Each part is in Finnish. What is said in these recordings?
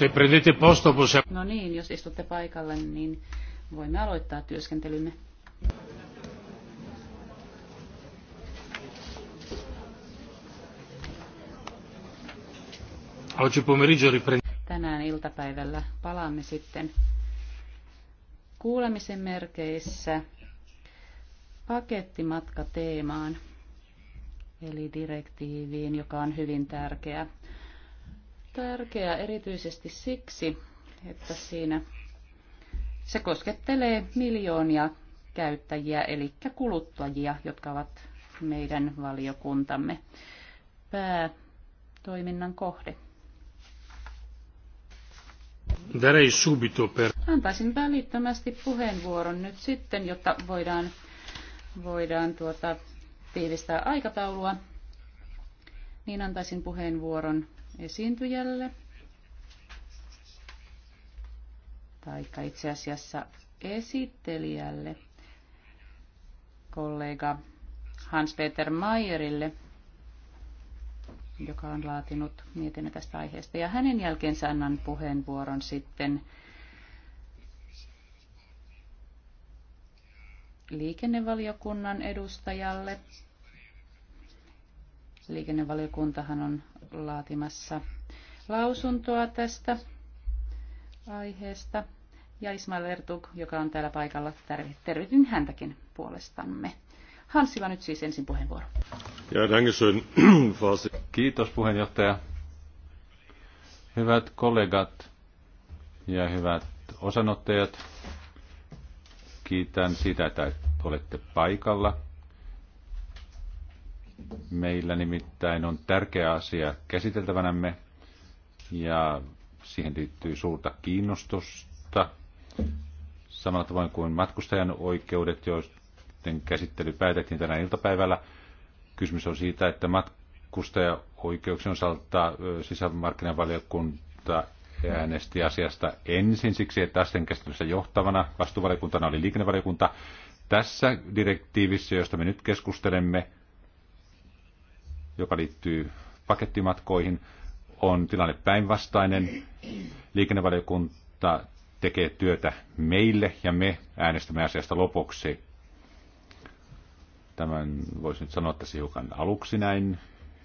Se prendete posto, No niin, jos istutte paikalle, niin voimme aloittaa työskentelymme. Oggi pomeriggio riprendiamo. Tänään iltapäivällä palaamme sitten kuulemisen merkeissä pakettimatkateemaan, eli direktiiviin, joka on hyvin tärkeä tärkeä erityisesti siksi, että siinä se koskettelee miljoonia käyttäjiä, eli kuluttajia, jotka ovat meidän valiokuntamme päätoiminnan kohde. Antaisin välittömästi puheenvuoron nyt sitten, jotta voidaan, voidaan tuota, tiivistää aikataulua. Niin antaisin puheenvuoron esiintyjälle. tai itse asiassa esittelijälle, kollega Hans-Peter Mayerille, joka on laatinut mietinnön tästä aiheesta. Ja hänen jälkeensä annan puheenvuoron sitten liikennevaliokunnan edustajalle, Liikennevaliokuntahan on laatimassa lausuntoa tästä aiheesta. Ja Ismail Ertug, joka on täällä paikalla, tervehdin häntäkin puolestamme. Hansilla nyt siis ensin puheenvuoro. Kiitos puheenjohtaja. Hyvät kollegat ja hyvät osanottajat, kiitän sitä, että olette paikalla – Meillä nimittäin on tärkeä asia käsiteltävänämme ja siihen liittyy suurta kiinnostusta. Samalla tavoin kuin matkustajan oikeudet, joiden käsittely päätettiin tänä iltapäivällä, kysymys on siitä, että matkustajaoikeuksien osalta sisämarkkinavaliokunta äänesti asiasta ensin siksi, että asian käsittelyssä johtavana vastuuvaliokuntana oli liikennevaliokunta. Tässä direktiivissä, josta me nyt keskustelemme, joka liittyy pakettimatkoihin, on tilanne päinvastainen. Liikennevaliokunta tekee työtä meille ja me äänestämme asiasta lopuksi. Tämän voisin nyt sanoa tässä hiukan aluksi näin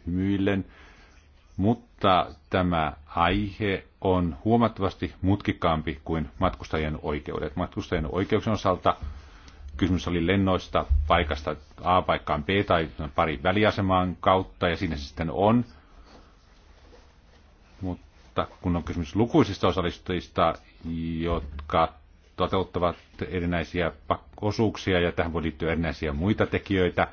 myillen. Mutta tämä aihe on huomattavasti mutkikkaampi kuin matkustajien oikeudet. Matkustajien oikeuksien osalta Kysymys oli lennoista paikasta A paikkaan B tai pari väliasemaan kautta ja siinä se sitten on. Mutta kun on kysymys lukuisista osallistujista, jotka toteuttavat erinäisiä osuuksia ja tähän voi liittyä erinäisiä muita tekijöitä.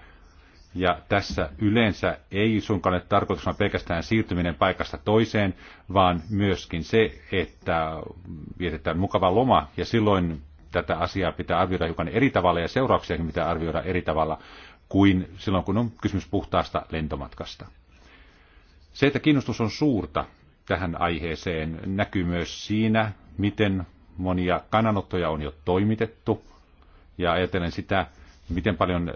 Ja tässä yleensä ei suinkaan ole tarkoituksena pelkästään siirtyminen paikasta toiseen, vaan myöskin se, että vietetään mukava loma ja silloin tätä asiaa pitää arvioida hiukan eri tavalla ja seurauksia, pitää arvioida eri tavalla kuin silloin, kun on kysymys puhtaasta lentomatkasta. Se, että kiinnostus on suurta tähän aiheeseen, näkyy myös siinä, miten monia kannanottoja on jo toimitettu. Ja ajatellen sitä, miten paljon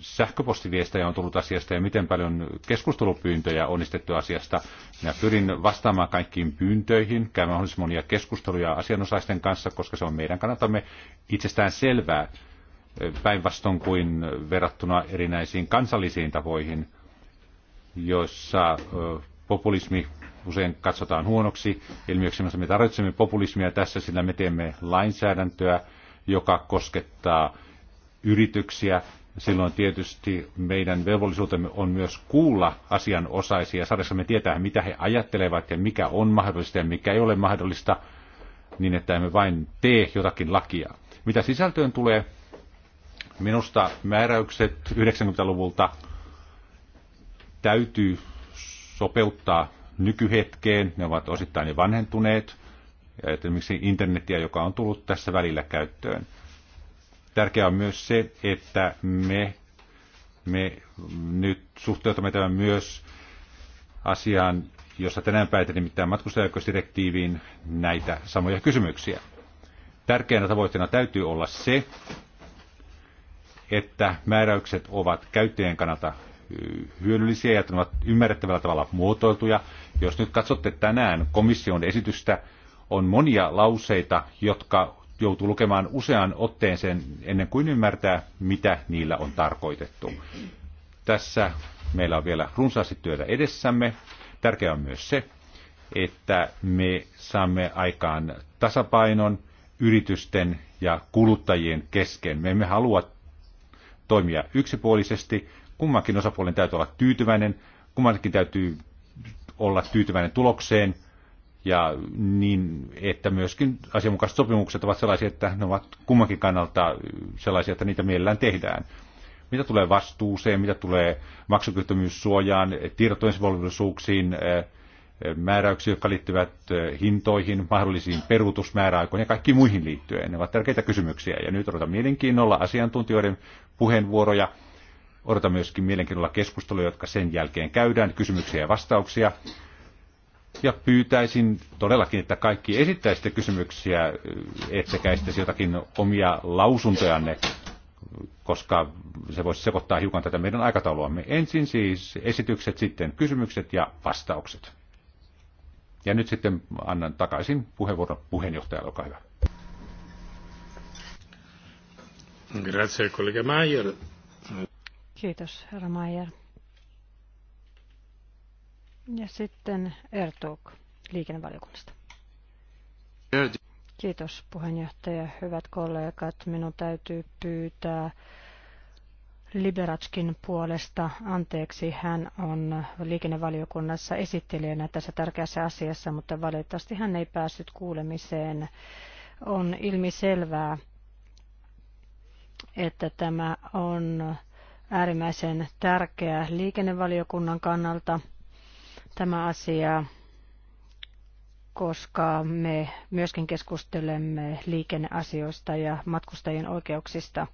sähköpostiviestejä on tullut asiasta ja miten paljon keskustelupyyntöjä on istetty asiasta. Minä pyrin vastaamaan kaikkiin pyyntöihin, käymään mahdollisimman monia keskusteluja asianosaisten kanssa, koska se on meidän kannaltamme itsestään selvää päinvastoin kuin verrattuna erinäisiin kansallisiin tavoihin, joissa populismi usein katsotaan huonoksi ilmiöksi. Me tarvitsemme populismia tässä, sillä me teemme lainsäädäntöä, joka koskettaa yrityksiä, silloin tietysti meidän velvollisuutemme on myös kuulla asianosaisia, saadessamme tietää, mitä he ajattelevat ja mikä on mahdollista ja mikä ei ole mahdollista, niin että emme vain tee jotakin lakia. Mitä sisältöön tulee, minusta määräykset 90-luvulta täytyy sopeuttaa nykyhetkeen, ne ovat osittain jo vanhentuneet, ja esimerkiksi internetiä, joka on tullut tässä välillä käyttöön – Tärkeää on myös se, että me, me nyt suhteutamme tämän myös asiaan, jossa tänään päätetään nimittäin matkustajaoikeusdirektiiviin näitä samoja kysymyksiä. Tärkeänä tavoitteena täytyy olla se, että määräykset ovat käyttäjien kannalta hyödyllisiä ja että ne ovat ymmärrettävällä tavalla muotoiltuja. Jos nyt katsotte tänään komission esitystä, on monia lauseita, jotka joutuu lukemaan useaan otteeseen ennen kuin ymmärtää, mitä niillä on tarkoitettu. Tässä meillä on vielä runsaasti työtä edessämme. Tärkeää on myös se, että me saamme aikaan tasapainon yritysten ja kuluttajien kesken. Me emme halua toimia yksipuolisesti. Kummankin osapuolen täytyy olla tyytyväinen, kummankin täytyy olla tyytyväinen tulokseen – ja niin, että myöskin asianmukaiset sopimukset ovat sellaisia, että ne ovat kummankin kannalta sellaisia, että niitä mielellään tehdään. Mitä tulee vastuuseen, mitä tulee maksukyhtömyyssuojaan, tiedotoimivelvollisuuksiin, eh, määräyksiin, jotka liittyvät eh, hintoihin, mahdollisiin peruutusmääräaikoihin ja kaikkiin muihin liittyen. Ne ovat tärkeitä kysymyksiä ja nyt odotan mielenkiinnolla asiantuntijoiden puheenvuoroja. Odotan myöskin mielenkiinnolla keskusteluja, jotka sen jälkeen käydään, kysymyksiä ja vastauksia. Ja pyytäisin todellakin, että kaikki esittäisitte kysymyksiä, ettekä esittäisi jotakin omia lausuntojanne, koska se voisi sekoittaa hiukan tätä meidän aikatauluamme. Ensin siis esitykset, sitten kysymykset ja vastaukset. Ja nyt sitten annan takaisin puheenvuoron puheenjohtajalle, olkaa hyvä. Grazie, Maier. Kiitos, herra Maier. Ja sitten Ertug liikennevaliokunnasta. Kiitos puheenjohtaja. Hyvät kollegat, minun täytyy pyytää Liberatskin puolesta anteeksi. Hän on liikennevaliokunnassa esittelijänä tässä tärkeässä asiassa, mutta valitettavasti hän ei päässyt kuulemiseen. On ilmi selvää, että tämä on äärimmäisen tärkeä liikennevaliokunnan kannalta – tämä asia, koska me myöskin keskustelemme liikenneasioista ja matkustajien oikeuksista.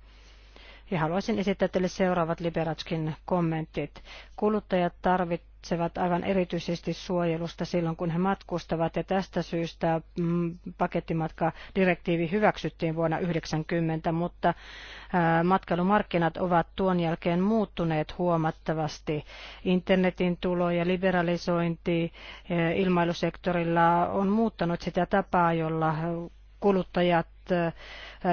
Ja haluaisin esittää teille seuraavat Liberatskin kommentit. Kuluttajat tarvitsevat tarvitsevat aivan erityisesti suojelusta silloin, kun he matkustavat. Ja tästä syystä mm, pakettimatkadirektiivi hyväksyttiin vuonna 1990, mutta matkailumarkkinat ovat tuon jälkeen muuttuneet huomattavasti. Internetin tulo ja liberalisointi ilmailusektorilla on muuttanut sitä tapaa, jolla kuluttajat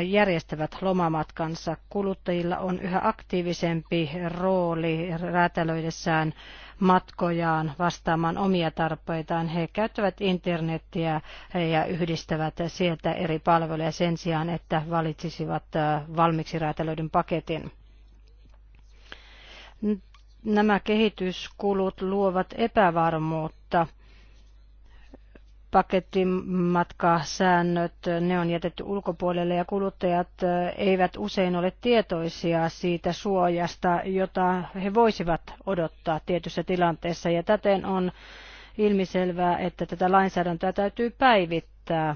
järjestävät lomamatkansa. Kuluttajilla on yhä aktiivisempi rooli räätälöidessään matkojaan vastaamaan omia tarpeitaan. He käyttävät internettiä ja yhdistävät sieltä eri palveluja sen sijaan, että valitsisivat valmiiksi räätälöidyn paketin nämä kehityskulut luovat epävarmuutta pakettimatkasäännöt, ne on jätetty ulkopuolelle ja kuluttajat eivät usein ole tietoisia siitä suojasta, jota he voisivat odottaa tietyssä tilanteessa. Ja täten on ilmiselvää, että tätä lainsäädäntöä täytyy päivittää,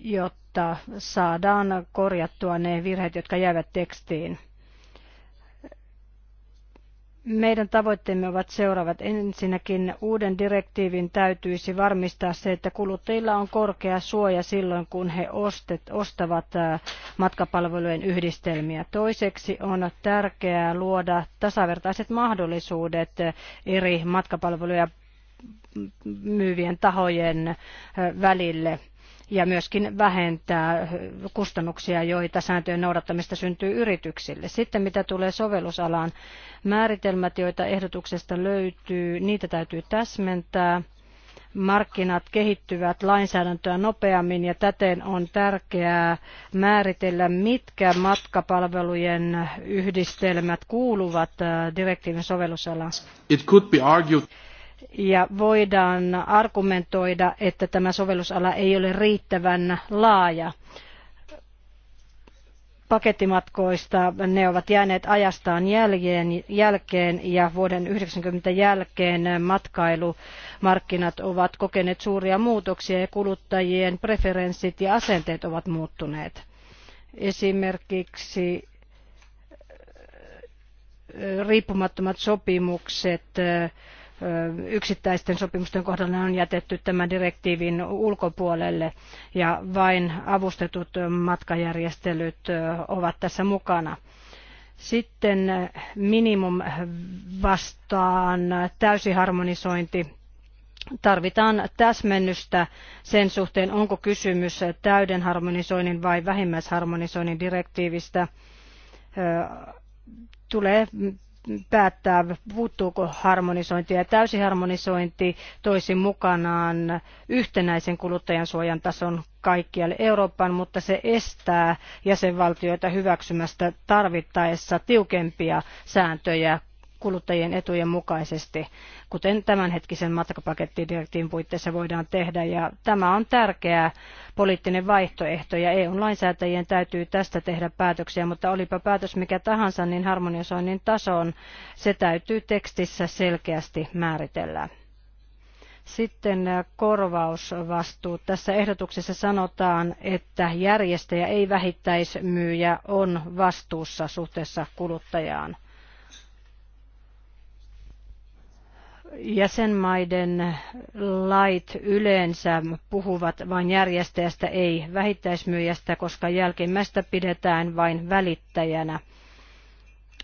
jotta saadaan korjattua ne virheet, jotka jäävät tekstiin. Meidän tavoitteemme ovat seuraavat. Ensinnäkin uuden direktiivin täytyisi varmistaa se, että kuluttajilla on korkea suoja silloin, kun he ostet, ostavat äh, matkapalvelujen yhdistelmiä. Toiseksi on tärkeää luoda tasavertaiset mahdollisuudet äh, eri matkapalveluja myyvien tahojen äh, välille ja myöskin vähentää kustannuksia, joita sääntöjen noudattamista syntyy yrityksille. Sitten mitä tulee sovellusalaan, määritelmät, joita ehdotuksesta löytyy, niitä täytyy täsmentää markkinat kehittyvät lainsäädäntöä nopeammin ja täten on tärkeää määritellä, mitkä matkapalvelujen yhdistelmät kuuluvat äh, direktiivin sovellusalaan. It could be argued ja voidaan argumentoida, että tämä sovellusala ei ole riittävän laaja. Pakettimatkoista ne ovat jääneet ajastaan jälkeen, jälkeen ja vuoden 90 jälkeen matkailumarkkinat ovat kokeneet suuria muutoksia ja kuluttajien preferenssit ja asenteet ovat muuttuneet. Esimerkiksi eh, riippumattomat sopimukset eh, yksittäisten sopimusten kohdalla ne on jätetty tämän direktiivin ulkopuolelle ja vain avustetut matkajärjestelyt ovat tässä mukana. Sitten minimum vastaan täysiharmonisointi tarvitaan täsmennystä sen suhteen, onko kysymys täyden harmonisoinnin vai vähimmäisharmonisoinnin direktiivistä. Tulee päättää, puuttuuko harmonisointi ja täysiharmonisointi toisi mukanaan yhtenäisen kuluttajansuojan tason kaikkialle Euroopan, mutta se estää jäsenvaltioita hyväksymästä tarvittaessa tiukempia sääntöjä kuluttajien etujen mukaisesti, kuten tämänhetkisen matkapakettidirektiivin puitteissa voidaan tehdä. Ja tämä on tärkeä poliittinen vaihtoehto ja eu lainsäätäjien täytyy tästä tehdä päätöksiä, mutta olipa päätös mikä tahansa, niin harmonisoinnin tasoon se täytyy tekstissä selkeästi määritellä. Sitten äh, korvausvastuu Tässä ehdotuksessa sanotaan, että järjestäjä ei vähittäismyyjä on vastuussa suhteessa kuluttajaan. jäsenmaiden lait yleensä puhuvat vain järjestäjästä, ei vähittäismyyjästä, koska jälkimmäistä pidetään vain välittäjänä,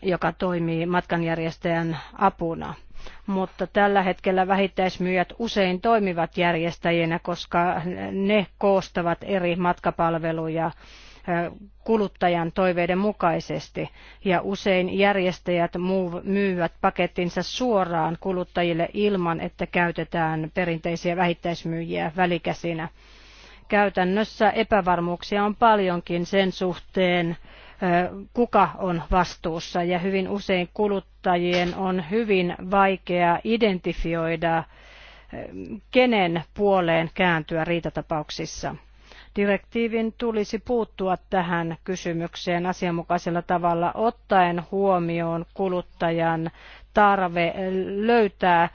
joka toimii matkanjärjestäjän apuna. Mutta tällä hetkellä vähittäismyyjät usein toimivat järjestäjinä, koska ne koostavat eri matkapalveluja kuluttajan toiveiden mukaisesti ja usein järjestäjät myyvät pakettinsa suoraan kuluttajille ilman, että käytetään perinteisiä vähittäismyyjiä välikäsinä. Käytännössä epävarmuuksia on paljonkin sen suhteen, kuka on vastuussa ja hyvin usein kuluttajien on hyvin vaikea identifioida, kenen puoleen kääntyä riitatapauksissa Direktiivin tulisi puuttua tähän kysymykseen asianmukaisella tavalla ottaen huomioon kuluttajan tarve löytää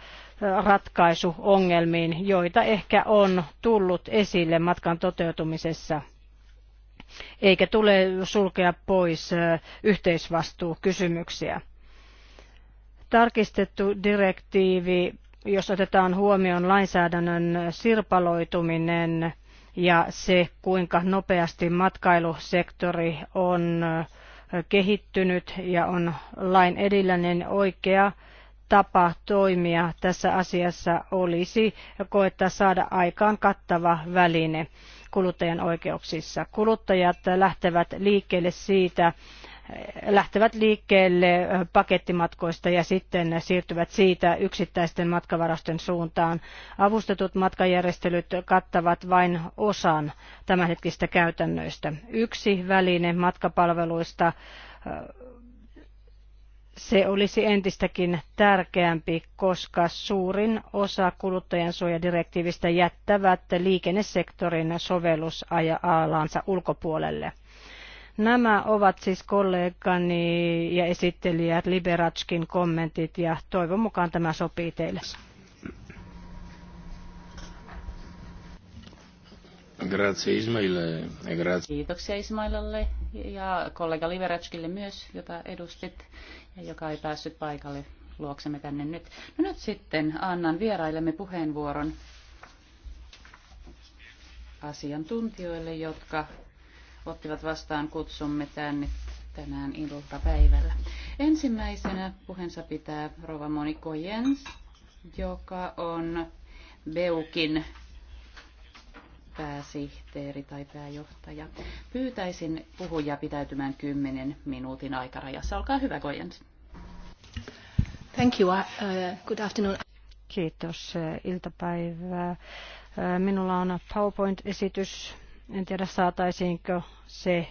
ratkaisu ongelmiin, joita ehkä on tullut esille matkan toteutumisessa eikä tule sulkea pois yhteisvastuukysymyksiä. Tarkistettu direktiivi, jos otetaan huomioon lainsäädännön sirpaloituminen, ja se, kuinka nopeasti matkailusektori on kehittynyt ja on lain edellinen niin oikea tapa toimia tässä asiassa olisi koettaa saada aikaan kattava väline kuluttajan oikeuksissa. Kuluttajat lähtevät liikkeelle siitä, lähtevät liikkeelle pakettimatkoista ja sitten siirtyvät siitä yksittäisten matkavarasten suuntaan. Avustetut matkajärjestelyt kattavat vain osan tämänhetkistä käytännöistä. Yksi väline matkapalveluista äh, se olisi entistäkin tärkeämpi, koska suurin osa kuluttajansuojadirektiivistä jättävät liikennesektorin sovellusalansa ulkopuolelle. Nämä ovat siis kollegani ja esittelijä Liberatskin kommentit ja toivon mukaan tämä sopii teille. Grazie e Grazie. Kiitoksia Ismailalle ja kollega Liberatskille myös, jota edustit ja joka ei päässyt paikalle luoksemme tänne nyt. No nyt sitten annan vieraillemme puheenvuoron asiantuntijoille, jotka ottivat vastaan kutsumme tänne tänään iltapäivällä. Ensimmäisenä puheensa pitää Rova Moniko Jens, joka on Beukin pääsihteeri tai pääjohtaja. Pyytäisin puhujaa pitäytymään 10 minuutin aikarajassa. Olkaa hyvä, Kojens. Thank you. Uh, good afternoon. Kiitos. Uh, iltapäivää. Uh, minulla on PowerPoint-esitys, en tiedä saataisiinko se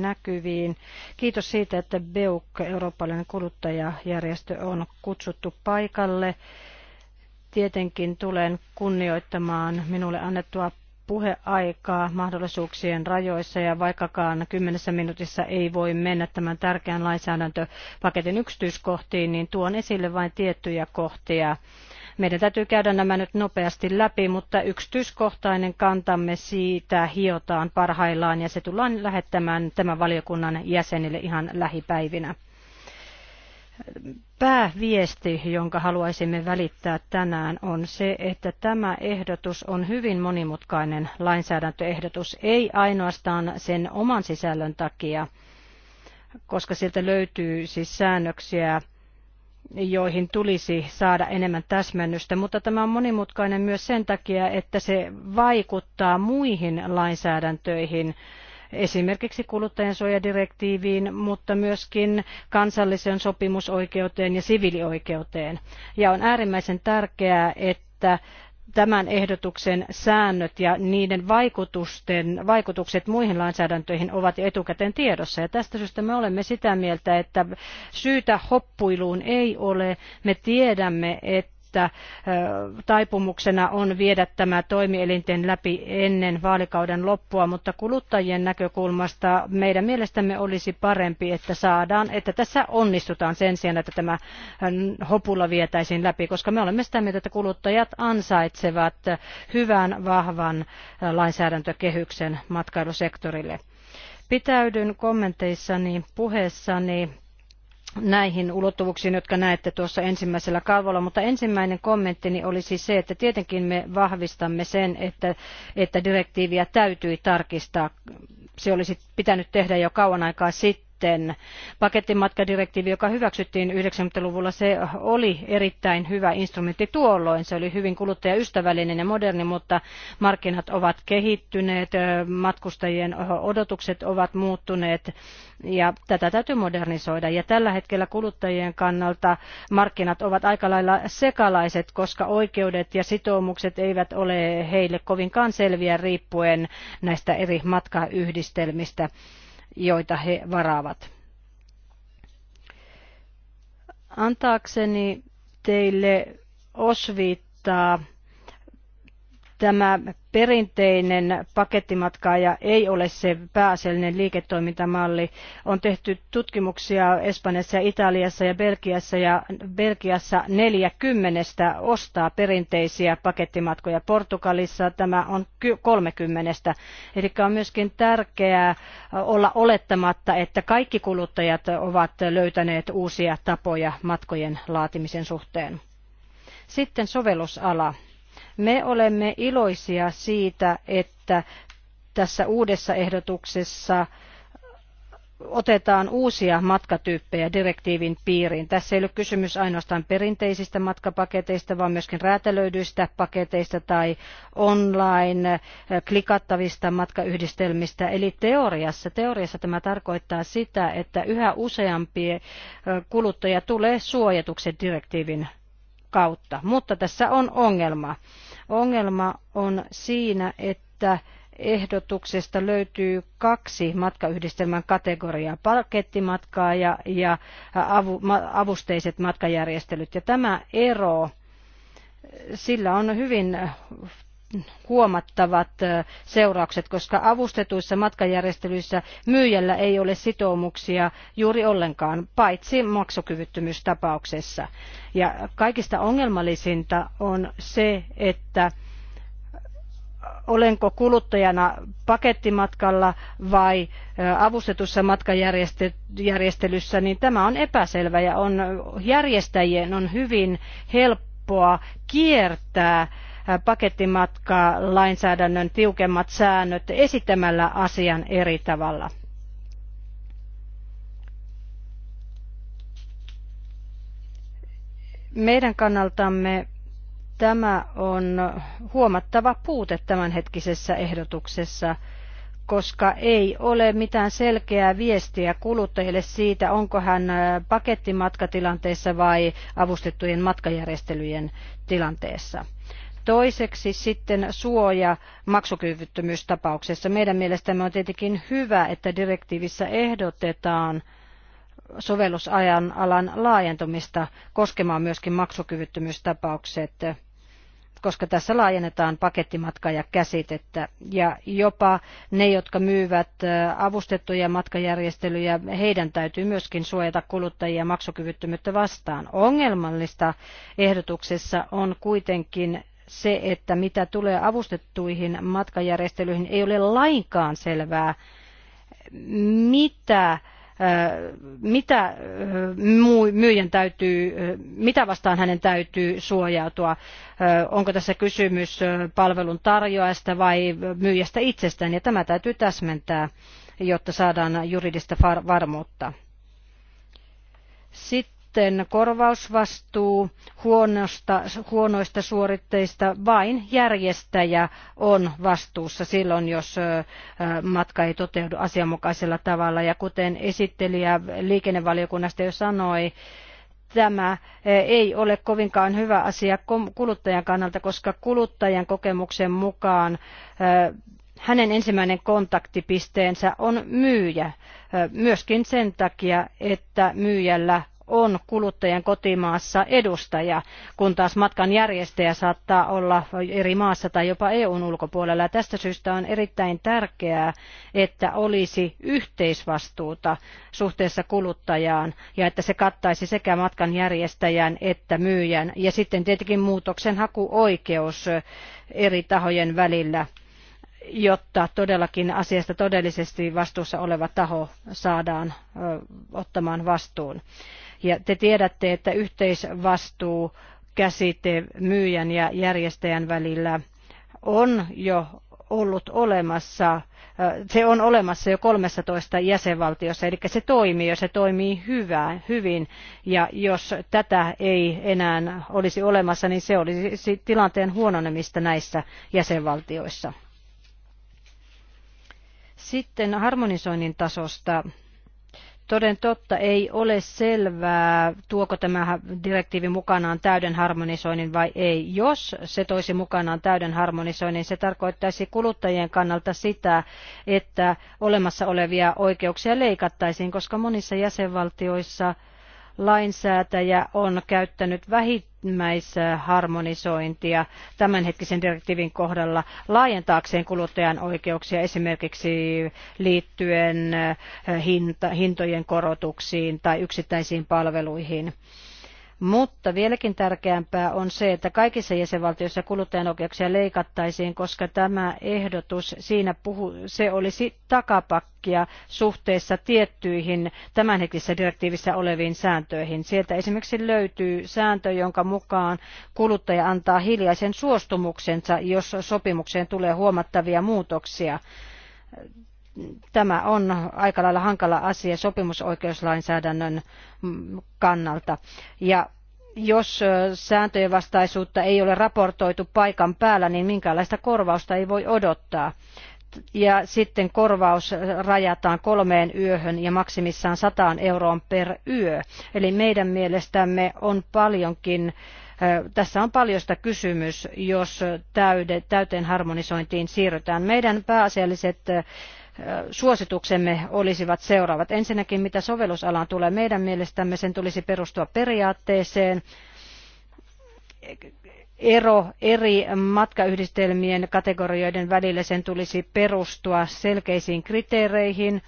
näkyviin. Kiitos siitä, että BEUK, eurooppalainen kuluttajajärjestö, on kutsuttu paikalle. Tietenkin tulen kunnioittamaan minulle annettua puheaikaa mahdollisuuksien rajoissa ja vaikkakaan kymmenessä minuutissa ei voi mennä tämän tärkeän lainsäädäntöpaketin yksityiskohtiin, niin tuon esille vain tiettyjä kohtia meidän täytyy käydä nämä nyt nopeasti läpi, mutta yksityiskohtainen kantamme siitä hiotaan parhaillaan ja se tullaan lähettämään tämän valiokunnan jäsenille ihan lähipäivinä. Pääviesti, jonka haluaisimme välittää tänään, on se, että tämä ehdotus on hyvin monimutkainen lainsäädäntöehdotus, ei ainoastaan sen oman sisällön takia, koska sieltä löytyy siis säännöksiä joihin tulisi saada enemmän täsmennystä, mutta tämä on monimutkainen myös sen takia, että se vaikuttaa muihin lainsäädäntöihin, esimerkiksi kuluttajansuojadirektiiviin, mutta myöskin kansalliseen sopimusoikeuteen ja siviilioikeuteen. Ja on äärimmäisen tärkeää, että tämän ehdotuksen säännöt ja niiden vaikutusten, vaikutukset muihin lainsäädäntöihin ovat jo etukäteen tiedossa. Ja tästä syystä me olemme sitä mieltä, että syytä hoppuiluun ei ole. Me tiedämme, että että taipumuksena on viedä tämä toimielinten läpi ennen vaalikauden loppua, mutta kuluttajien näkökulmasta meidän mielestämme olisi parempi, että saadaan, että tässä onnistutaan sen sijaan, että tämä hopulla vietäisiin läpi, koska me olemme sitä mieltä, että kuluttajat ansaitsevat hyvän, vahvan lainsäädäntökehyksen matkailusektorille pitäydyn kommenteissani puheessani näihin ulottuvuuksiin, jotka näette tuossa ensimmäisellä kalvolla, mutta ensimmäinen kommenttini olisi siis se, että tietenkin me vahvistamme sen, että, että direktiiviä täytyi tarkistaa. Se olisi pitänyt tehdä jo kauan aikaa sitten sitten. Pakettimatkadirektiivi, joka hyväksyttiin 90-luvulla, se oli erittäin hyvä instrumentti tuolloin. Se oli hyvin kuluttajaystävällinen ja moderni, mutta markkinat ovat kehittyneet, matkustajien odotukset ovat muuttuneet ja tätä täytyy modernisoida. Ja tällä hetkellä kuluttajien kannalta markkinat ovat aika lailla sekalaiset, koska oikeudet ja sitoumukset eivät ole heille kovinkaan selviä riippuen näistä eri matkayhdistelmistä joita he varaavat. Antaakseni teille osviittaa tämä perinteinen pakettimatkaaja ei ole se pääasiallinen liiketoimintamalli. On tehty tutkimuksia Espanjassa, Italiassa ja Belgiassa ja Belgiassa 40 ostaa perinteisiä pakettimatkoja. Portugalissa tämä on 30. Eli on myöskin tärkeää olla olettamatta, että kaikki kuluttajat ovat löytäneet uusia tapoja matkojen laatimisen suhteen. Sitten sovellusala. Me olemme iloisia siitä, että tässä uudessa ehdotuksessa otetaan uusia matkatyyppejä direktiivin piiriin. Tässä ei ole kysymys ainoastaan perinteisistä matkapaketeista, vaan myöskin räätälöidyistä paketeista tai online klikattavista matkayhdistelmistä. Eli teoriassa, teoriassa tämä tarkoittaa sitä, että yhä useampi kuluttaja tulee suojatuksen direktiivin kautta. Mutta tässä on ongelma. Ongelma on siinä, että ehdotuksesta löytyy kaksi matkayhdistelmän kategoriaa, pakettimatkaa ja, ja avu, avusteiset matkajärjestelyt. Ja tämä ero, sillä on hyvin huomattavat seuraukset, koska avustetuissa matkajärjestelyissä myyjällä ei ole sitoumuksia juuri ollenkaan, paitsi maksukyvyttömyystapauksessa. Ja kaikista ongelmallisinta on se, että olenko kuluttajana pakettimatkalla vai avustetussa matkajärjestelyssä, niin tämä on epäselvä ja on, järjestäjien on hyvin helppoa kiertää pakettimatkalainsäädännön lainsäädännön tiukemmat säännöt esittämällä asian eri tavalla. Meidän kannaltamme tämä on huomattava puute tämänhetkisessä ehdotuksessa koska ei ole mitään selkeää viestiä kuluttajille siitä, onko hän pakettimatkatilanteessa vai avustettujen matkajärjestelyjen tilanteessa. Toiseksi sitten suoja maksukyvyttömyystapauksessa. Meidän mielestämme on tietenkin hyvä, että direktiivissä ehdotetaan sovellusajan alan laajentumista koskemaan myöskin maksukyvyttömyystapaukset koska tässä laajennetaan pakettimatka käsitettä. Ja jopa ne, jotka myyvät avustettuja matkajärjestelyjä, heidän täytyy myöskin suojata kuluttajia maksukyvyttömyyttä vastaan. Ongelmallista ehdotuksessa on kuitenkin se, että mitä tulee avustettuihin matkajärjestelyihin, ei ole lainkaan selvää, mitä mitä myyjän täytyy, mitä vastaan hänen täytyy suojautua. Onko tässä kysymys palvelun tarjoajasta vai myyjästä itsestään, ja tämä täytyy täsmentää, jotta saadaan juridista varmuutta. Sitten sitten korvausvastuu huonosta, huonoista suoritteista vain järjestäjä on vastuussa silloin, jos matka ei toteudu asianmukaisella tavalla. Ja kuten esittelijä liikennevaliokunnasta jo sanoi, tämä ei ole kovinkaan hyvä asia kuluttajan kannalta, koska kuluttajan kokemuksen mukaan hänen ensimmäinen kontaktipisteensä on myyjä, myöskin sen takia, että myyjällä on kuluttajan kotimaassa edustaja, kun taas matkan järjestäjä saattaa olla eri maassa tai jopa EUn ulkopuolella. Tästä syystä on erittäin tärkeää, että olisi yhteisvastuuta suhteessa kuluttajaan ja että se kattaisi sekä matkan järjestäjän että myyjän ja sitten tietenkin muutoksenhakuoikeus eri tahojen välillä jotta todellakin asiasta todellisesti vastuussa oleva taho saadaan ottamaan vastuun. Ja te tiedätte, että yhteisvastuu käsite myyjän ja järjestäjän välillä on jo ollut olemassa, se on olemassa jo 13 jäsenvaltiossa, eli se toimii ja se toimii hyvää, hyvin. Ja jos tätä ei enää olisi olemassa, niin se olisi tilanteen huononemista näissä jäsenvaltioissa. Sitten harmonisoinnin tasosta Toden totta ei ole selvää, tuoko tämä direktiivi mukanaan täyden harmonisoinnin vai ei. Jos se toisi mukanaan täyden harmonisoinnin, se tarkoittaisi kuluttajien kannalta sitä, että olemassa olevia oikeuksia leikattaisiin, koska monissa jäsenvaltioissa – lainsäätäjä on käyttänyt vähimmäisharmonisointia tämänhetkisen direktiivin kohdalla laajentaakseen kuluttajan oikeuksia esimerkiksi liittyen eh, hintojen korotuksiin tai yksittäisiin palveluihin. Mutta vieläkin tärkeämpää on se, että kaikissa jäsenvaltioissa kuluttajan oikeuksia leikattaisiin, koska tämä ehdotus siinä puhu, se olisi takapakkia suhteessa tiettyihin tämänhetkisessä direktiivissä oleviin sääntöihin. Sieltä esimerkiksi löytyy sääntö, jonka mukaan kuluttaja antaa hiljaisen suostumuksensa, jos sopimukseen tulee huomattavia muutoksia tämä on aika lailla hankala asia sopimusoikeuslainsäädännön mm, kannalta. Ja jos sääntöjen vastaisuutta ei ole raportoitu paikan päällä, niin minkäänlaista korvausta ei voi odottaa. Ja sitten korvaus rajataan kolmeen yöhön ja maksimissaan 100 euroon per yö. Eli meidän mielestämme on paljonkin tässä on paljosta kysymys, jos täyteen harmonisointiin siirrytään. Meidän pääasialliset suosituksemme olisivat seuraavat. Ensinnäkin mitä sovellusalaan tulee, meidän mielestämme sen tulisi perustua periaatteeseen, ero eri matkayhdistelmien kategorioiden välillä sen tulisi perustua selkeisiin kriteereihin.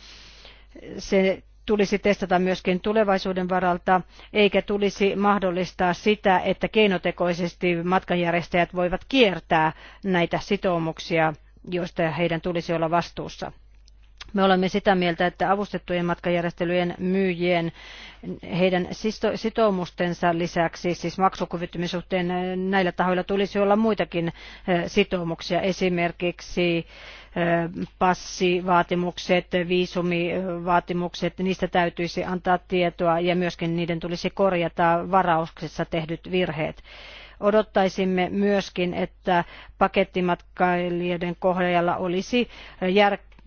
Se tulisi testata myöskin tulevaisuuden varalta, eikä tulisi mahdollistaa sitä, että keinotekoisesti matkanjärjestäjät voivat kiertää näitä sitoumuksia, joista heidän tulisi olla vastuussa. Me olemme sitä mieltä, että avustettujen matkajärjestelyjen myyjien heidän sitoumustensa lisäksi, siis maksukyvyttömyysuhteen äh, näillä tahoilla tulisi olla muitakin äh, sitoumuksia, esimerkiksi äh, passivaatimukset, viisumivaatimukset, niistä täytyisi antaa tietoa ja myöskin niiden tulisi korjata varauksessa tehdyt virheet odottaisimme myöskin, että pakettimatkailijoiden kohdalla olisi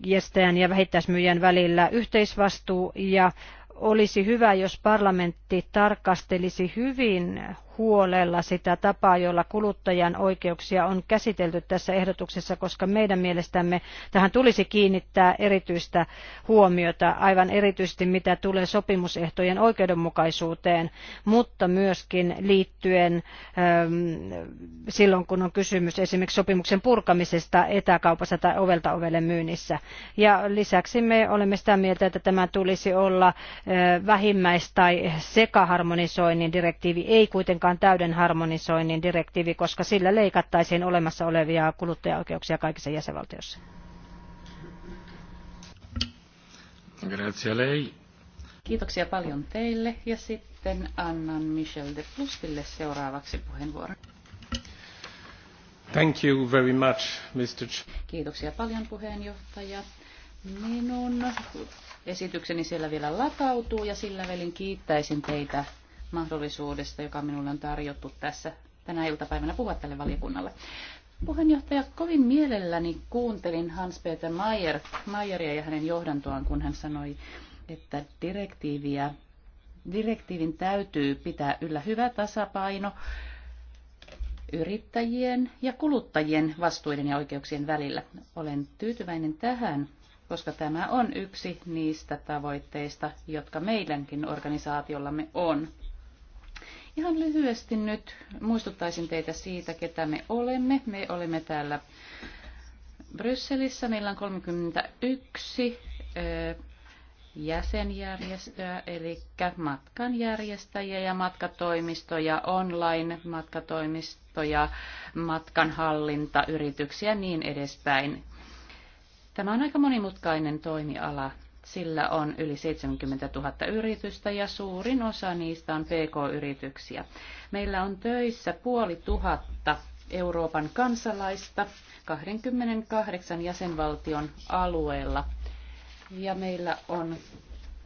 järjestäjän ja vähittäismyyjän välillä yhteisvastuu ja olisi hyvä, jos parlamentti tarkastelisi hyvin huolella sitä tapaa, jolla kuluttajan oikeuksia on käsitelty tässä ehdotuksessa, koska meidän mielestämme tähän tulisi kiinnittää erityistä huomiota, aivan erityisesti mitä tulee sopimusehtojen oikeudenmukaisuuteen, mutta myöskin liittyen ähm, silloin, kun on kysymys esimerkiksi sopimuksen purkamisesta etäkaupassa tai ovelta ovelle myynnissä. Ja lisäksi me olemme sitä mieltä, että tämä tulisi olla äh, vähimmäis- tai sekaharmonisoinnin direktiivi, ei kuitenkaan aikaan täyden harmonisoinnin direktiivi, koska sillä leikattaisiin olemassa olevia kuluttajaoikeuksia kaikissa jäsenvaltioissa. Grazie lei. Kiitoksia paljon teille ja sitten annan Michel de Plustille seuraavaksi puheenvuoron. Thank you very much, Mr. Kiitoksia paljon puheenjohtaja. Minun esitykseni siellä vielä latautuu ja sillä välin kiittäisin teitä mahdollisuudesta, joka minulle on tarjottu tässä tänä iltapäivänä puhua tälle valiokunnalle. Puheenjohtaja, kovin mielelläni kuuntelin Hans-Peter Mayer, Mayeria ja hänen johdantoaan, kun hän sanoi, että direktiiviä, direktiivin täytyy pitää yllä hyvä tasapaino yrittäjien ja kuluttajien vastuiden ja oikeuksien välillä. Olen tyytyväinen tähän, koska tämä on yksi niistä tavoitteista, jotka meidänkin organisaatiollamme on. Ihan lyhyesti nyt muistuttaisin teitä siitä, ketä me olemme. Me olemme täällä Brysselissä. Meillä on 31 jäsenjärjestöä, eli matkanjärjestäjiä ja matkatoimistoja, online-matkatoimistoja, matkanhallintayrityksiä ja niin edespäin. Tämä on aika monimutkainen toimiala sillä on yli 70 000 yritystä ja suurin osa niistä on PK-yrityksiä. Meillä on töissä puoli tuhatta Euroopan kansalaista 28 jäsenvaltion alueella. Ja meillä on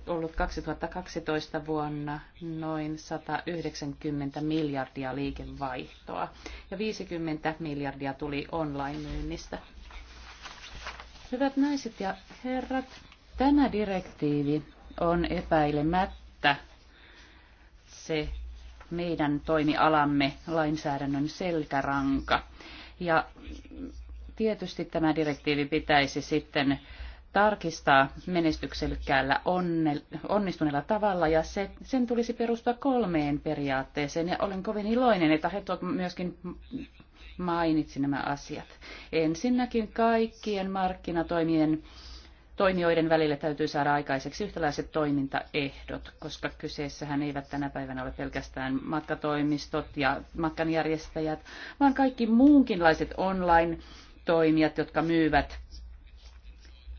ollut 2012 vuonna noin 190 miljardia liikevaihtoa ja 50 miljardia tuli online-myynnistä. Hyvät naiset ja herrat, Tämä direktiivi on epäilemättä se meidän toimialamme lainsäädännön selkäranka. Ja tietysti tämä direktiivi pitäisi sitten tarkistaa menestyksellä onnistuneella tavalla ja se, sen tulisi perustua kolmeen periaatteeseen ja olen kovin iloinen, että Heto myöskin mainitsi nämä asiat. Ensinnäkin kaikkien markkinatoimien toimijoiden välille täytyy saada aikaiseksi yhtäläiset toimintaehdot, koska kyseessähän eivät tänä päivänä ole pelkästään matkatoimistot ja matkanjärjestäjät, vaan kaikki muunkinlaiset online-toimijat, jotka myyvät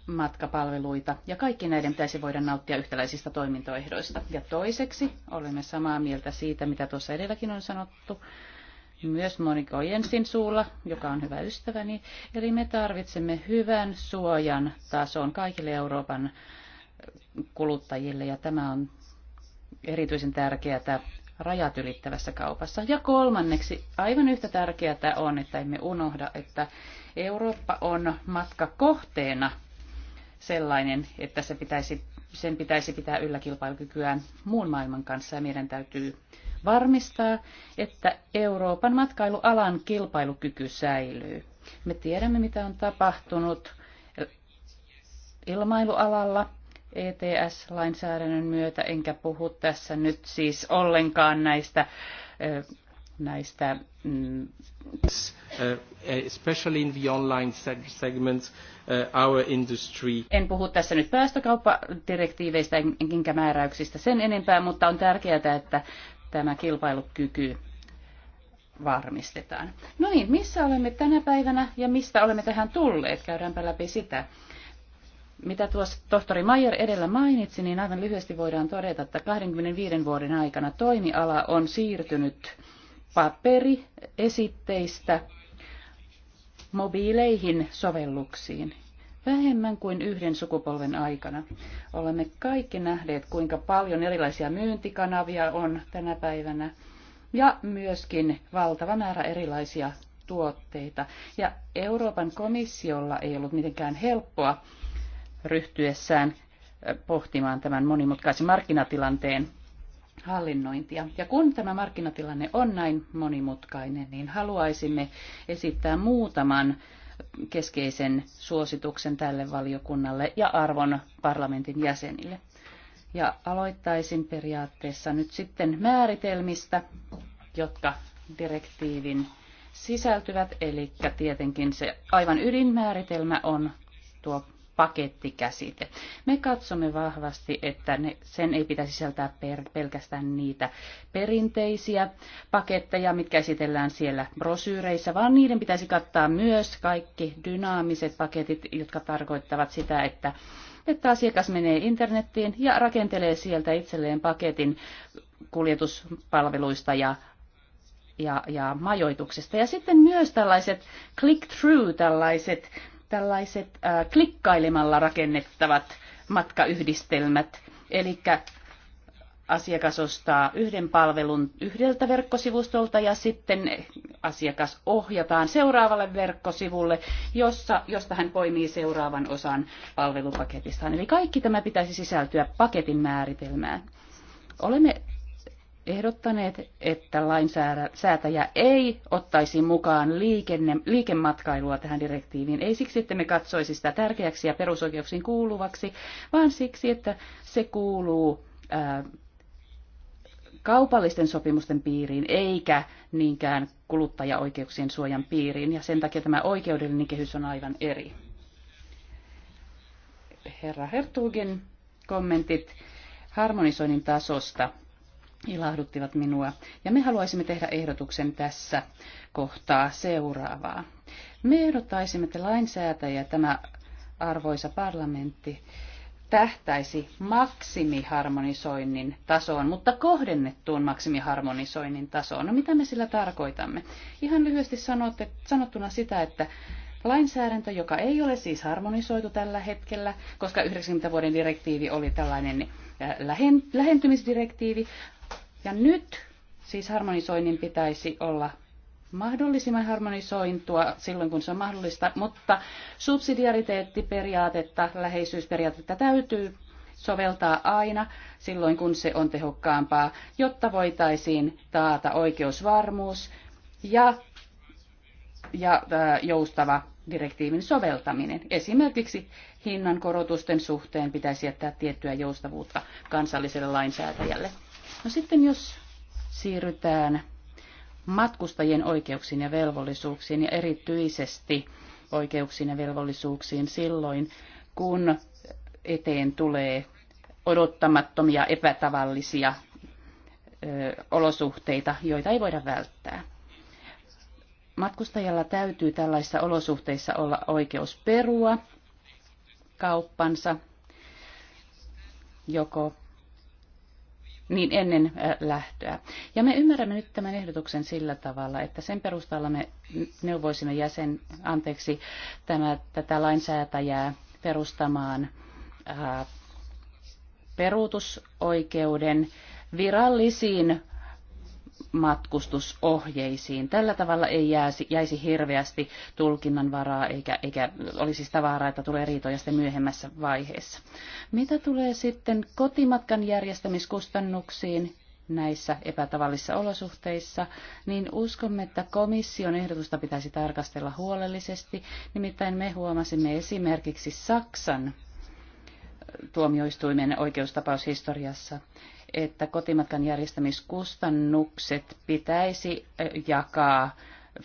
matkapalveluita ja kaikki näiden pitäisi voida nauttia yhtäläisistä toimintoehdoista. Ja toiseksi olemme samaa mieltä siitä, mitä tuossa edelläkin on sanottu, myös Monika Jensin suulla, joka on hyvä ystäväni. Eli me tarvitsemme hyvän suojan tason kaikille Euroopan kuluttajille ja tämä on erityisen tärkeää rajat ylittävässä kaupassa. Ja kolmanneksi, aivan yhtä tärkeää on, että emme unohda, että Eurooppa on matkakohteena sellainen, että se pitäisi, sen pitäisi pitää yllä kilpailukykyään muun maailman kanssa ja meidän täytyy varmistaa, että Euroopan matkailualan kilpailukyky säilyy. Me tiedämme, mitä on tapahtunut ilmailualalla ETS-lainsäädännön myötä, enkä puhu tässä nyt siis ollenkaan näistä näistä mm, uh, especially in the online segments uh, our industry. En puhu tässä nyt päästökauppadirektiiveistä enkä määräyksistä sen enempää, mutta on tärkeää, että tämä kilpailukyky varmistetaan. No niin, missä olemme tänä päivänä ja mistä olemme tähän tulleet? Käydäänpä läpi sitä. Mitä tuossa tohtori Mayer edellä mainitsi, niin aivan lyhyesti voidaan todeta, että 25 vuoden aikana toimiala on siirtynyt paperiesitteistä mobiileihin sovelluksiin vähemmän kuin yhden sukupolven aikana. Olemme kaikki nähneet, kuinka paljon erilaisia myyntikanavia on tänä päivänä ja myöskin valtava määrä erilaisia tuotteita. Ja Euroopan komissiolla ei ollut mitenkään helppoa ryhtyessään pohtimaan tämän monimutkaisen markkinatilanteen hallinnointia. Ja kun tämä markkinatilanne on näin monimutkainen, niin haluaisimme esittää muutaman keskeisen suosituksen tälle valiokunnalle ja arvon parlamentin jäsenille. Ja aloittaisin periaatteessa nyt sitten määritelmistä, jotka direktiivin sisältyvät, eli tietenkin se aivan ydinmääritelmä on tuo pakettikäsite. Me katsomme vahvasti, että ne, sen ei pitäisi sisältää per, pelkästään niitä perinteisiä paketteja, mitkä esitellään siellä brosyyreissä, vaan niiden pitäisi kattaa myös kaikki dynaamiset paketit, jotka tarkoittavat sitä, että että asiakas menee internettiin ja rakentelee sieltä itselleen paketin kuljetuspalveluista ja ja, ja majoituksesta. Ja sitten myös tällaiset click-through, tällaiset tällaiset äh, klikkailemalla rakennettavat matkayhdistelmät. Eli asiakas ostaa yhden palvelun yhdeltä verkkosivustolta ja sitten asiakas ohjataan seuraavalle verkkosivulle, jossa, josta hän poimii seuraavan osan palvelupaketistaan. Eli kaikki tämä pitäisi sisältyä paketin määritelmään. Olemme ehdottaneet, että lainsäätäjä ei ottaisi mukaan liikenne, liikematkailua tähän direktiiviin. Ei siksi, että me katsoisi sitä tärkeäksi ja perusoikeuksiin kuuluvaksi, vaan siksi, että se kuuluu ää, äh, kaupallisten sopimusten piiriin eikä niinkään kuluttajaoikeuksien suojan piiriin. Ja sen takia tämä oikeudellinen kehys on aivan eri. Herra Hertugin kommentit harmonisoinnin tasosta ilahduttivat minua. Ja me haluaisimme tehdä ehdotuksen tässä kohtaa seuraavaa. Me ehdottaisimme, että lainsäätäjä, tämä arvoisa parlamentti, tähtäisi maksimiharmonisoinnin tasoon, mutta kohdennettuun maksimiharmonisoinnin tasoon. No mitä me sillä tarkoitamme? Ihan lyhyesti sanotte, sanottuna sitä, että lainsäädäntö, joka ei ole siis harmonisoitu tällä hetkellä, koska 90 vuoden direktiivi oli tällainen äh, lähentymisdirektiivi, ja nyt siis harmonisoinnin pitäisi olla mahdollisimman harmonisointua silloin, kun se on mahdollista, mutta subsidiariteettiperiaatetta, läheisyysperiaatetta täytyy soveltaa aina silloin, kun se on tehokkaampaa, jotta voitaisiin taata oikeusvarmuus ja, ja ää, joustava direktiivin soveltaminen. Esimerkiksi hinnan korotusten suhteen pitäisi jättää tiettyä joustavuutta kansalliselle lainsäätäjälle. No sitten jos siirrytään matkustajien oikeuksiin ja velvollisuuksiin ja erityisesti oikeuksiin ja velvollisuuksiin silloin, kun eteen tulee odottamattomia epätavallisia ö, olosuhteita, joita ei voida välttää. Matkustajalla täytyy tällaisissa olosuhteissa olla oikeus perua kauppansa joko niin ennen äh, lähtöä. Ja me ymmärrämme nyt tämän ehdotuksen sillä tavalla, että sen perusteella me neuvoisimme jäsen, anteeksi, tämä, tätä lainsäätäjää perustamaan ää, äh, peruutusoikeuden virallisiin matkustusohjeisiin. Tällä tavalla ei jäisi, jäisi hirveästi tulkinnan varaa eikä, eikä olisi sitä vaaraa, että tulee riitoja sitten myöhemmässä vaiheessa. Mitä tulee sitten kotimatkan järjestämiskustannuksiin näissä epätavallisissa olosuhteissa, niin uskomme, että komission ehdotusta pitäisi tarkastella huolellisesti. Nimittäin me huomasimme esimerkiksi Saksan tuomioistuimen oikeustapaushistoriassa, että kotimatkan järjestämiskustannukset pitäisi jakaa 50-50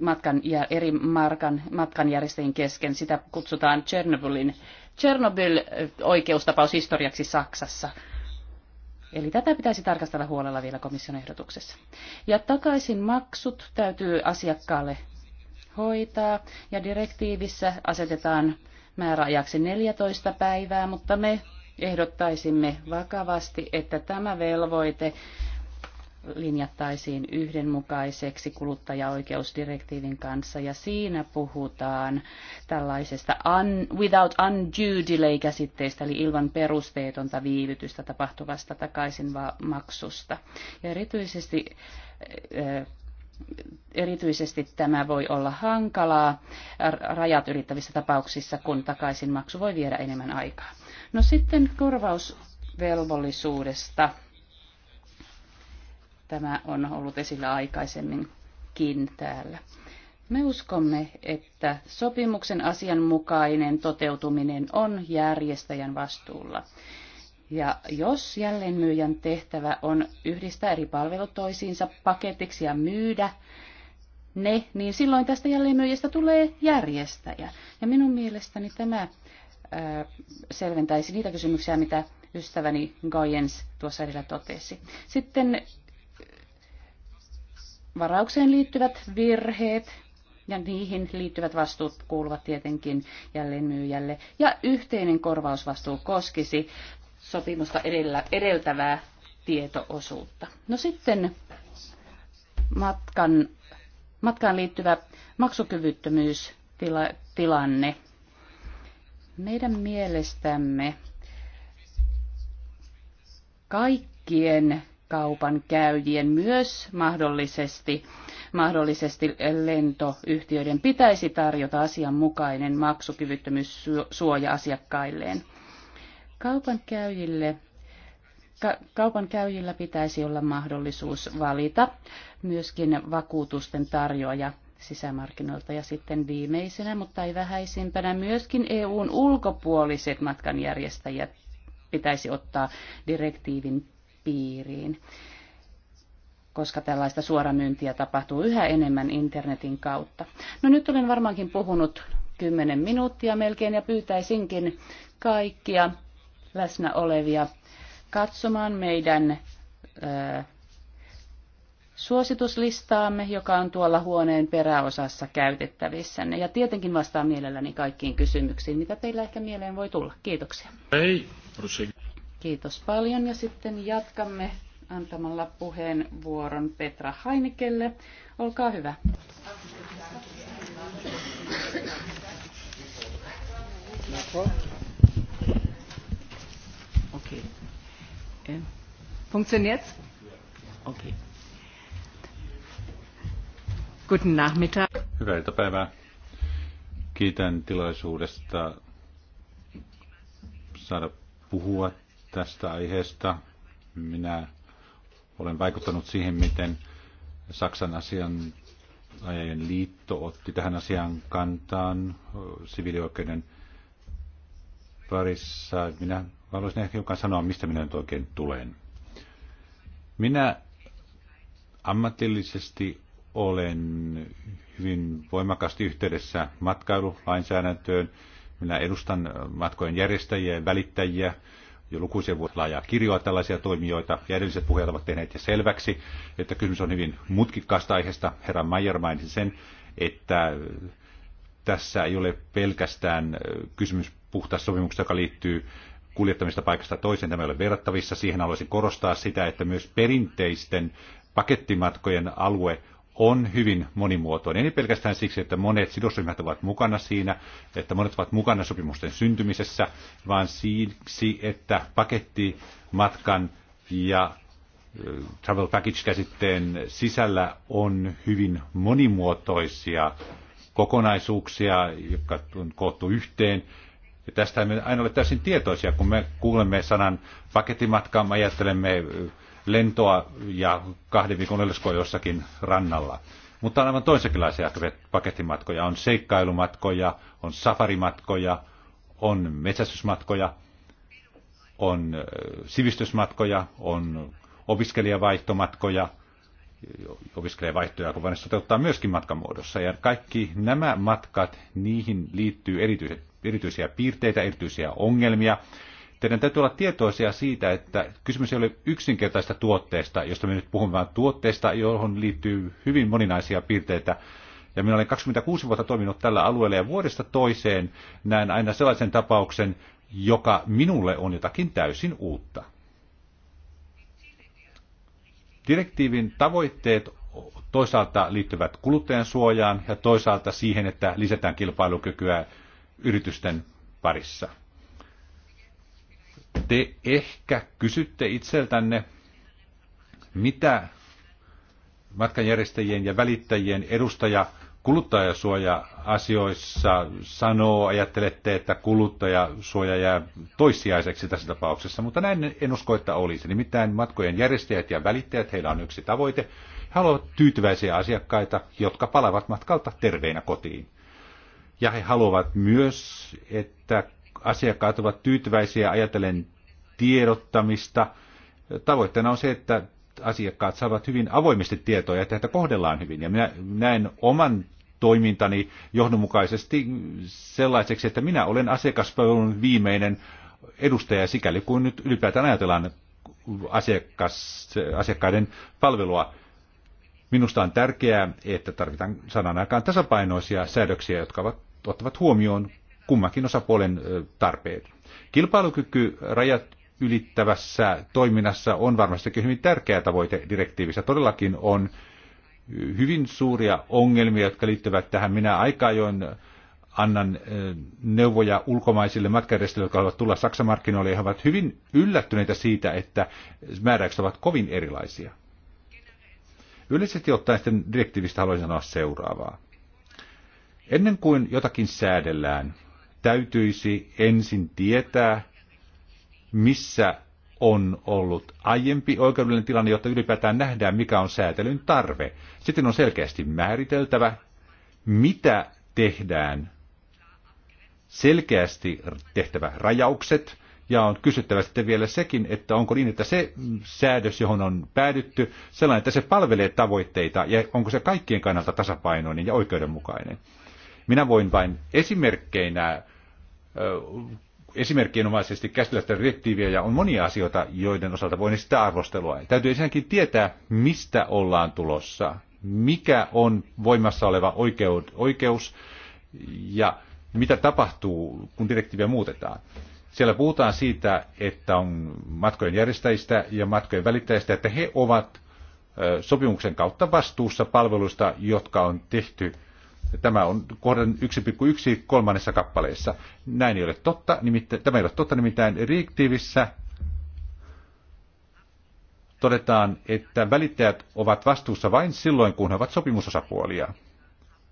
matkan ja eri markan, matkanjärjestäjien kesken. Sitä kutsutaan Chernobylin, Chernobyl-oikeustapaushistoriaksi Saksassa. Eli tätä pitäisi tarkastella huolella vielä komission ehdotuksessa. Ja takaisin maksut täytyy asiakkaalle hoitaa ja direktiivissä asetetaan määräajaksi 14 päivää, mutta me ehdottaisimme vakavasti, että tämä velvoite linjattaisiin yhdenmukaiseksi kuluttajaoikeusdirektiivin kanssa ja siinä puhutaan tällaisesta un, without undue delay käsitteestä eli ilman perusteetonta viivytystä tapahtuvasta takaisinmaksusta. Ja erityisesti Erityisesti tämä voi olla hankalaa rajat ylittävissä tapauksissa, kun takaisinmaksu voi viedä enemmän aikaa. No sitten korvausvelvollisuudesta. Tämä on ollut esillä aikaisemminkin täällä. Me uskomme, että sopimuksen asianmukainen toteutuminen on järjestäjän vastuulla. Ja jos jälleenmyyjän tehtävä on yhdistää eri palvelut toisiinsa paketiksi ja myydä ne, niin silloin tästä jälleenmyyjästä tulee järjestäjä. Ja minun mielestäni tämä ää, selventäisi niitä kysymyksiä, mitä ystäväni Goyens tuossa edellä totesi. Sitten varaukseen liittyvät virheet ja niihin liittyvät vastuut kuuluvat tietenkin jälleenmyyjälle. Ja yhteinen korvausvastuu koskisi sopimusta edellä, edeltävää tietoosuutta. No sitten matkan, matkaan liittyvä maksukyvyttömyystilanne. Meidän mielestämme kaikkien kaupan käyjien myös mahdollisesti, mahdollisesti lentoyhtiöiden pitäisi tarjota asianmukainen maksukyvyttömyyssuoja asiakkailleen. Kaupan käyjille kaupan käyjillä pitäisi olla mahdollisuus valita myöskin vakuutusten tarjoaja sisämarkkinoilta. Ja sitten viimeisenä, mutta ei vähäisimpänä, myöskin EUn ulkopuoliset matkanjärjestäjät pitäisi ottaa direktiivin piiriin, koska tällaista suoramyyntiä tapahtuu yhä enemmän internetin kautta. No nyt olen varmaankin puhunut 10 minuuttia melkein ja pyytäisinkin kaikkia läsnä olevia katsomaan meidän ö, suosituslistaamme, joka on tuolla huoneen peräosassa käytettävissä, Ja tietenkin vastaan mielelläni kaikkiin kysymyksiin, mitä teillä ehkä mieleen voi tulla. Kiitoksia. Hei. Kiitos paljon ja sitten jatkamme antamalla puheenvuoron Petra Hainikelle. Olkaa hyvä. Thank you. Äh, funktioniert's? Okay. Guten Nachmittag. Hyvää iltapäivää. Kiitän tilaisuudesta saada puhua tästä aiheesta. Minä olen vaikuttanut siihen, miten Saksan asian ajajien liitto otti tähän asiaan kantaan siviilioikeuden parissa. Minä Mä haluaisin ehkä hiukan sanoa, mistä minä nyt oikein tulen. Minä ammatillisesti olen hyvin voimakkaasti yhteydessä matkailulainsäädäntöön. Minä edustan matkojen järjestäjiä ja välittäjiä jo lukuisen vuotta laajaa kirjoa tällaisia toimijoita, ja edelliset puhujat ovat tehneet jo selväksi, että kysymys on hyvin mutkikkaasta aiheesta. Herra Mayer mainitsi sen, että tässä ei ole pelkästään kysymys puhtaasta sopimuksesta, joka liittyy kuljettamista paikasta toiseen. Tämä ei ole verrattavissa. Siihen haluaisin korostaa sitä, että myös perinteisten pakettimatkojen alue on hyvin monimuotoinen. Ei pelkästään siksi, että monet sidosryhmät ovat mukana siinä, että monet ovat mukana sopimusten syntymisessä, vaan siksi, että pakettimatkan ja travel package-käsitteen sisällä on hyvin monimuotoisia kokonaisuuksia, jotka on koottu yhteen ja tästä me aina ole täysin tietoisia, kun me kuulemme sanan pakettimatka, me ajattelemme lentoa ja kahden viikon eloskoa jossakin rannalla. Mutta on aivan toisenkinlaisia pakettimatkoja. On seikkailumatkoja, on safarimatkoja, on metsästysmatkoja, on sivistysmatkoja, on opiskelijavaihtomatkoja, opiskelijavaihtoja, kun toteuttaa myöskin matkamuodossa. Ja kaikki nämä matkat, niihin liittyy erityiset erityisiä piirteitä, erityisiä ongelmia. Teidän täytyy olla tietoisia siitä, että kysymys ei ole yksinkertaista tuotteesta, josta me nyt puhumme, vaan tuotteesta, johon liittyy hyvin moninaisia piirteitä. Ja minä olen 26 vuotta toiminut tällä alueella ja vuodesta toiseen näen aina sellaisen tapauksen, joka minulle on jotakin täysin uutta. Direktiivin tavoitteet toisaalta liittyvät kuluttajan suojaan ja toisaalta siihen, että lisätään kilpailukykyä yritysten parissa. Te ehkä kysytte itseltänne, mitä matkanjärjestäjien ja välittäjien edustaja kuluttajasuoja-asioissa sanoo, ajattelette, että kuluttajasuoja jää toissijaiseksi tässä tapauksessa, mutta näin en usko, että olisi. Nimittäin matkojen järjestäjät ja välittäjät, heillä on yksi tavoite. He haluavat tyytyväisiä asiakkaita, jotka palavat matkalta terveinä kotiin. Ja he haluavat myös, että asiakkaat ovat tyytyväisiä ajatellen tiedottamista. Tavoitteena on se, että asiakkaat saavat hyvin avoimesti tietoja ja että heitä kohdellaan hyvin. Ja minä näen oman toimintani johdonmukaisesti sellaiseksi, että minä olen asiakaspalvelun viimeinen edustaja sikäli kuin nyt ylipäätään ajatellaan asiakas, asiakkaiden palvelua. Minusta on tärkeää, että tarvitaan sanan aikaan tasapainoisia säädöksiä, jotka ovat, ottavat huomioon kummankin osapuolen tarpeet. Kilpailukyky rajat ylittävässä toiminnassa on varmastikin hyvin tärkeä tavoite direktiivissä. Todellakin on hyvin suuria ongelmia, jotka liittyvät tähän. Minä aika ajoin annan neuvoja ulkomaisille matkajärjestöille, jotka haluavat tulla Saksan markkinoille, he ovat hyvin yllättyneitä siitä, että määräykset ovat kovin erilaisia. Yleisesti ottaen sitten direktiivistä haluaisin sanoa seuraavaa. Ennen kuin jotakin säädellään, täytyisi ensin tietää, missä on ollut aiempi oikeudellinen tilanne, jotta ylipäätään nähdään, mikä on säätelyn tarve. Sitten on selkeästi määriteltävä, mitä tehdään. Selkeästi tehtävä rajaukset, ja on kysyttävä sitten vielä sekin, että onko niin, että se säädös, johon on päädytty, sellainen, että se palvelee tavoitteita ja onko se kaikkien kannalta tasapainoinen ja oikeudenmukainen. Minä voin vain esimerkkeinä esimerkkinomaisesti käsitellä sitä direktiiviä ja on monia asioita, joiden osalta voin sitä arvostelua. Täytyy ensinnäkin tietää, mistä ollaan tulossa, mikä on voimassa oleva oikeus ja mitä tapahtuu, kun direktiiviä muutetaan. Siellä puhutaan siitä, että on matkojen järjestäjistä ja matkojen välittäjistä, että he ovat sopimuksen kautta vastuussa palveluista, jotka on tehty. Tämä on kohdan 1.1 kolmannessa kappaleessa. Näin ei ole totta, nimittäin, tämä ei ole totta nimittäin riiktiivissä. todetaan, että välittäjät ovat vastuussa vain silloin, kun he ovat sopimusosapuolia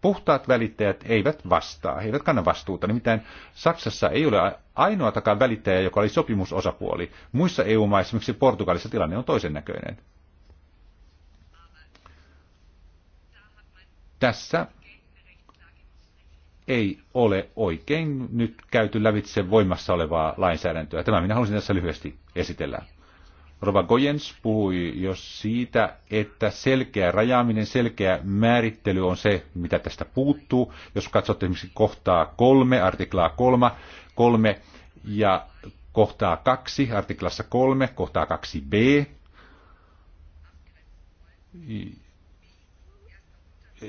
puhtaat välittäjät eivät vastaa, he eivät kanna vastuuta. Nimittäin Saksassa ei ole ainoatakaan välittäjä, joka oli sopimusosapuoli. Muissa EU-maissa, esimerkiksi Portugalissa, tilanne on toisen näköinen. Tässä ei ole oikein nyt käyty lävitse voimassa olevaa lainsäädäntöä. Tämä minä halusin tässä lyhyesti esitellä. Rova Goyens puhui jo siitä, että selkeä rajaaminen, selkeä määrittely on se, mitä tästä puuttuu. Jos katsotte esimerkiksi kohtaa kolme, artiklaa kolma, kolme ja kohtaa kaksi, artiklassa kolme, kohtaa kaksi b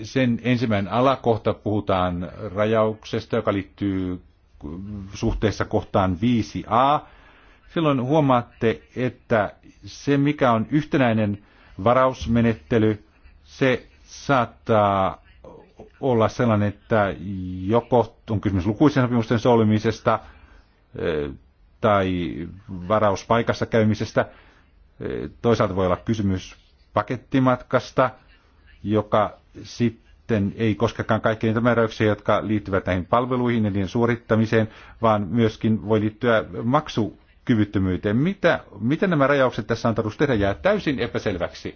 Sen ensimmäinen alakohta puhutaan rajauksesta, joka liittyy suhteessa kohtaan 5a, silloin huomaatte, että se mikä on yhtenäinen varausmenettely, se saattaa olla sellainen, että joko on kysymys lukuisen sopimusten solmimisesta eh, tai varauspaikassa käymisestä. Eh, toisaalta voi olla kysymys pakettimatkasta, joka sitten ei koskekaan kaikkia niitä määräyksiä, jotka liittyvät näihin palveluihin ja niiden suorittamiseen, vaan myöskin voi liittyä maksu kyvyttömyyteen. Mitä, mitä nämä rajaukset tässä on tarkoitus tehdä jää täysin epäselväksi.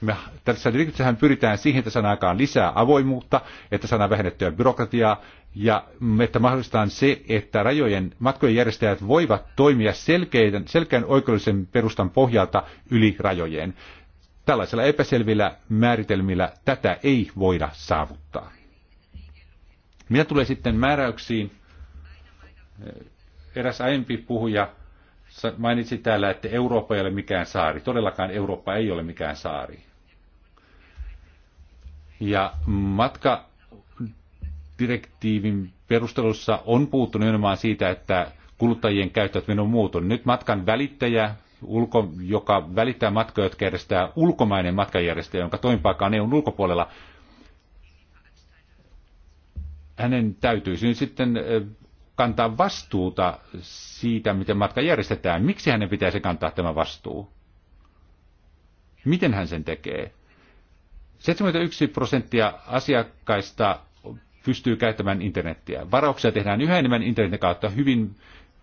Me, tässä direktiivissähän pyritään siihen, että saadaan aikaan lisää avoimuutta, että saadaan vähennettyä byrokratiaa ja että mahdollistetaan se, että rajojen matkojen järjestäjät voivat toimia selkeän, selkeän oikeudellisen perustan pohjalta yli rajojen. Tällaisilla epäselvillä määritelmillä tätä ei voida saavuttaa. Mitä tulee sitten määräyksiin, eräs aiempi puhuja mainitsi täällä, että Eurooppa ei ole mikään saari. Todellakaan Eurooppa ei ole mikään saari. Ja matka direktiivin perustelussa on puuttunut nimenomaan siitä, että kuluttajien käyttäytyminen on muuttunut. Nyt matkan välittäjä, ulko, joka välittää matkoja, jotka järjestää ulkomainen matkajärjestäjä, jonka toimipaikka on EUn ulkopuolella, hänen täytyisi nyt sitten kantaa vastuuta siitä, miten matka järjestetään. Miksi hänen pitäisi kantaa tämä vastuu? Miten hän sen tekee? 71 prosenttia asiakkaista pystyy käyttämään internettiä. Varauksia tehdään yhä enemmän internetin kautta, hyvin,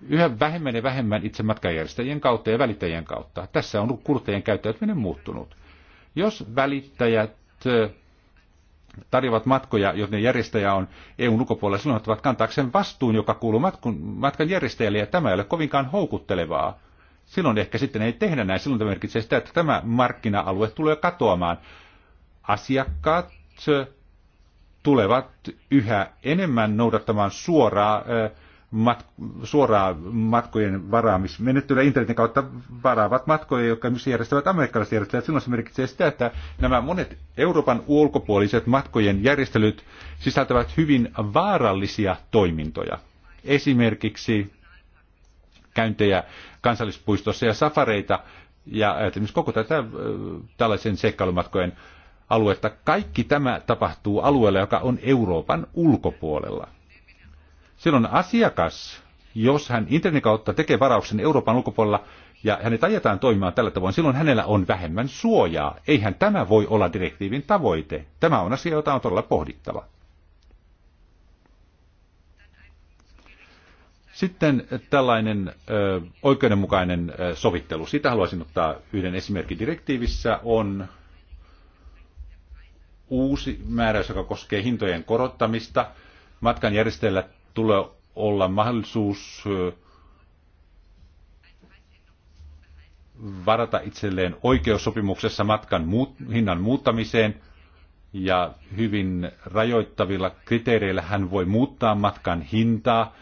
yhä vähemmän ja vähemmän itse matkajärjestäjien kautta ja välittäjien kautta. Tässä on kuluttajien käyttäytyminen muuttunut. Jos välittäjät tarjoavat matkoja, joiden järjestäjä on EUn ulkopuolella, silloin ottavat kantaakseen vastuun, joka kuuluu matkun, matkan järjestäjälle, ja tämä ei ole kovinkaan houkuttelevaa. Silloin ehkä sitten ei tehdä näin, silloin tämä merkitsee sitä, että tämä markkina-alue tulee katoamaan. Asiakkaat tulevat yhä enemmän noudattamaan suoraa äh, mat, suoraan matkojen varaamismenettelyä internetin kautta varaavat matkoja, jotka myös järjestävät amerikkalaiset järjestäjät. Silloin se merkitsee sitä, että nämä monet Euroopan ulkopuoliset matkojen järjestelyt sisältävät hyvin vaarallisia toimintoja. Esimerkiksi käyntejä kansallispuistossa ja safareita ja esimerkiksi koko tätä tällaisen seikkailumatkojen aluetta. Kaikki tämä tapahtuu alueella, joka on Euroopan ulkopuolella. Silloin asiakas, jos hän internetin kautta tekee varauksen Euroopan ulkopuolella ja hänet ajetaan toimimaan tällä tavoin, silloin hänellä on vähemmän suojaa. Eihän tämä voi olla direktiivin tavoite. Tämä on asia, jota on todella pohdittava. Sitten tällainen ö, oikeudenmukainen ö, sovittelu. Sitä haluaisin ottaa yhden esimerkin. Direktiivissä on uusi määräys, joka koskee hintojen korottamista. Matkan järjestäjällä tulee olla mahdollisuus varata itselleen oikeussopimuksessa matkan muut, hinnan muuttamiseen ja hyvin rajoittavilla kriteereillä hän voi muuttaa matkan hintaa.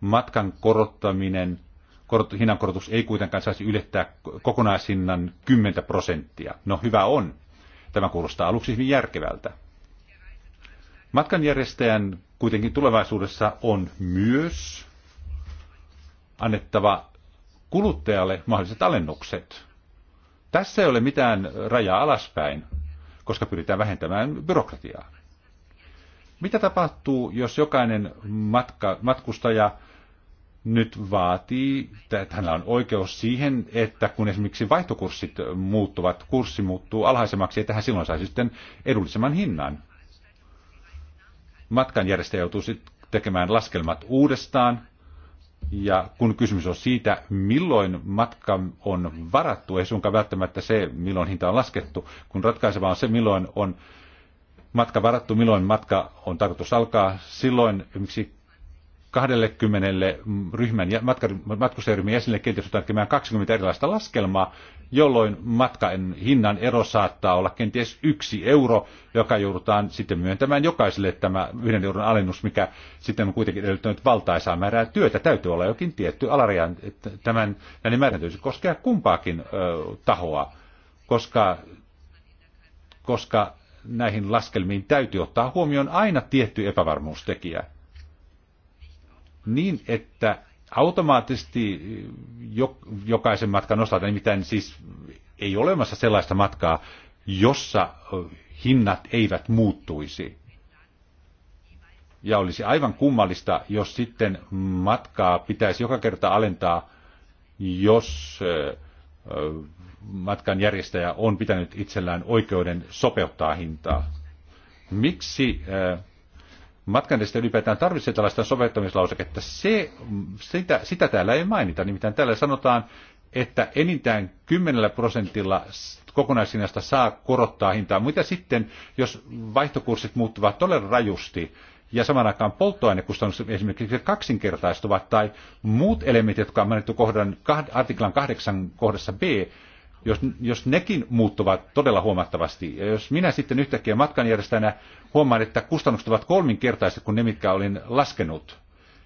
Matkan korottaminen, korot, hinnankorotus ei kuitenkaan saisi ylittää kokonaishinnan 10 prosenttia. No hyvä on. Tämä kuulostaa aluksi hyvin järkevältä. Matkanjärjestäjän kuitenkin tulevaisuudessa on myös annettava kuluttajalle mahdolliset alennukset. Tässä ei ole mitään rajaa alaspäin, koska pyritään vähentämään byrokratiaa. Mitä tapahtuu, jos jokainen matka, matkustaja nyt vaatii, että hänellä on oikeus siihen, että kun esimerkiksi vaihtokurssit muuttuvat, kurssi muuttuu alhaisemmaksi, että hän silloin saisi sitten edullisemman hinnan matkanjärjestäjä joutuu sitten tekemään laskelmat uudestaan. Ja kun kysymys on siitä, milloin matka on varattu, ei suinkaan välttämättä se, milloin hinta on laskettu, kun ratkaiseva on se, milloin on matka varattu, milloin matka on tarkoitus alkaa. Silloin esimerkiksi 20 ryhmän, matkustajaryhmän jäsenille kenties tekemään 20 erilaista laskelmaa, jolloin matkan hinnan ero saattaa olla kenties yksi euro, joka joudutaan sitten myöntämään jokaiselle tämä yhden euron alennus, mikä sitten on kuitenkin edellyttänyt valtaisaa määrää työtä. Täytyy olla jokin tietty alaraja, että tämän, näiden määrän täytyy koskea kumpaakin ö, tahoa, koska, koska näihin laskelmiin täytyy ottaa huomioon aina tietty epävarmuustekijä niin, että automaattisesti eh, jokaisen matkan osalta, nimittäin siis ei ole olemassa sellaista matkaa, jossa eh, hinnat eivät muuttuisi. Ja olisi aivan kummallista, jos sitten matkaa pitäisi joka kerta alentaa, jos eh, matkan järjestäjä on pitänyt itsellään oikeuden sopeuttaa hintaa. Miksi matkanteista ylipäätään tarvitsee tällaista soveltamislauseketta. Se, sitä, sitä täällä ei mainita, nimittäin täällä sanotaan, että enintään 10 prosentilla kokonaishinnasta saa korottaa hintaa. Mitä sitten, jos vaihtokurssit muuttuvat todella rajusti ja saman aikaan polttoainekustannukset esimerkiksi kaksinkertaistuvat tai muut elementit, jotka on mainittu kohdan, artiklan 8 kohdassa B, jos, jos nekin muuttuvat todella huomattavasti, ja jos minä sitten yhtäkkiä matkanjärjestäjänä huomaan, että kustannukset ovat kolminkertaiset kuin ne, mitkä olin laskenut,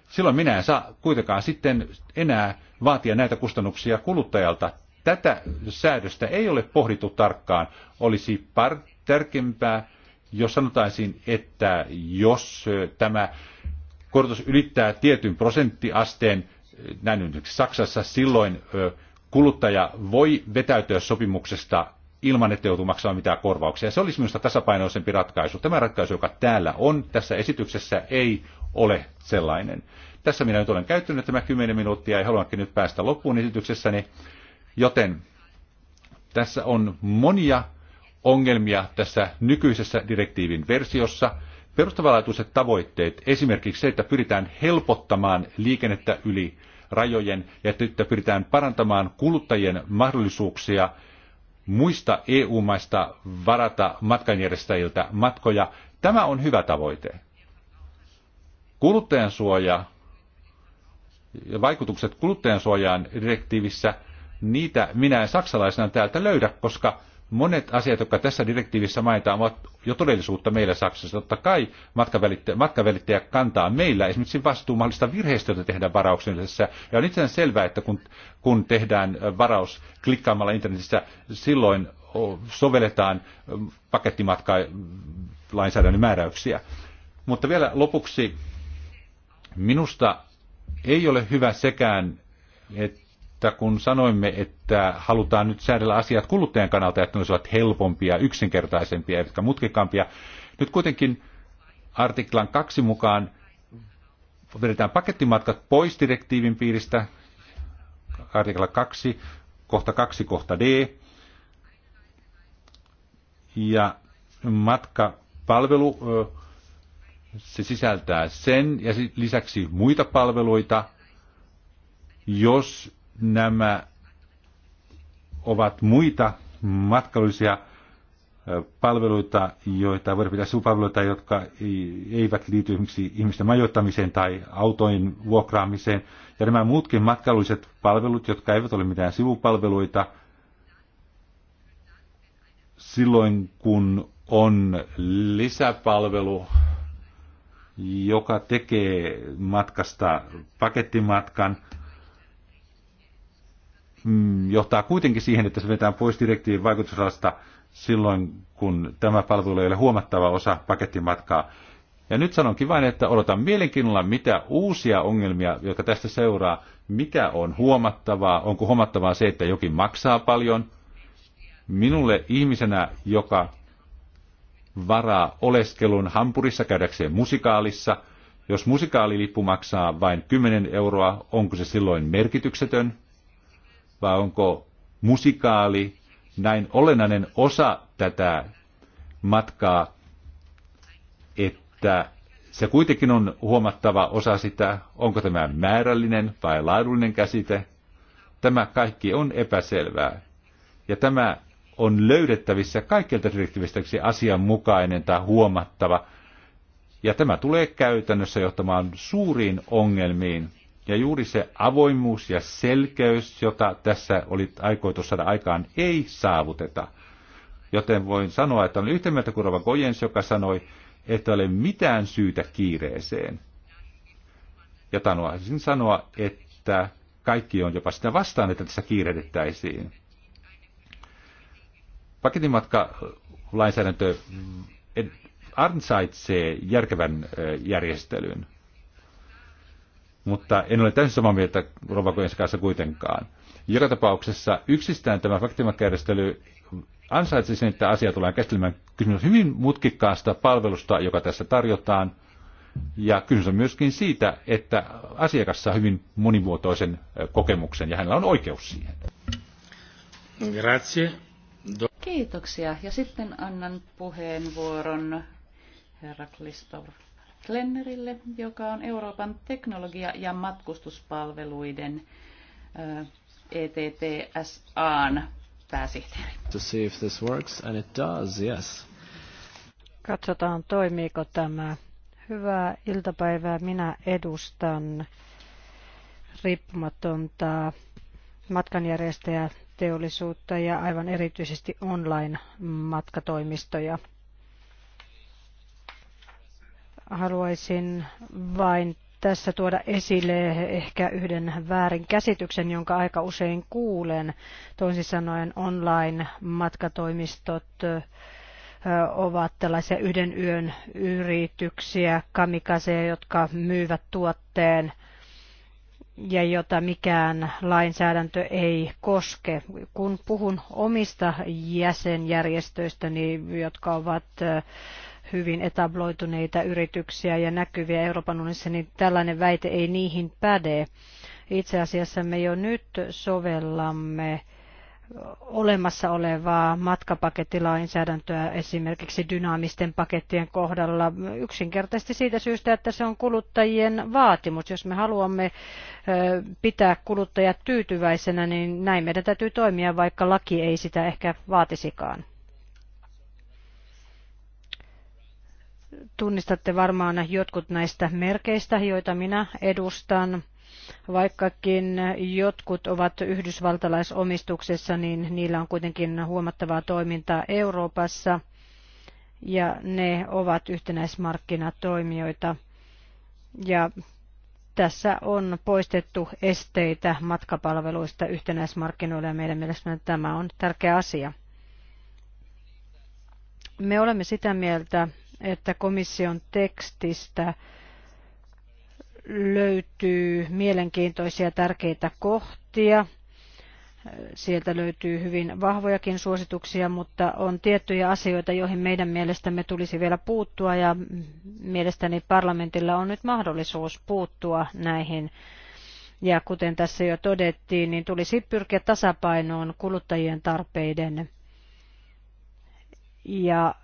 silloin minä en saa kuitenkaan sitten enää vaatia näitä kustannuksia kuluttajalta. Tätä säädöstä ei ole pohdittu tarkkaan. Olisi par- tärkeämpää, jos sanotaisiin, että jos tämä korotus ylittää tietyn prosenttiasteen, näin Saksassa silloin kuluttaja voi vetäytyä sopimuksesta ilman, että joutuu maksamaan mitään korvauksia. Se olisi minusta tasapainoisempi ratkaisu. Tämä ratkaisu, joka täällä on, tässä esityksessä ei ole sellainen. Tässä minä nyt olen käyttänyt tämä 10 minuuttia ja haluankin nyt päästä loppuun esityksessäni. Joten tässä on monia ongelmia tässä nykyisessä direktiivin versiossa. Perustavanlaatuiset tavoitteet, esimerkiksi se, että pyritään helpottamaan liikennettä yli rajojen ja että pyritään parantamaan kuluttajien mahdollisuuksia muista EU-maista varata matkanjärjestäjiltä matkoja. Tämä on hyvä tavoite. Kuluttajan suoja ja vaikutukset kuluttajan suojaan direktiivissä, niitä minä en saksalaisena täältä löydä, koska monet asiat, jotka tässä direktiivissä mainitaan, ovat jo todellisuutta meillä Saksassa. Totta kai matkavälittäjä, matkavälittäjä kantaa meillä esimerkiksi vastuu mahdollista virheistä, joita tehdään varauksellisessa. Ja on itse selvää, että kun, kun tehdään varaus klikkaamalla internetissä, silloin sovelletaan mm, pakettimatkalainsäädännön määräyksiä. Mutta vielä lopuksi, minusta ei ole hyvä sekään, että että kun sanoimme, että halutaan nyt säädellä asiat kuluttajan kannalta, että ne olisivat helpompia, yksinkertaisempia, eivätkä mutkikampia, nyt kuitenkin artiklan kaksi mukaan vedetään pakettimatkat pois direktiivin piiristä, artikla 2, kohta 2, kohta D, ja matkapalvelu, se sisältää sen ja lisäksi muita palveluita, jos nämä ovat muita matkailullisia palveluita, joita voidaan pitää sivupalveluita, jotka eivät liity esimerkiksi ihmisten majoittamiseen tai autojen vuokraamiseen. Ja nämä muutkin matkailulliset palvelut, jotka eivät ole mitään sivupalveluita, silloin kun on lisäpalvelu, joka tekee matkasta pakettimatkan – Mm, johtaa kuitenkin siihen, että se vetää pois direktiivin vaikutusalasta silloin, kun tämä palvelu ei ole huomattava osa pakettimatkaa. Ja nyt sanonkin vain, että odotan mielenkiinnolla, mitä uusia ongelmia, jotka tästä seuraa, mikä on huomattavaa, onko huomattavaa se, että jokin maksaa paljon. Minulle ihmisenä, joka varaa oleskelun hampurissa käydäkseen musikaalissa, jos musikaalilippu maksaa vain 10 euroa, onko se silloin merkityksetön? vai onko musikaali näin olennainen osa tätä matkaa, että se kuitenkin on huomattava osa sitä, onko tämä määrällinen vai laadullinen käsite. Tämä kaikki on epäselvää. Ja tämä on löydettävissä kaikilta direktiivistäksi asianmukainen tai huomattava. Ja tämä tulee käytännössä johtamaan suuriin ongelmiin ja juuri se avoimuus ja selkeys, jota tässä oli aikoitus saada aikaan, ei saavuteta. Joten voin sanoa, että on yhtä mieltä kuin Rova Gojens, joka sanoi, että ei ole mitään syytä kiireeseen. Ja tanoisin sanoa, että kaikki on jopa sitä vastaan, että tässä kiirehdettäisiin. Paketimatka lainsäädäntö ansaitsee järkevän järjestelyn mutta en ole täysin samaa mieltä Rovakojen kanssa kuitenkaan. Joka tapauksessa yksistään tämä faktimakkajärjestely ansaitsee sen, että asia tulee käsittelemään. Kysymys on hyvin mutkikkaasta palvelusta, joka tässä tarjotaan. Ja kysymys on myöskin siitä, että asiakas saa hyvin monimuotoisen kokemuksen ja hänellä on oikeus siihen. Grazie. Kiitoksia. Ja sitten annan puheenvuoron herra Kristor Lennerille, joka on Euroopan teknologia- ja matkustuspalveluiden ETTSAn pääsihteeri. To see if this works, and it does, yes. Katsotaan, toimiiko tämä. Hyvää iltapäivää. Minä edustan riippumatonta matkanjärjestäjäteollisuutta ja aivan erityisesti online-matkatoimistoja. Haluaisin vain tässä tuoda esille ehkä yhden väärin käsityksen, jonka aika usein kuulen. Toisin sanoen online-matkatoimistot ovat tällaisia yhden yön yrityksiä, kamikaseja, jotka myyvät tuotteen ja jota mikään lainsäädäntö ei koske. Kun puhun omista jäsenjärjestöistäni, niin jotka ovat hyvin etabloituneita yrityksiä ja näkyviä Euroopan unionissa, niin tällainen väite ei niihin päde. Itse asiassa me jo nyt sovellamme olemassa olevaa matkapakettilainsäädäntöä esimerkiksi dynaamisten pakettien kohdalla yksinkertaisesti siitä syystä, että se on kuluttajien vaatimus. Jos me haluamme pitää kuluttajat tyytyväisenä, niin näin meidän täytyy toimia, vaikka laki ei sitä ehkä vaatisikaan. tunnistatte varmaan jotkut näistä merkeistä, joita minä edustan. Vaikkakin jotkut ovat yhdysvaltalaisomistuksessa, niin niillä on kuitenkin huomattavaa toimintaa Euroopassa ja ne ovat yhtenäismarkkinatoimijoita. Ja tässä on poistettu esteitä matkapalveluista yhtenäismarkkinoille ja meidän mielestämme tämä on tärkeä asia. Me olemme sitä mieltä, että komission tekstistä löytyy mielenkiintoisia tärkeitä kohtia. Sieltä löytyy hyvin vahvojakin suosituksia, mutta on tiettyjä asioita, joihin meidän mielestämme tulisi vielä puuttua ja mielestäni parlamentilla on nyt mahdollisuus puuttua näihin. Ja kuten tässä jo todettiin, niin tulisi pyrkiä tasapainoon kuluttajien tarpeiden ja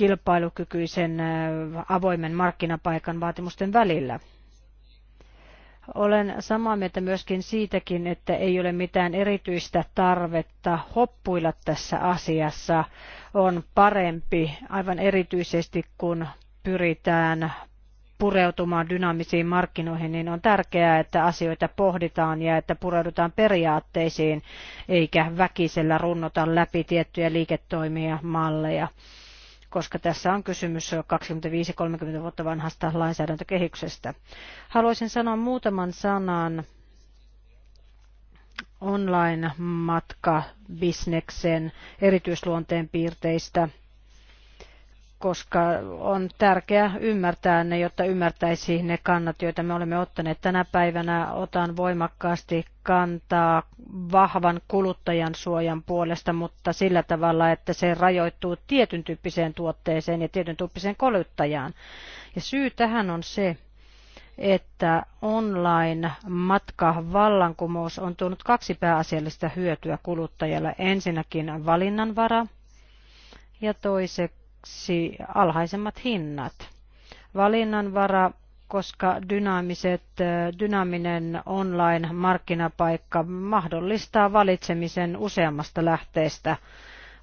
kilpailukykyisen äh, avoimen markkinapaikan vaatimusten välillä. Olen samaa mieltä myöskin siitäkin, että ei ole mitään erityistä tarvetta hoppuilla tässä asiassa. On parempi, aivan erityisesti kun pyritään pureutumaan dynaamisiin markkinoihin, niin on tärkeää, että asioita pohditaan ja että pureudutaan periaatteisiin, eikä väkisellä runnota läpi tiettyjä liiketoimia, malleja koska tässä on kysymys 25-30 vuotta vanhasta lainsäädäntökehyksestä. Haluaisin sanoa muutaman sanan online-matkabisneksen erityisluonteen piirteistä – koska on tärkeää ymmärtää ne, jotta ymmärtäisi ne kannat, joita me olemme ottaneet tänä päivänä. Otan voimakkaasti kantaa vahvan kuluttajan suojan puolesta, mutta sillä tavalla, että se rajoittuu tietyn tyyppiseen tuotteeseen ja tietyn tyyppiseen kuluttajaan. Ja syy tähän on se, että online-matka vallankumous on tuonut kaksi pääasiallista hyötyä kuluttajalle. Ensinnäkin valinnanvara, ja toiseksi vuoksi alhaisemmat hinnat. Valinnanvara, koska dynaamiset, äh, dynaaminen online-markkinapaikka mahdollistaa valitsemisen useammasta lähteestä.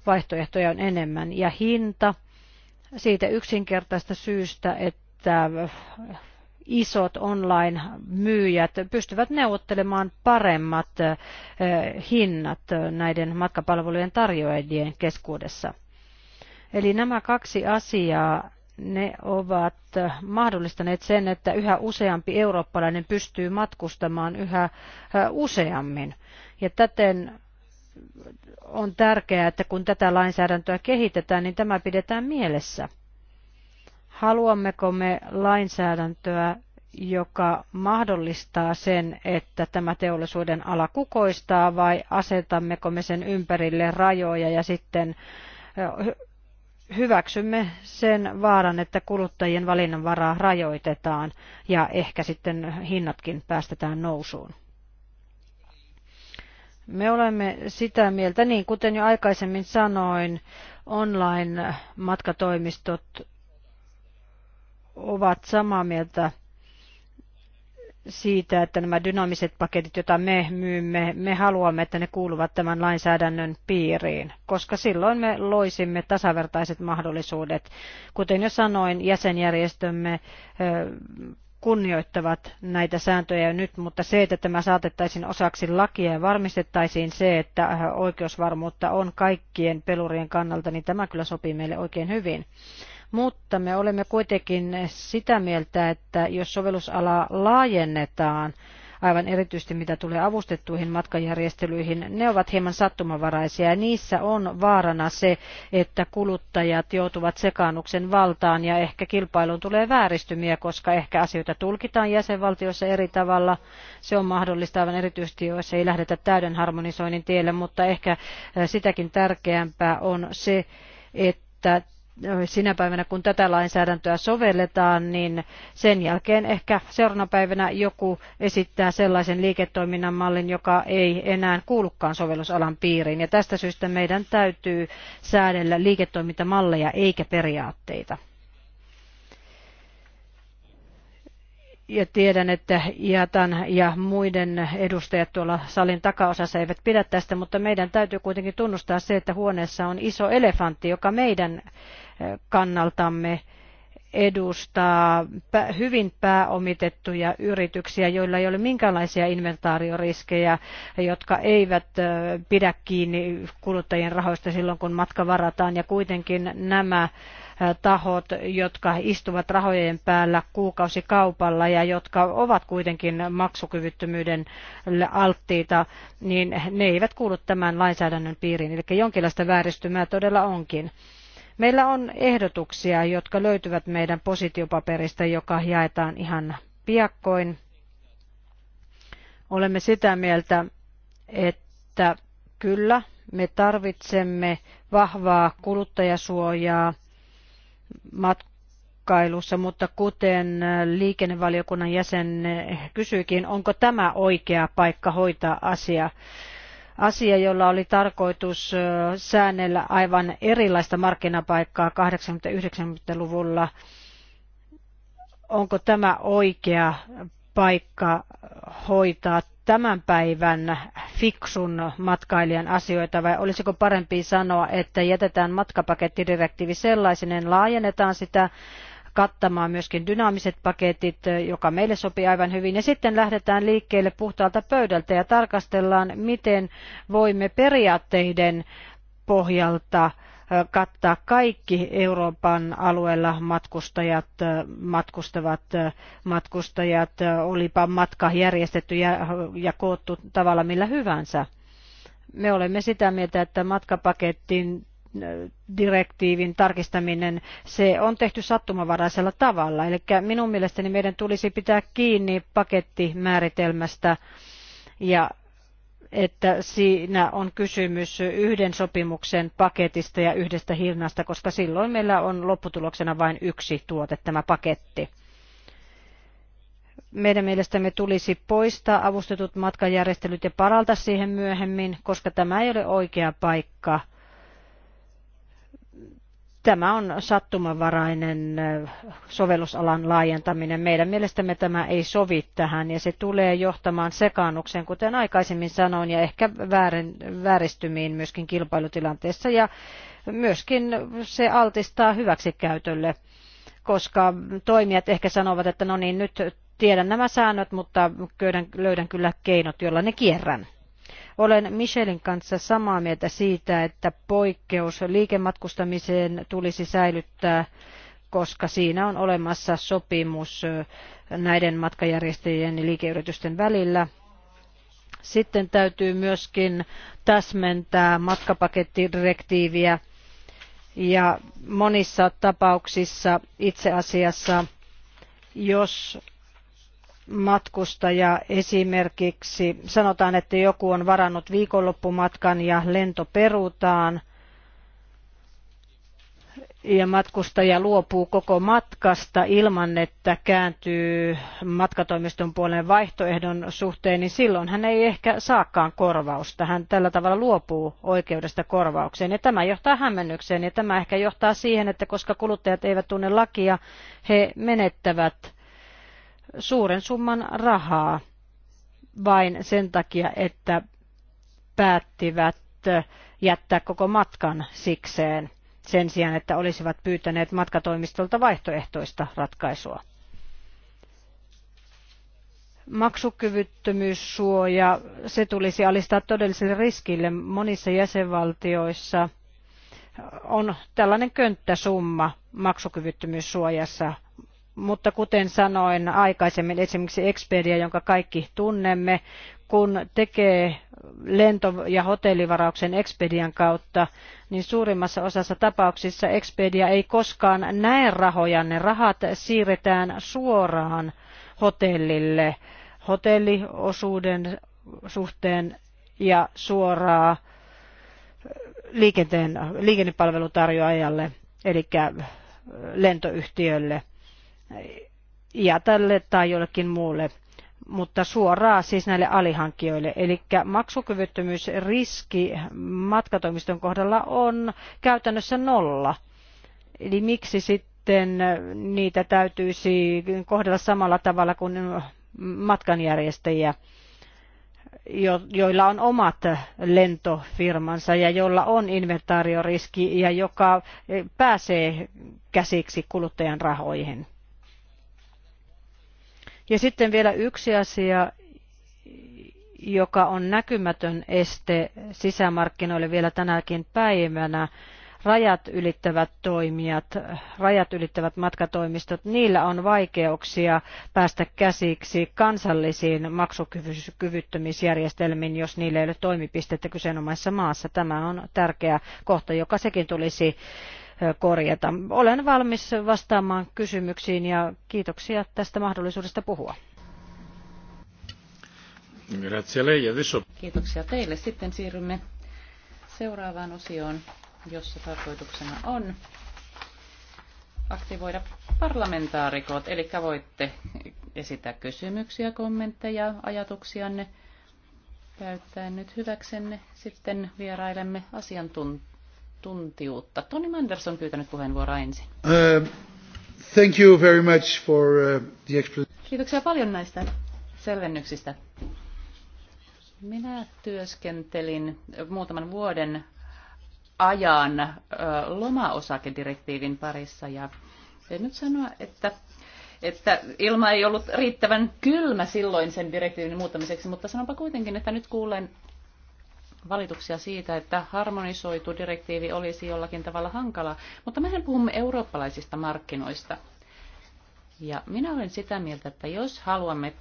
Vaihtoehtoja on enemmän. Ja hinta siitä yksinkertaista syystä, että isot online-myyjät pystyvät neuvottelemaan paremmat äh, hinnat näiden matkapalvelujen tarjoajien keskuudessa. Eli nämä kaksi asiaa ne ovat mahdollistaneet sen, että yhä useampi eurooppalainen pystyy matkustamaan yhä useammin. Ja täten on tärkeää, että kun tätä lainsäädäntöä kehitetään, niin tämä pidetään mielessä. Haluammeko me lainsäädäntöä, joka mahdollistaa sen, että tämä teollisuuden ala kukoistaa, vai asetammeko me sen ympärille rajoja ja sitten hyväksymme sen vaaran, että kuluttajien valinnanvaraa rajoitetaan ja ehkä sitten hinnatkin päästetään nousuun. Me olemme sitä mieltä, niin kuten jo aikaisemmin sanoin, online-matkatoimistot ovat samaa mieltä siitä, että nämä dynaamiset paketit, joita me myymme, me haluamme, että ne kuuluvat tämän lainsäädännön piiriin, koska silloin me loisimme tasavertaiset mahdollisuudet. Kuten jo sanoin, jäsenjärjestömme kunnioittavat näitä sääntöjä jo nyt, mutta se, että tämä saatettaisiin osaksi lakia ja varmistettaisiin se, että oikeusvarmuutta on kaikkien pelurien kannalta, niin tämä kyllä sopii meille oikein hyvin mutta me olemme kuitenkin sitä mieltä, että jos sovellusala laajennetaan, aivan erityisesti mitä tulee avustettuihin matkajärjestelyihin, ne ovat hieman sattumavaraisia ja niissä on vaarana se, että kuluttajat joutuvat sekaannuksen valtaan ja ehkä kilpailuun tulee vääristymiä, koska ehkä asioita tulkitaan jäsenvaltioissa eri tavalla. Se on mahdollista aivan erityisesti, jos ei lähdetä täyden harmonisoinnin tielle, mutta ehkä eh, sitäkin tärkeämpää on se, että sinä päivänä, kun tätä lainsäädäntöä sovelletaan, niin sen jälkeen ehkä seuraavana päivänä joku esittää sellaisen liiketoiminnan mallin, joka ei enää kuulukaan sovellusalan piiriin. Ja tästä syystä meidän täytyy säädellä liiketoimintamalleja eikä periaatteita. ja tiedän, että Jatan ja muiden edustajat tuolla salin takaosassa eivät pidä tästä, mutta meidän täytyy kuitenkin tunnustaa se, että huoneessa on iso elefantti, joka meidän kannaltamme edustaa hyvin pääomitettuja yrityksiä, joilla ei ole minkäänlaisia inventaarioriskejä, jotka eivät pidä kiinni kuluttajien rahoista silloin, kun matka varataan. Ja kuitenkin nämä tahot, jotka istuvat rahojen päällä kuukausikaupalla ja jotka ovat kuitenkin maksukyvyttömyyden alttiita, niin ne eivät kuulu tämän lainsäädännön piiriin. Eli jonkinlaista vääristymää todella onkin. Meillä on ehdotuksia, jotka löytyvät meidän positiopaperista, joka jaetaan ihan piakkoin. Olemme sitä mieltä, että kyllä me tarvitsemme vahvaa kuluttajasuojaa matkailussa, mutta kuten liikennevaliokunnan jäsen kysyikin, onko tämä oikea paikka hoitaa asia? asia, jolla oli tarkoitus säännellä aivan erilaista markkinapaikkaa 80-90-luvulla. Onko tämä oikea paikka hoitaa tämän päivän fiksun matkailijan asioita vai olisiko parempi sanoa, että jätetään matkapakettidirektiivi sellaiseneen, laajennetaan sitä kattamaan myöskin dynaamiset paketit, joka meille sopii aivan hyvin. Ja sitten lähdetään liikkeelle puhtaalta pöydältä ja tarkastellaan, miten voimme periaatteiden pohjalta kattaa kaikki Euroopan alueella matkustajat, matkustavat matkustajat, olipa matka järjestetty ja, ja koottu tavalla millä hyvänsä. Me olemme sitä mieltä, että matkapaketin direktiivin tarkistaminen, se on tehty sattumavaraisella tavalla. Eli minun mielestäni meidän tulisi pitää kiinni pakettimääritelmästä ja että siinä on kysymys yhden sopimuksen paketista ja yhdestä hinnasta, koska silloin meillä on lopputuloksena vain yksi tuote, tämä paketti. Meidän mielestämme tulisi poistaa avustetut matkajärjestelyt ja paralta siihen myöhemmin, koska tämä ei ole oikea paikka – Tämä on sattumanvarainen sovellusalan laajentaminen. Meidän mielestämme tämä ei sovi tähän ja se tulee johtamaan sekaannuksen, kuten aikaisemmin sanoin, ja ehkä väärin, vääristymiin myöskin kilpailutilanteessa ja myöskin se altistaa hyväksikäytölle, koska toimijat ehkä sanovat, että no niin, nyt tiedän nämä säännöt, mutta löydän kyllä keinot, joilla ne kierrän. Olen Michelin kanssa samaa mieltä siitä, että poikkeus liikematkustamiseen tulisi säilyttää koska siinä on olemassa sopimus näiden matkajärjestäjien ja liikeyritysten välillä. Sitten täytyy myöskin täsmentää matkapakettidirektiiviä ja monissa tapauksissa itse asiassa, jos Matkustaja, Esimerkiksi sanotaan, että joku on varannut viikonloppumatkan ja lento perutaan ja matkustaja luopuu koko matkasta ilman, että kääntyy matkatoimiston puolen vaihtoehdon suhteen, niin silloin hän ei ehkä saakaan korvausta. Hän tällä tavalla luopuu oikeudesta korvaukseen. Ja tämä johtaa hämmennykseen ja tämä ehkä johtaa siihen, että koska kuluttajat eivät tunne lakia, he menettävät suuren summan rahaa vain sen takia, että päättivät jättää koko matkan sikseen sen sijaan, että olisivat pyytäneet matkatoimistolta vaihtoehtoista ratkaisua. Maksukyvyttömyyssuoja, se tulisi alistaa todelliselle riskille monissa jäsenvaltioissa – on tällainen könttäsumma maksukyvyttömyyssuojassa mutta kuten sanoin aikaisemmin, esimerkiksi Expedia, jonka kaikki tunnemme, kun tekee lento- ja hotellivarauksen Expedian kautta, niin suurimmassa osassa tapauksissa Expedia ei koskaan näe rahoja. Ne rahat siirretään suoraan hotellille hotelliosuuden suhteen ja suoraan liikenteen, liikennepalvelutarjoajalle, eli lentoyhtiölle ja tälle tai jollekin muulle mutta suoraan siis näille alihankkijoille. Eli maksukyvyttömyysriski matkatoimiston kohdalla on käytännössä nolla. Eli miksi sitten niitä täytyisi kohdella samalla tavalla kuin matkanjärjestäjiä, joilla on omat lentofirmansa ja joilla on inventaarioriski ja joka pääsee käsiksi kuluttajan rahoihin. Ja sitten vielä yksi asia, joka on näkymätön este sisämarkkinoille vielä tänäkin päivänä, rajat ylittävät toimijat, rajat ylittävät matkatoimistot, niillä on vaikeuksia päästä käsiksi kansallisiin maksukyvyttömyysjärjestelmiin, jos niillä ei ole toimipistettä kyseenomaisessa maassa. Tämä on tärkeä kohta, joka sekin tulisi korjata. Olen valmis vastaamaan kysymyksiin ja kiitoksia tästä mahdollisuudesta puhua. Kiitoksia teille. Sitten siirrymme seuraavaan osioon, jossa tarkoituksena on aktivoida parlamentaarikot, eli voitte esittää kysymyksiä, kommentteja, ajatuksianne käyttäen nyt hyväksenne. Sitten vierailemme asiantuntijoita Tuntiutta Toni Manderson on pyytänyt puheenvuoroa ensin. Uh, thank you very much for uh, the explanation. Kiitoksia paljon näistä selvennyksistä. Minä työskentelin muutaman vuoden ajan uh, lomaosakedirektiivin parissa ja en nyt sanoa, että, että ilma ei ollut riittävän kylmä silloin sen direktiivin muuttamiseksi, mutta sanonpa kuitenkin, että nyt kuulen valituksia siitä, että harmonisoitu direktiivi olisi jollakin tavalla hankala, mutta mehän puhumme eurooppalaisista markkinoista. Ja minä olen sitä mieltä, että jos haluamme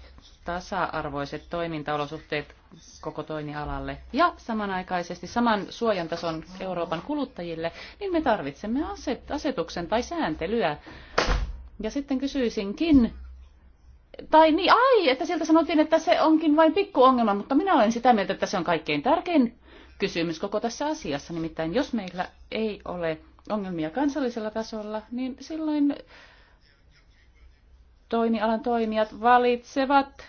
tasa-arvoiset toimintaolosuhteet koko toimialalle ja samanaikaisesti saman suojan tason Euroopan kuluttajille, niin me tarvitsemme aset, asetuksen tai sääntelyä. Ja sitten kysyisinkin tai niin, ai, että sieltä sanottiin, että se onkin vain pikku ongelma, mutta minä olen sitä mieltä, että se on kaikkein tärkein kysymys koko tässä asiassa. Nimittäin jos meillä ei ole ongelmia kansallisella tasolla, niin silloin toimialan toimijat valitsevat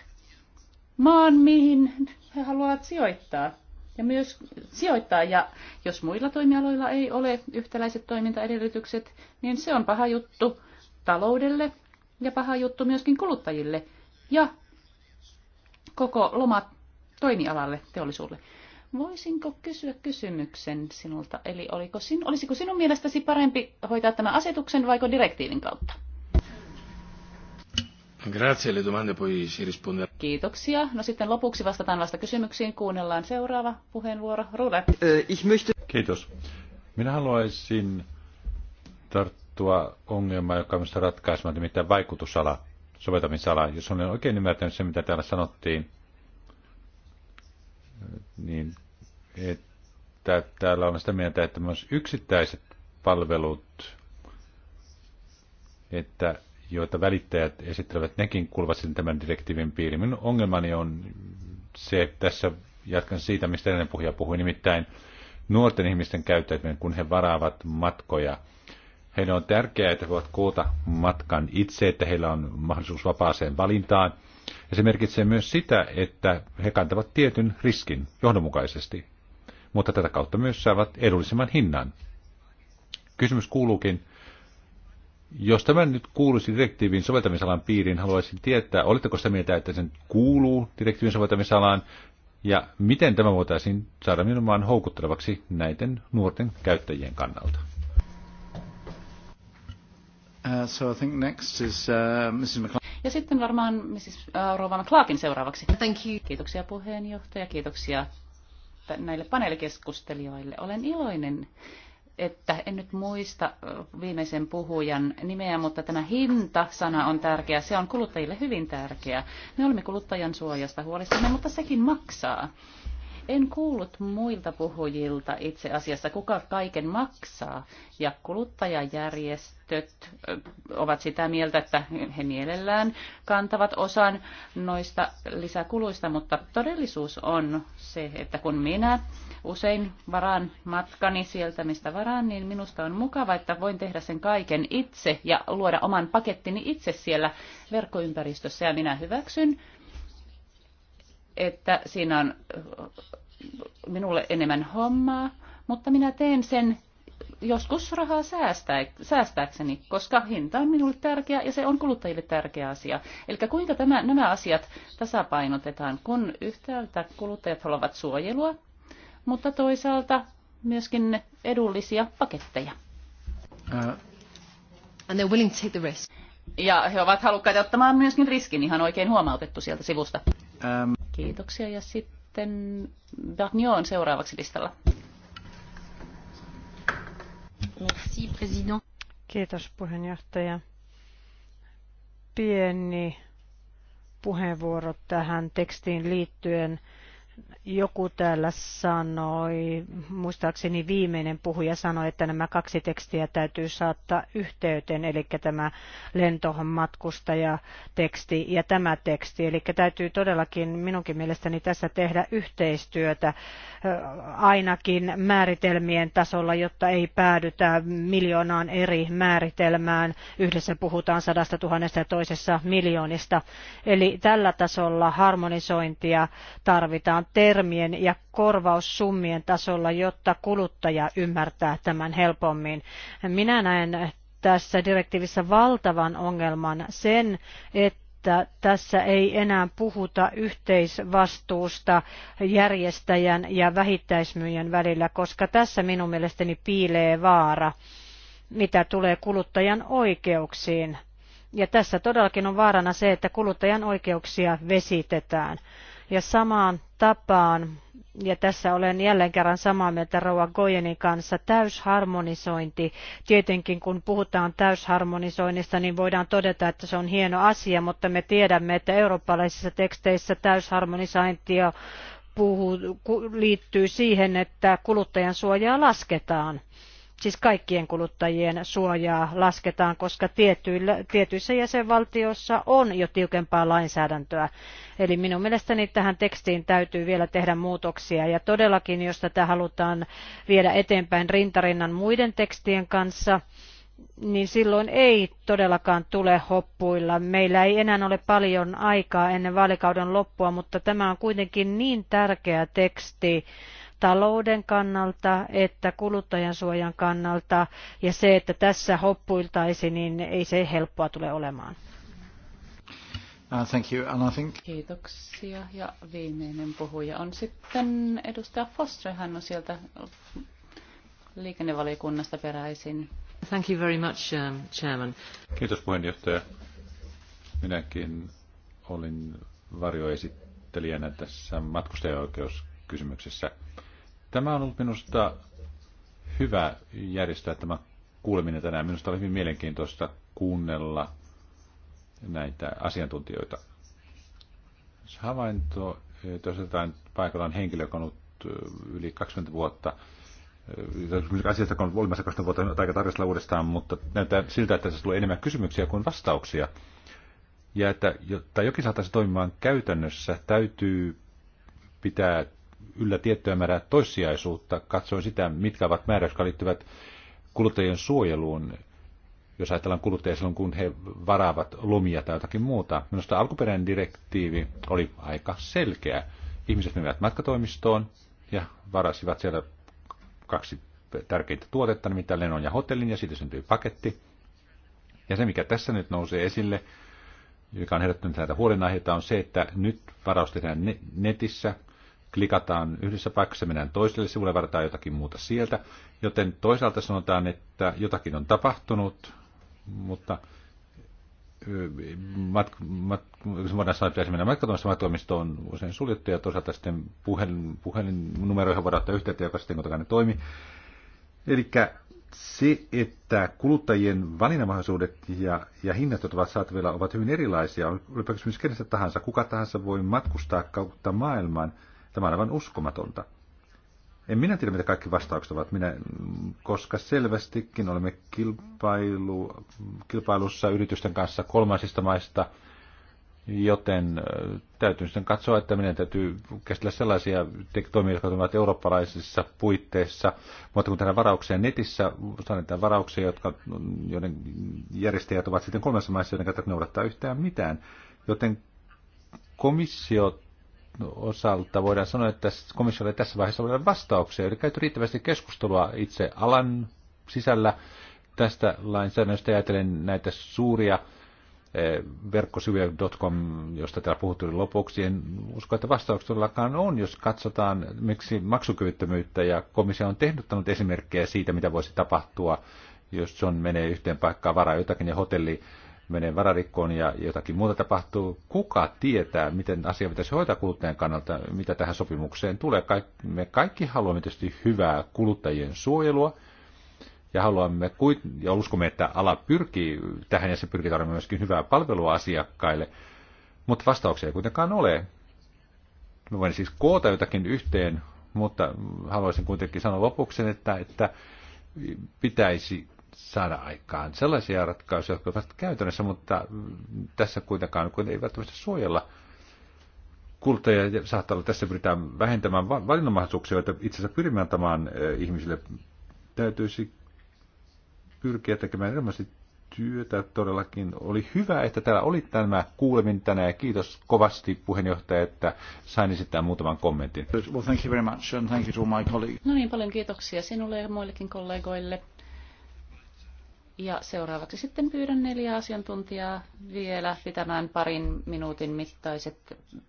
maan, mihin he haluavat sijoittaa. Ja myös sijoittaa. Ja jos muilla toimialoilla ei ole yhtäläiset toimintaedellytykset, niin se on paha juttu taloudelle, ja paha juttu myöskin kuluttajille ja koko lomat toimialalle, teollisuudelle. Voisinko kysyä kysymyksen sinulta, eli oliko sin, olisiko sinun mielestäsi parempi hoitaa tämä asetuksen vaiko direktiivin kautta? Grazie, le domande poi si risponde. Kiitoksia. No sitten lopuksi vastataan vasta kysymyksiin. Kuunnellaan seuraava puheenvuoro. Rule. Äh, ich möchte... Kiitos. Minä haluaisin tarttua tuo ongelmaa, joka on minusta ratkaisematta, nimittäin vaikutusala, soveltamisala. Jos olen oikein ymmärtänyt se, mitä täällä sanottiin, niin että täällä on sitä mieltä, että myös yksittäiset palvelut, että joita välittäjät esittelevät, nekin kuuluvat tämän direktiivin piiriin. Minun ongelmani on se, että tässä jatkan siitä, mistä edellinen puhuja puhui, nimittäin nuorten ihmisten käyttäytyminen, kun he varaavat matkoja – Heille on tärkeää, että he voivat koota matkan itse, että heillä on mahdollisuus vapaaseen valintaan. Ja se merkitsee myös sitä, että he kantavat tietyn riskin johdonmukaisesti, mutta tätä kautta myös saavat edullisemman hinnan. Kysymys kuuluukin, jos tämä nyt kuuluisi direktiivin soveltamisalan piiriin, haluaisin tietää, oletteko sitä mieltä, että sen kuuluu direktiivin soveltamisalaan, ja miten tämä voitaisiin saada nimenomaan houkuttelevaksi näiden nuorten käyttäjien kannalta? Uh, so I think next is, uh, Mrs. Ja sitten varmaan Mrs. Uh, Rova McClarkin seuraavaksi. Thank you. Kiitoksia puheenjohtaja, kiitoksia näille paneelikeskustelijoille. Olen iloinen, että en nyt muista viimeisen puhujan nimeä, mutta tämä hinta-sana on tärkeä. Se on kuluttajille hyvin tärkeä. Me olemme kuluttajan suojasta huolissamme, mutta sekin maksaa. En kuullut muilta puhujilta itse asiassa, kuka kaiken maksaa. Ja kuluttajajärjestöt ovat sitä mieltä, että he mielellään kantavat osan noista lisäkuluista, mutta todellisuus on se, että kun minä usein varaan matkani sieltä, mistä varaan, niin minusta on mukava, että voin tehdä sen kaiken itse ja luoda oman pakettini itse siellä verkkoympäristössä. Ja minä hyväksyn että siinä on minulle enemmän hommaa, mutta minä teen sen joskus rahaa säästää, säästääkseni, koska hinta on minulle tärkeä ja se on kuluttajille tärkeä asia. Eli kuinka tämä, nämä asiat tasapainotetaan, kun yhtäältä kuluttajat haluavat suojelua, mutta toisaalta myöskin edullisia paketteja. Uh. And they're willing to take the risk. Ja he ovat halukkaita ottamaan myöskin riskin, ihan oikein huomautettu sieltä sivusta. Um. Kiitoksia ja sitten sitten Bernier on seuraavaksi listalla. Merci, president. Kiitos puheenjohtaja. Pieni puheenvuoro tähän tekstiin liittyen. Joku täällä sanoi, muistaakseni viimeinen puhuja sanoi, että nämä kaksi tekstiä täytyy saattaa yhteyteen, eli tämä matkustaja teksti ja tämä teksti. Eli täytyy todellakin minunkin mielestäni tässä tehdä yhteistyötä ainakin määritelmien tasolla, jotta ei päädytä miljoonaan eri määritelmään. Yhdessä puhutaan sadasta tuhannesta ja toisessa miljoonista. Eli tällä tasolla harmonisointia tarvitaan. Ter- termien ja korvaussummien tasolla, jotta kuluttaja ymmärtää tämän helpommin. Minä näen tässä direktiivissä valtavan ongelman sen, että että tässä ei enää puhuta yhteisvastuusta järjestäjän ja vähittäismyyjän välillä, koska tässä minun mielestäni piilee vaara, mitä tulee kuluttajan oikeuksiin. Ja tässä todellakin on vaarana se, että kuluttajan oikeuksia vesitetään. Ja samaan tapaan, ja tässä olen jälleen kerran samaa mieltä rauha Gojenin kanssa, täysharmonisointi. Tietenkin kun puhutaan täysharmonisoinnista, niin voidaan todeta, että se on hieno asia, mutta me tiedämme, että eurooppalaisissa teksteissä täysharmonisointia puhuu, liittyy siihen, että kuluttajan suojaa lasketaan siis kaikkien kuluttajien suojaa lasketaan, koska tietyillä, tietyissä jäsenvaltioissa on jo tiukempaa lainsäädäntöä. Eli minun mielestäni tähän tekstiin täytyy vielä tehdä muutoksia. Ja todellakin, jos tätä halutaan viedä eteenpäin rintarinnan muiden tekstien kanssa, niin silloin ei todellakaan tule hoppuilla. Meillä ei enää ole paljon aikaa ennen vaalikauden loppua, mutta tämä on kuitenkin niin tärkeä teksti, talouden kannalta että kuluttajan suojan kannalta ja se, että tässä hoppuiltaisi, niin ei se helppoa tule olemaan. Uh, thank you. And I think... Kiitoksia. Ja viimeinen puhuja on sitten edustaja Foster. Hän on sieltä liikennevaliokunnasta peräisin. Thank you very much, um, Chairman. Kiitos puheenjohtaja. Minäkin olin varjoesittelijänä tässä matkustajaoikeuskysymyksessä. Tämä on ollut minusta hyvä järjestää tämä kuuleminen tänään. Minusta oli hyvin mielenkiintoista kuunnella näitä asiantuntijoita. Havainto, jos otetaan paikallaan henkilö, joka on ollut yli 20 vuotta, asiasta on olemassa 20 vuotta niin aika tarkastella uudestaan, mutta näyttää siltä, että tässä tulee enemmän kysymyksiä kuin vastauksia. Ja että jotta jokin saataisiin toimimaan käytännössä, täytyy pitää yllä tiettyä määrää toissijaisuutta. Katsoin sitä, mitkä ovat määräykset, jotka liittyvät kuluttajien suojeluun, jos ajatellaan kuluttajia silloin, kun he varaavat lomia tai jotakin muuta. Minusta alkuperäinen direktiivi oli aika selkeä. Ihmiset menivät matkatoimistoon ja varasivat siellä kaksi tärkeintä tuotetta, nimittäin lennon ja hotellin, ja siitä syntyi paketti. Ja se, mikä tässä nyt nousee esille, joka on herättänyt näitä huolenaiheita, on se, että nyt varaus tehdään netissä klikataan yhdessä paikassa, mennään toiselle sivulle, varataan jotakin muuta sieltä. Joten toisaalta sanotaan, että jotakin on tapahtunut, mutta mat, mat, voidaan sanoa, että esimerkiksi matkatoimisto matkatoimisto on usein suljettu ja toisaalta sitten puhelin, puhelinnumeroihin voidaan ottaa yhteyttä, joka sitten kuitenkaan ne toimii. Eli se, että kuluttajien valinnanmahdollisuudet ja, ja hinnat, jotka ovat saatavilla, ovat hyvin erilaisia. Olipa kysymys kenestä tahansa. Kuka tahansa voi matkustaa kautta maailman – Tämä on aivan uskomatonta. En minä tiedä, mitä kaikki vastaukset ovat, minä, koska selvästikin olemme kilpailu, kilpailussa yritysten kanssa kolmansista maista, joten täytyy sitten katsoa, että minä täytyy käsitellä sellaisia toimia, jotka ovat eurooppalaisissa puitteissa. Mutta kun tehdään varauksia netissä, annetaan varauksia, jotka, joiden järjestäjät ovat sitten kolmessa maissa, joiden kautta noudattaa yhtään mitään. Joten komissio osalta voidaan sanoa, että komissiolle tässä vaiheessa voidaan vastauksia. Eli käyty riittävästi keskustelua itse alan sisällä tästä lainsäädännöstä ajatellen näitä suuria eh, verkkosivuja.com, josta täällä puhuttiin lopuksi. En usko, että vastaukset todellakaan on, jos katsotaan miksi maksukyvyttömyyttä ja komissio on tehnyt esimerkkejä siitä, mitä voisi tapahtua, jos on menee yhteen paikkaan varaa jotakin ja hotelli menee vararikkoon ja jotakin muuta tapahtuu. Kuka tietää, miten asia pitäisi hoitaa kuluttajan kannalta, mitä tähän sopimukseen tulee? Me kaikki haluamme tietysti hyvää kuluttajien suojelua, ja haluamme ja uskomme, että ala pyrkii tähän ja se pyrkii tarjoamaan myöskin hyvää palvelua asiakkaille, mutta vastauksia ei kuitenkaan ole. Me voin siis koota jotakin yhteen, mutta haluaisin kuitenkin sanoa lopuksi, että, että pitäisi saada aikaan sellaisia ratkaisuja, jotka ovat käytännössä, mutta tässä kuitenkaan kun ei välttämättä suojella kuluttajia. Saattaa olla, tässä pyritään vähentämään valinnanmahdollisuuksia, joita itse asiassa pyrimme antamaan eh, ihmisille. Täytyisi pyrkiä tekemään enemmän työtä todellakin. Oli hyvä, että täällä oli tämä kuulemin tänään ja kiitos kovasti puheenjohtaja, että sain esittää muutaman kommentin. Well, thank you very much and thank you to all my colleagues. No niin, paljon kiitoksia sinulle ja muillekin kollegoille. Ja seuraavaksi sitten pyydän neljä asiantuntijaa vielä pitämään parin minuutin mittaiset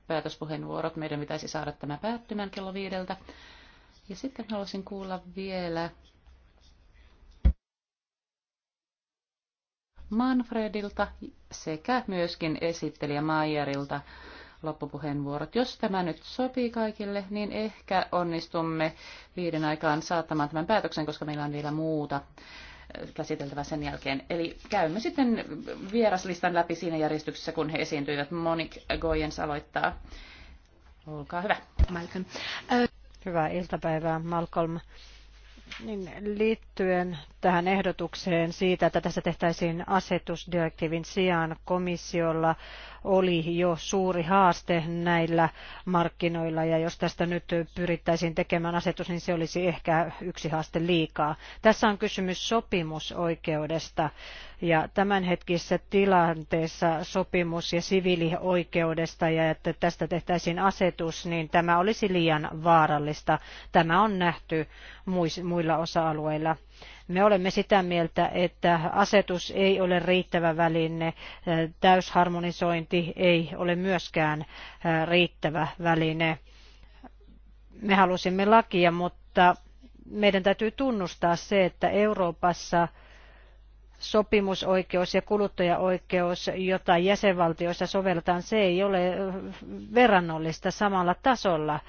päätöspuheenvuorot. Meidän pitäisi saada tämä päättymään kello viideltä. Ja sitten haluaisin kuulla vielä Manfredilta sekä myöskin esittelijä Maijerilta loppupuheenvuorot. Jos tämä nyt sopii kaikille, niin ehkä onnistumme viiden aikaan saattamaan tämän päätöksen, koska meillä on vielä muuta käsiteltävä sen jälkeen. Eli käymme sitten vieraslistan läpi siinä järjestyksessä, kun he esiintyivät. Monik Goyens aloittaa. Olkaa hyvä. Malcolm. Hyvää iltapäivää, Malcolm. Niin, liittyen tähän ehdotukseen siitä, että tässä tehtäisiin asetusdirektiivin sijaan, komissiolla oli jo suuri haaste näillä markkinoilla, ja jos tästä nyt pyrittäisiin tekemään asetus, niin se olisi ehkä yksi haaste liikaa. Tässä on kysymys sopimusoikeudesta. Ja tämänhetkisessä tilanteessa sopimus ja siviilioikeudesta ja että tästä tehtäisiin asetus, niin tämä olisi liian vaarallista. Tämä on nähty muilla osa-alueilla. Me olemme sitä mieltä, että asetus ei ole riittävä väline, täysharmonisointi ei ole myöskään riittävä väline. Me halusimme lakia, mutta meidän täytyy tunnustaa se, että Euroopassa – sopimusoikeus ja kuluttajaoikeus, jota jäsenvaltioissa sovelletaan, se ei ole verrannollista samalla tasolla.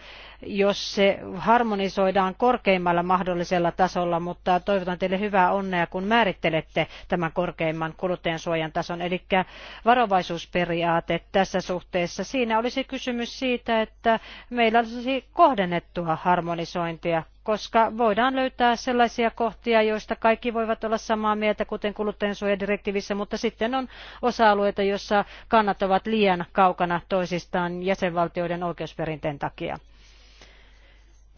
Jos se harmonisoidaan korkeimmalla mahdollisella tasolla, mutta toivotan teille hyvää onnea, kun määrittelette tämän korkeimman kuluttajansuojan tason, eli varovaisuusperiaate tässä suhteessa. Siinä olisi kysymys siitä, että meillä olisi kohdennettua harmonisointia koska voidaan löytää sellaisia kohtia, joista kaikki voivat olla samaa mieltä, kuten kuluttajansuojadirektiivissä, mutta sitten on osa-alueita, joissa kannat ovat liian kaukana toisistaan jäsenvaltioiden oikeusperinteen takia.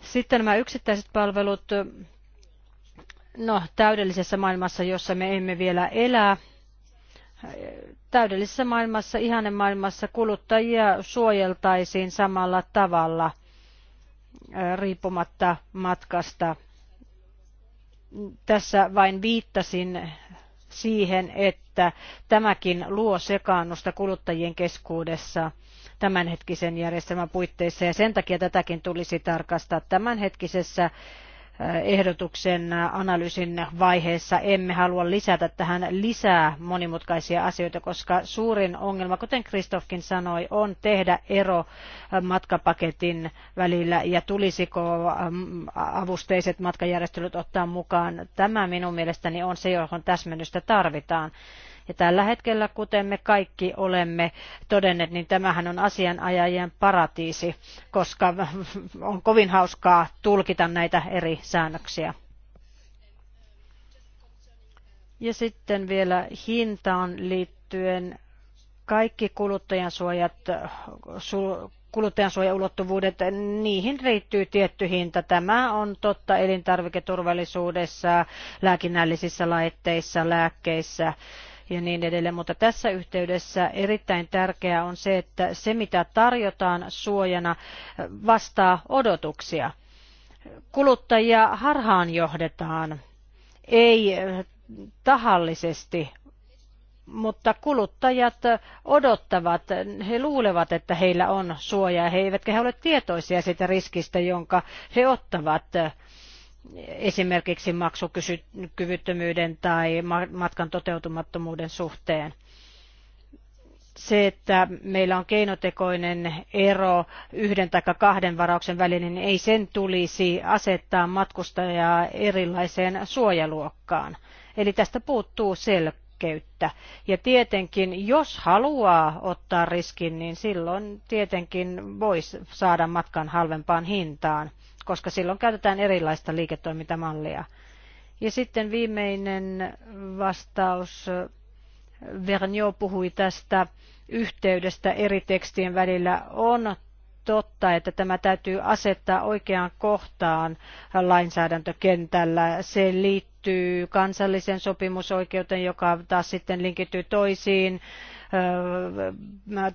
Sitten nämä yksittäiset palvelut, no täydellisessä maailmassa, jossa me emme vielä elä, täydellisessä maailmassa, ihanemaailmassa kuluttajia suojeltaisiin samalla tavalla – riippumatta matkasta. Tässä vain viittasin siihen, että tämäkin luo sekaannusta kuluttajien keskuudessa tämänhetkisen järjestelmän puitteissa ja sen takia tätäkin tulisi tarkastaa tämänhetkisessä ehdotuksen analyysin vaiheessa emme halua lisätä tähän lisää monimutkaisia asioita, koska suurin ongelma, kuten Kristofkin sanoi, on tehdä ero matkapaketin välillä ja tulisiko ähm, avusteiset matkajärjestelyt ottaa mukaan. Tämä minun mielestäni on se, johon täsmennystä tarvitaan. Ja tällä hetkellä, kuten me kaikki olemme todenneet, niin tämähän on asianajajien paratiisi, koska on kovin hauskaa tulkita näitä eri säännöksiä. Ja sitten vielä hintaan liittyen kaikki kuluttajansuojat, kuluttajansuojaulottuvuudet, niihin riittyy tietty hinta. Tämä on totta elintarviketurvallisuudessa, lääkinnällisissä laitteissa, lääkkeissä ja niin edelleen. Mutta tässä yhteydessä erittäin tärkeää on se, että se mitä tarjotaan suojana vastaa odotuksia. Kuluttajia harhaan johdetaan, ei eh, tahallisesti mutta kuluttajat odottavat, he luulevat, että heillä on suojaa, he eivätkä he ole tietoisia siitä riskistä, jonka he ottavat esimerkiksi maksukyvyttömyyden tai matkan toteutumattomuuden suhteen se, että meillä on keinotekoinen ero yhden tai kahden varauksen välinen, niin ei sen tulisi asettaa matkustajaa erilaiseen suojaluokkaan. Eli tästä puuttuu selkeyttä. Ja tietenkin, jos haluaa ottaa riskin, niin silloin tietenkin voisi saada matkan halvempaan hintaan koska silloin käytetään erilaista liiketoimintamallia. Ja sitten viimeinen vastaus. Vernio puhui tästä yhteydestä eri tekstien välillä. On totta, että tämä täytyy asettaa oikeaan kohtaan lainsäädäntökentällä. Se liittyy kansallisen sopimusoikeuteen, joka taas sitten linkittyy toisiin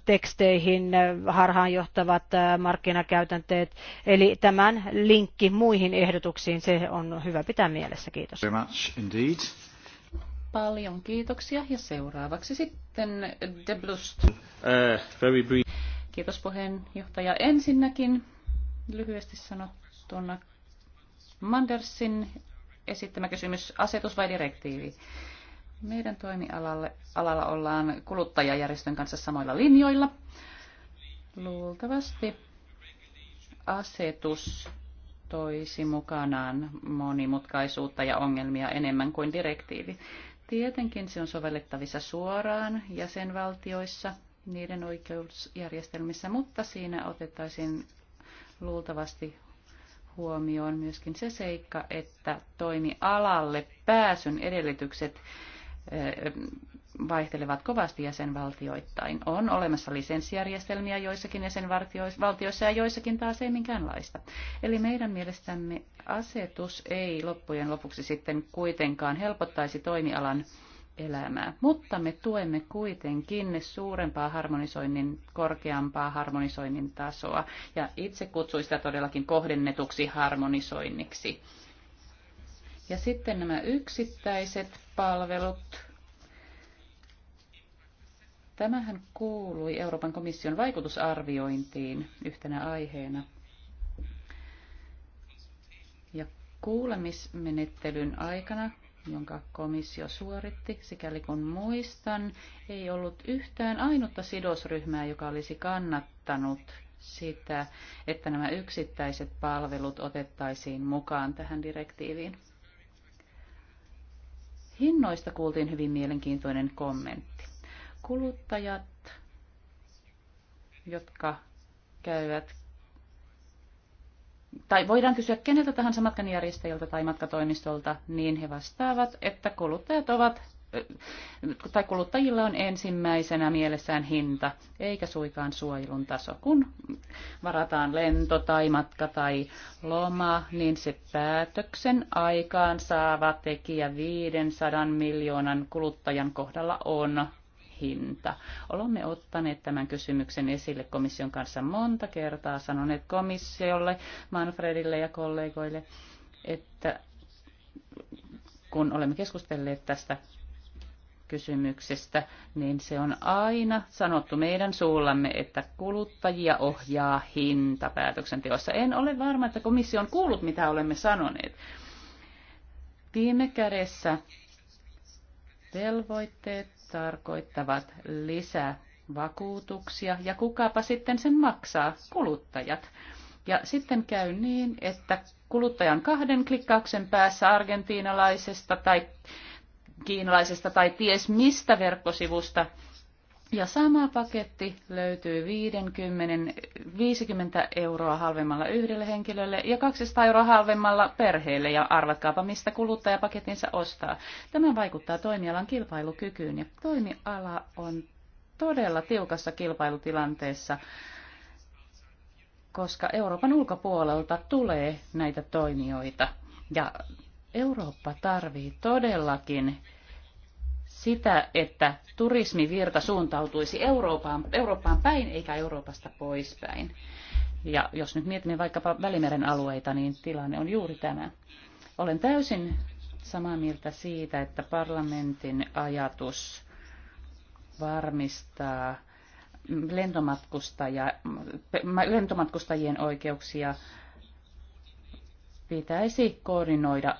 teksteihin, harhaanjohtavat markkinakäytänteet. Eli tämän linkki muihin ehdotuksiin, se on hyvä pitää mielessä. Kiitos. Paljon kiitoksia ja seuraavaksi sitten Deblust. Uh, very brief. Kiitos puheenjohtaja. Ensinnäkin lyhyesti sanottuna Mandersin esittämä kysymys, asetus vai direktiivi? Meidän toimialalle alalla ollaan kuluttajajärjestön kanssa samoilla linjoilla. Luultavasti asetus toisi mukanaan monimutkaisuutta ja ongelmia enemmän kuin direktiivi. Tietenkin se on sovellettavissa suoraan jäsenvaltioissa, niiden oikeusjärjestelmissä, mutta siinä otettaisiin luultavasti huomioon myöskin se seikka, että toimialalle pääsyn edellytykset Eh, vaihtelevat kovasti jäsenvaltioittain. On olemassa lisenssijärjestelmiä joissakin jäsenvaltioissa ja joissakin taas ei minkäänlaista. Eli meidän mielestämme asetus ei loppujen lopuksi sitten kuitenkaan helpottaisi toimialan elämää, mutta me tuemme kuitenkin suurempaa harmonisoinnin, korkeampaa harmonisoinnin tasoa ja itse kutsuin sitä todellakin kohdennetuksi harmonisoinniksi ja sitten nämä yksittäiset palvelut. Tämähän kuului Euroopan komission vaikutusarviointiin yhtenä aiheena. Ja kuulemismenettelyn aikana, jonka komissio suoritti, sikäli kun muistan, ei ollut yhtään ainutta sidosryhmää, joka olisi kannattanut sitä, että nämä yksittäiset palvelut otettaisiin mukaan tähän direktiiviin. Hinnoista kuultiin hyvin mielenkiintoinen kommentti. Kuluttajat, jotka käyvät tai voidaan kysyä keneltä tahansa matkanjärjestäjältä tai matkatoimistolta, niin he vastaavat, että kuluttajat ovat tai kuluttajilla on ensimmäisenä mielessään hinta, eikä suikaan suojelun taso. Kun varataan lento tai matka tai loma, niin se päätöksen aikaan saava tekijä 500 miljoonan kuluttajan kohdalla on hinta. Olemme ottaneet tämän kysymyksen esille komission kanssa monta kertaa, sanoneet komissiolle, Manfredille ja kollegoille, että kun olemme keskustelleet tästä kysymyksestä, niin se on aina sanottu meidän suullamme, että kuluttajia ohjaa hinta päätöksenteossa. En ole varma, että komissio on kuullut, mitä olemme sanoneet. Viime kädessä velvoitteet tarkoittavat lisää vakuutuksia ja kukapa sitten sen maksaa, kuluttajat. Ja sitten käy niin, että kuluttajan kahden klikkauksen päässä argentiinalaisesta tai kiinalaisesta tai ties mistä verkkosivusta. Ja sama paketti löytyy 50, 50 euroa halvemmalla yhdelle henkilölle ja 200 euroa halvemmalla perheelle. Ja arvatkaapa, mistä kuluttajapaketinsa ostaa. Tämä vaikuttaa toimialan kilpailukykyyn ja toimiala on todella tiukassa kilpailutilanteessa, koska Euroopan ulkopuolelta tulee näitä toimijoita. Ja Eurooppa tarvii todellakin sitä, että turismivirta suuntautuisi Eurooppaan, Eurooppaan päin eikä Euroopasta poispäin. Ja jos nyt mietimme vaikkapa Välimeren alueita, niin tilanne on juuri tämä. Olen täysin samaa mieltä siitä, että parlamentin ajatus varmistaa lentomatkustaja, lentomatkustajien oikeuksia pitäisi koordinoida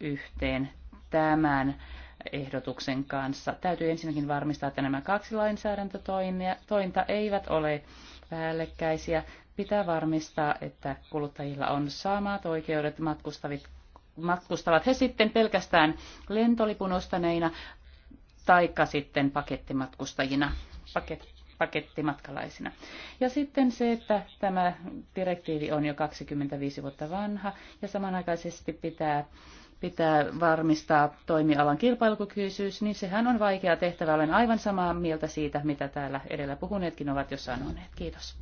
yhteen tämän ehdotuksen kanssa. Täytyy ensinnäkin varmistaa, että nämä kaksi lainsäädäntötointa eivät ole päällekkäisiä. Pitää varmistaa, että kuluttajilla on samat oikeudet matkustavit, matkustavat he sitten pelkästään lentolipun ostaneina tai sitten pakettimatkustajina, Paketti pakettimatkalaisina. Ja sitten se, että tämä direktiivi on jo 25 vuotta vanha ja samanaikaisesti pitää pitää varmistaa toimialan kilpailukykyisyys, niin sehän on vaikea tehtävä. Olen aivan samaa mieltä siitä, mitä täällä edellä puhuneetkin ovat jo sanoneet. Kiitos.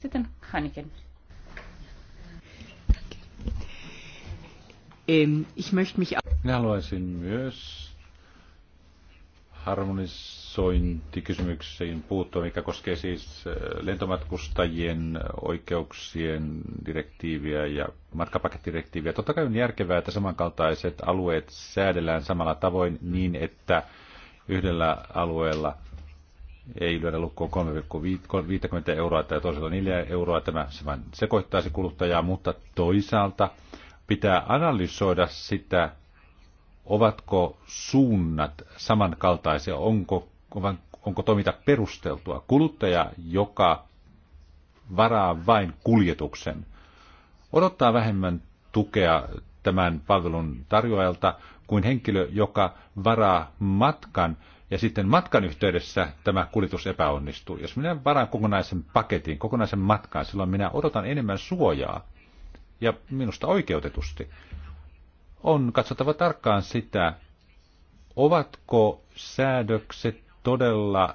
Sitten Haniken. Ähm, Minä haluaisin myös harmonisointikysymyksiin puuttua, mikä koskee siis äh, lentomatkustajien oikeuksien direktiiviä ja matkapakettidirektiiviä. Totta kai on järkevää, että samankaltaiset alueet säädellään samalla tavoin niin, että yhdellä alueella ei lyödä lukkoon 3,50 euroa tai toisella 4 euroa. Tämä se vain sekoittaisi kuluttajaa, mutta toisaalta pitää analysoida sitä, ovatko suunnat samankaltaisia, onko, onko toiminta perusteltua. Kuluttaja, joka varaa vain kuljetuksen, odottaa vähemmän tukea tämän palvelun tarjoajalta kuin henkilö, joka varaa matkan ja sitten matkan yhteydessä tämä kuljetus epäonnistuu. Jos minä varaan kokonaisen paketin, kokonaisen matkan, silloin minä odotan enemmän suojaa ja minusta oikeutetusti on katsottava tarkkaan sitä, ovatko säädökset todella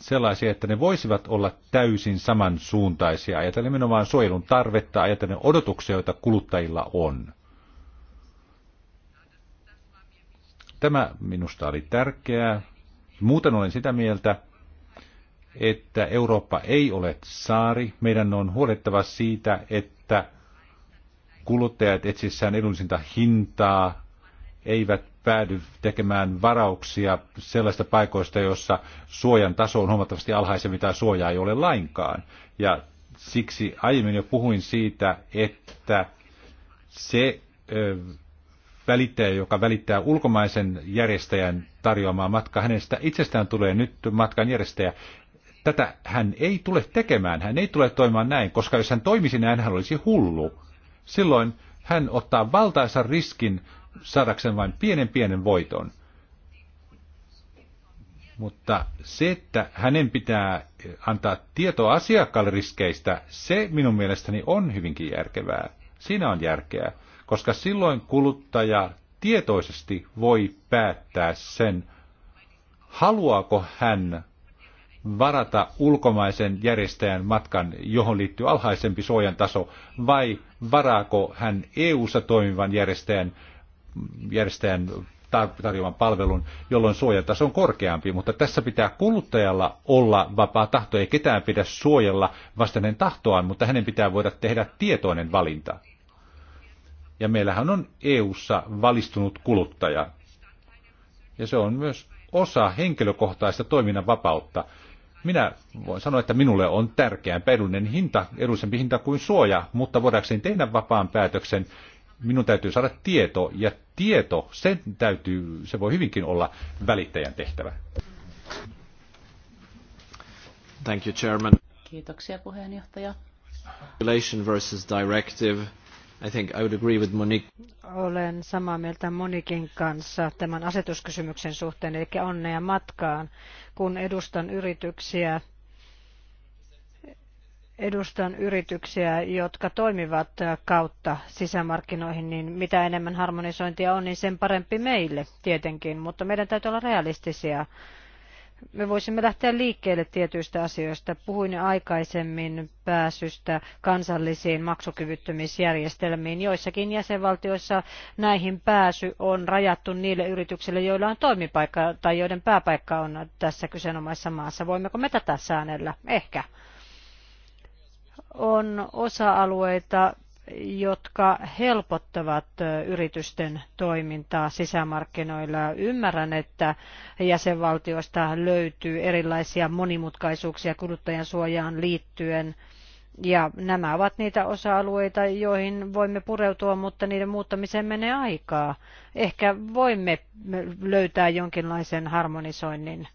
sellaisia, että ne voisivat olla täysin samansuuntaisia. Ajatellen nimenomaan suojelun tarvetta, ajatellen odotuksia, joita kuluttajilla on. Tämä minusta oli tärkeää. Muuten olen sitä mieltä, että Eurooppa ei ole saari. Meidän on huolettava siitä, että kuluttajat etsissään edullisinta hintaa eivät päädy tekemään varauksia sellaista paikoista, jossa suojan taso on huomattavasti alhaisempi tai suojaa ei ole lainkaan. Ja siksi aiemmin jo puhuin siitä, että se ö, välittäjä, joka välittää ulkomaisen järjestäjän tarjoamaa matkaa, hänestä itsestään tulee nyt matkan järjestäjä. Tätä hän ei tule tekemään, hän ei tule toimimaan näin, koska jos hän toimisi näin, hän olisi hullu silloin hän ottaa valtaisan riskin saadakseen vain pienen pienen voiton. Mutta se, että hänen pitää antaa tietoa asiakkaalle riskeistä, se minun mielestäni on hyvinkin järkevää. Siinä on järkeä, koska silloin kuluttaja tietoisesti voi päättää sen, haluaako hän varata ulkomaisen järjestäjän matkan, johon liittyy alhaisempi suojan taso, vai varaako hän EU-ssa toimivan järjestäjän, järjestäjän tarjoaman palvelun, jolloin suojataso on korkeampi, mutta tässä pitää kuluttajalla olla vapaa tahto, ei ketään pidä suojella vasta hänen tahtoaan, mutta hänen pitää voida tehdä tietoinen valinta. Ja meillähän on EU:ssa valistunut kuluttaja. Ja se on myös osa henkilökohtaista toiminnan vapautta. Minä voin sanoa, että minulle on tärkeää edullinen hinta, edullisempi hinta kuin suoja, mutta voidakseni tehdä vapaan päätöksen, minun täytyy saada tieto, ja tieto, sen täytyy, se voi hyvinkin olla välittäjän tehtävä. Thank you, Chairman. Kiitoksia puheenjohtaja. Regulation versus directive. I think I would agree with Monique. Olen samaa mieltä Monikin kanssa tämän asetuskysymyksen suhteen, eli onnea matkaan, kun edustan yrityksiä, edustan yrityksiä, jotka toimivat kautta sisämarkkinoihin, niin mitä enemmän harmonisointia on, niin sen parempi meille tietenkin, mutta meidän täytyy olla realistisia me voisimme lähteä liikkeelle tietyistä asioista. Puhuin aikaisemmin pääsystä kansallisiin maksukyvyttömyysjärjestelmiin. Joissakin jäsenvaltioissa näihin pääsy on rajattu niille yrityksille, joilla on toimipaikka tai joiden pääpaikka on tässä kyseenomaisessa maassa. Voimmeko me tätä säännellä? Ehkä on osa-alueita, jotka helpottavat yritysten toimintaa sisämarkkinoilla. Ymmärrän, että jäsenvaltioista löytyy erilaisia monimutkaisuuksia kuluttajan suojaan liittyen. Ja nämä ovat niitä osa-alueita, joihin voimme pureutua, mutta niiden muuttamiseen menee aikaa. Ehkä voimme löytää jonkinlaisen harmonisoinnin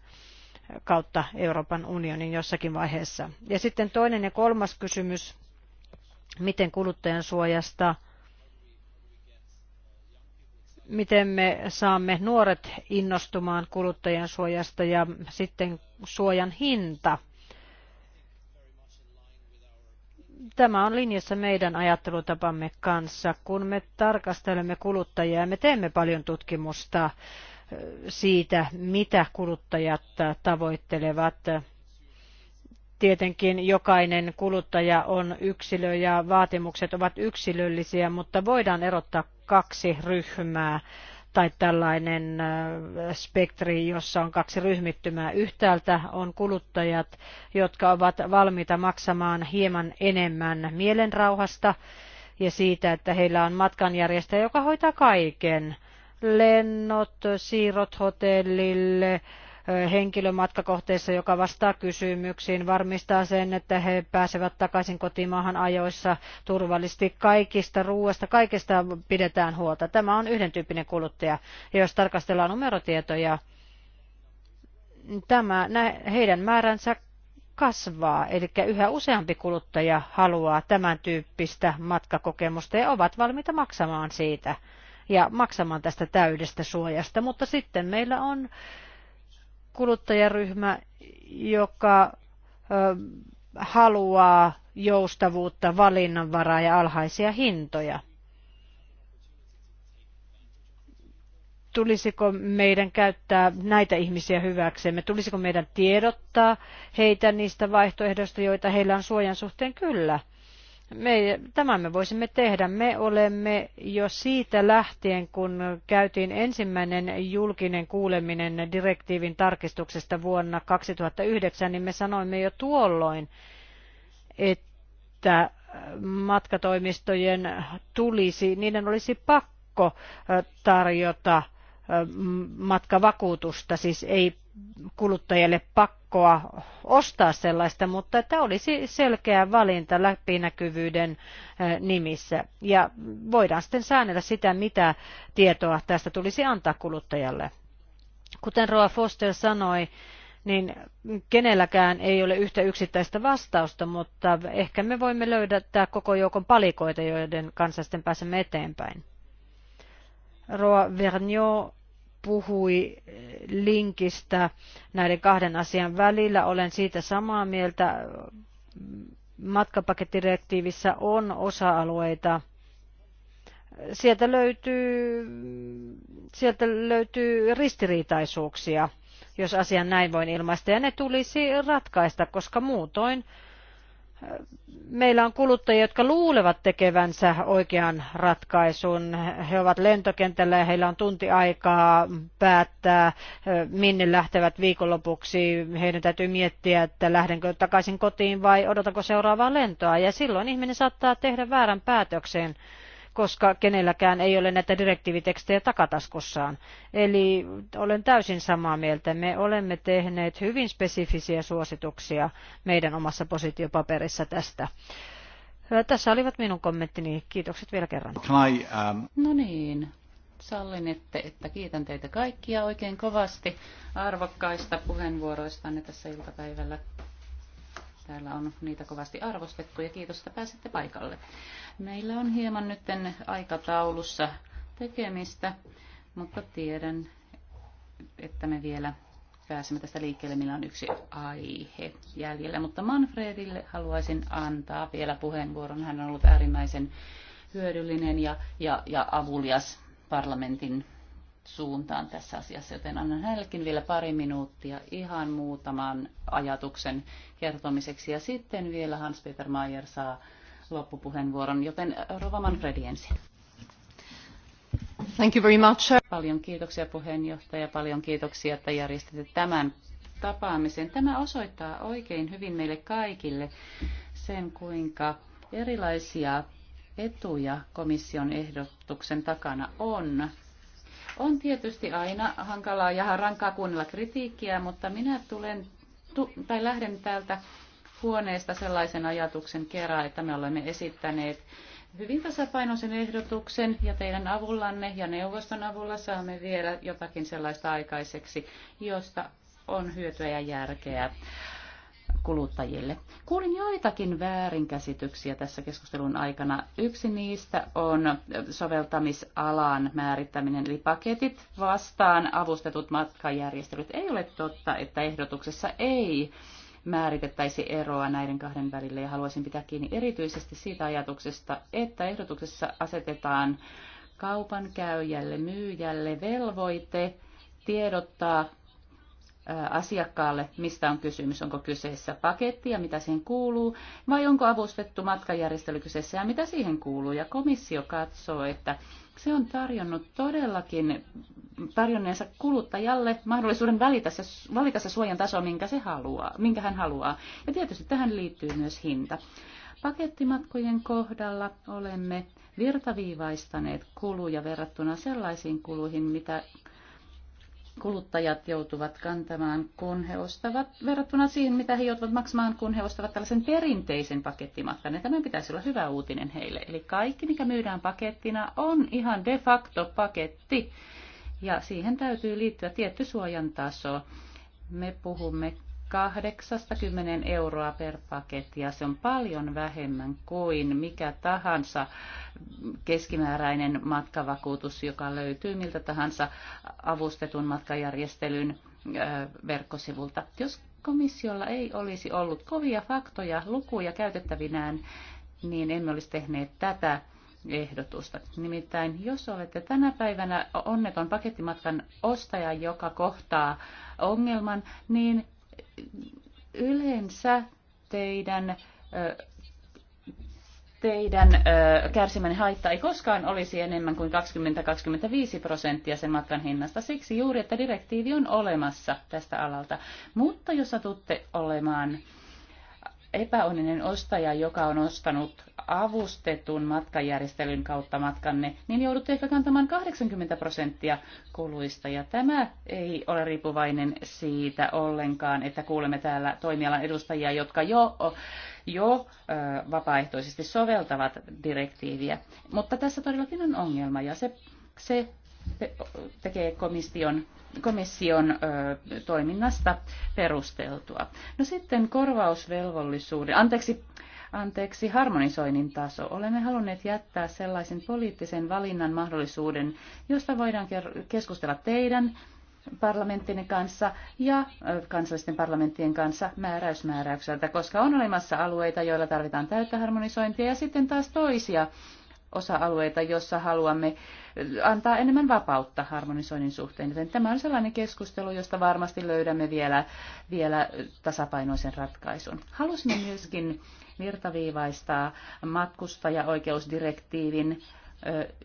kautta Euroopan unionin jossakin vaiheessa. Ja sitten toinen ja kolmas kysymys miten kuluttajan suojasta, miten me saamme nuoret innostumaan kuluttajan suojasta ja sitten suojan hinta. Tämä on linjassa meidän ajattelutapamme kanssa, kun me tarkastelemme kuluttajia ja me teemme paljon tutkimusta siitä, mitä kuluttajat tavoittelevat Tietenkin jokainen kuluttaja on yksilö ja vaatimukset ovat yksilöllisiä, mutta voidaan erottaa kaksi ryhmää tai tällainen spektri, jossa on kaksi ryhmittymää. Yhtäältä on kuluttajat, jotka ovat valmiita maksamaan hieman enemmän mielenrauhasta ja siitä, että heillä on matkanjärjestäjä, joka hoitaa kaiken. Lennot, siirrot hotellille, henkilömatkakohteessa, joka vastaa kysymyksiin, varmistaa sen, että he pääsevät takaisin kotimaahan ajoissa turvallisesti. Kaikista ruoasta, kaikesta pidetään huolta. Tämä on yhden tyyppinen kuluttaja. Ja jos tarkastellaan numerotietoja, tämä, heidän määränsä kasvaa, eli yhä useampi kuluttaja haluaa tämän tyyppistä matkakokemusta ja ovat valmiita maksamaan siitä ja maksamaan tästä täydestä suojasta. Mutta sitten meillä on kuluttajaryhmä, joka haluaa joustavuutta, valinnanvaraa ja alhaisia hintoja. Tulisiko meidän käyttää näitä ihmisiä hyväksemme? Tulisiko meidän tiedottaa heitä niistä vaihtoehdoista, joita heillä on suojan suhteen? Kyllä. Me, tämän me voisimme tehdä. Me olemme jo siitä lähtien, kun käytiin ensimmäinen julkinen kuuleminen direktiivin tarkistuksesta vuonna 2009, niin me sanoimme jo tuolloin, että matkatoimistojen tulisi, niiden olisi pakko tarjota matkavakuutusta, siis ei kuluttajille pakko pakkoa ostaa sellaista, mutta että olisi selkeä valinta läpinäkyvyyden eh, nimissä. Ja voidaan sitten säännellä sitä, mitä tietoa tästä tulisi antaa kuluttajalle. Kuten Roa Foster sanoi, niin kenelläkään ei ole yhtä yksittäistä vastausta, mutta ehkä me voimme löydättää koko joukon palikoita, joiden kanssa sitten pääsemme eteenpäin. Roa Vergniaud puhui eh, linkistä näiden kahden asian välillä. Olen siitä samaa mieltä. Matkapakettidirektiivissä on osa-alueita, sieltä löytyy, sieltä löytyy ristiriitaisuuksia, jos asian näin voin ilmaista, ja ne tulisi ratkaista, koska muutoin meillä on kuluttajia, jotka luulevat tekevänsä oikean ratkaisun. He ovat lentokentällä ja heillä on tunti aikaa päättää, minne lähtevät viikonlopuksi. Heidän täytyy miettiä, että lähdenkö takaisin kotiin vai odotanko seuraavaa lentoa. Ja silloin ihminen saattaa tehdä väärän päätöksen koska kenelläkään ei ole näitä direktiivitekstejä takataskussaan. Eli olen täysin samaa mieltä. Me olemme tehneet hyvin spesifisiä suosituksia meidän omassa positiopaperissa tästä. Tässä olivat minun kommenttini. Kiitokset vielä kerran. I, um... No niin, sallin, että, että kiitän teitä kaikkia oikein kovasti arvokkaista puheenvuoroistanne tässä iltapäivällä. Täällä on niitä kovasti arvostettu ja kiitos, että pääsitte paikalle. Meillä on hieman nyt aikataulussa tekemistä, mutta tiedän, että me vielä pääsemme tästä liikkeelle. millä on yksi aihe jäljellä, mutta Manfredille haluaisin antaa vielä puheenvuoron. Hän on ollut äärimmäisen hyödyllinen ja, ja, ja avulias parlamentin suuntaan tässä asiassa, joten annan hänellekin vielä pari minuuttia ihan muutaman ajatuksen kertomiseksi. Ja sitten vielä Hans-Peter Mayer saa loppupuheenvuoron, joten Rova Manfredi ensin. Thank you very much. Paljon kiitoksia puheenjohtaja, paljon kiitoksia, että järjestitte tämän tapaamisen. Tämä osoittaa oikein hyvin meille kaikille sen, kuinka erilaisia etuja komission ehdotuksen takana on on tietysti aina hankalaa ja rankkaa kuunnella kritiikkiä, mutta minä tulen tu- tai lähden täältä huoneesta sellaisen ajatuksen kerran, että me olemme esittäneet hyvin tasapainoisen ehdotuksen ja teidän avullanne ja neuvoston avulla saamme vielä jotakin sellaista aikaiseksi, josta on hyötyä ja järkeä kuluttajille. Kuulin joitakin väärinkäsityksiä tässä keskustelun aikana. Yksi niistä on soveltamisalan määrittäminen, eli paketit vastaan avustetut matkajärjestelyt. Ei ole totta, että ehdotuksessa ei määritettäisi eroa näiden kahden välillä ja haluaisin pitää kiinni erityisesti siitä ajatuksesta, että ehdotuksessa asetetaan kaupan käyjälle, myyjälle velvoite tiedottaa asiakkaalle, mistä on kysymys, onko kyseessä paketti ja mitä siihen kuuluu, vai onko avustettu matkajärjestely kyseessä ja mitä siihen kuuluu. Ja komissio katsoo, että se on tarjonnut todellakin tarjonneensa kuluttajalle mahdollisuuden valita se, valita se suojan taso, minkä, se haluaa, minkä hän haluaa. Ja tietysti tähän liittyy myös hinta. Pakettimatkojen kohdalla olemme virtaviivaistaneet kuluja verrattuna sellaisiin kuluihin, mitä kuluttajat joutuvat kantamaan, kun he ostavat, verrattuna siihen, mitä he joutuvat maksamaan, kun he ostavat tällaisen perinteisen pakettimatkan. tämä pitäisi olla hyvä uutinen heille. Eli kaikki, mikä myydään pakettina, on ihan de facto paketti. Ja siihen täytyy liittyä tietty suojantaso. taso. Me puhumme 80 euroa per paketti ja se on paljon vähemmän kuin mikä tahansa keskimääräinen matkavakuutus, joka löytyy miltä tahansa avustetun matkajärjestelyn verkkosivulta. Jos komissiolla ei olisi ollut kovia faktoja, lukuja käytettävinään, niin emme olisi tehneet tätä ehdotusta. Nimittäin jos olette tänä päivänä onneton pakettimatkan ostaja, joka kohtaa ongelman, niin yleensä teidän teidän ö, kärsimänne haitta ei koskaan olisi enemmän kuin 20-25 prosenttia sen matkan hinnasta. Siksi juuri, että direktiivi on olemassa tästä alalta. Mutta jos satutte olemaan epäonninen ostaja, joka on ostanut avustetun matkajärjestelyn kautta matkanne, niin joudutte ehkä kantamaan 80 prosenttia kuluista. Ja tämä ei ole riippuvainen siitä ollenkaan, että kuulemme täällä toimialan edustajia, jotka jo, jo vapaaehtoisesti soveltavat direktiiviä. Mutta tässä todellakin on ongelma ja se, se tekee komission, komission ö, toiminnasta perusteltua. No sitten korvausvelvollisuuden, anteeksi, anteeksi, harmonisoinnin taso. Olemme halunneet jättää sellaisen poliittisen valinnan mahdollisuuden, josta voidaan keskustella teidän parlamenttien kanssa ja kansallisten parlamenttien kanssa määräysmääräykseltä, koska on olemassa alueita, joilla tarvitaan täyttä harmonisointia ja sitten taas toisia osa-alueita, jossa haluamme antaa enemmän vapautta harmonisoinnin suhteen. Joten tämä on sellainen keskustelu, josta varmasti löydämme vielä, vielä tasapainoisen ratkaisun. Halusimme myöskin virtaviivaistaa matkustajaoikeusdirektiivin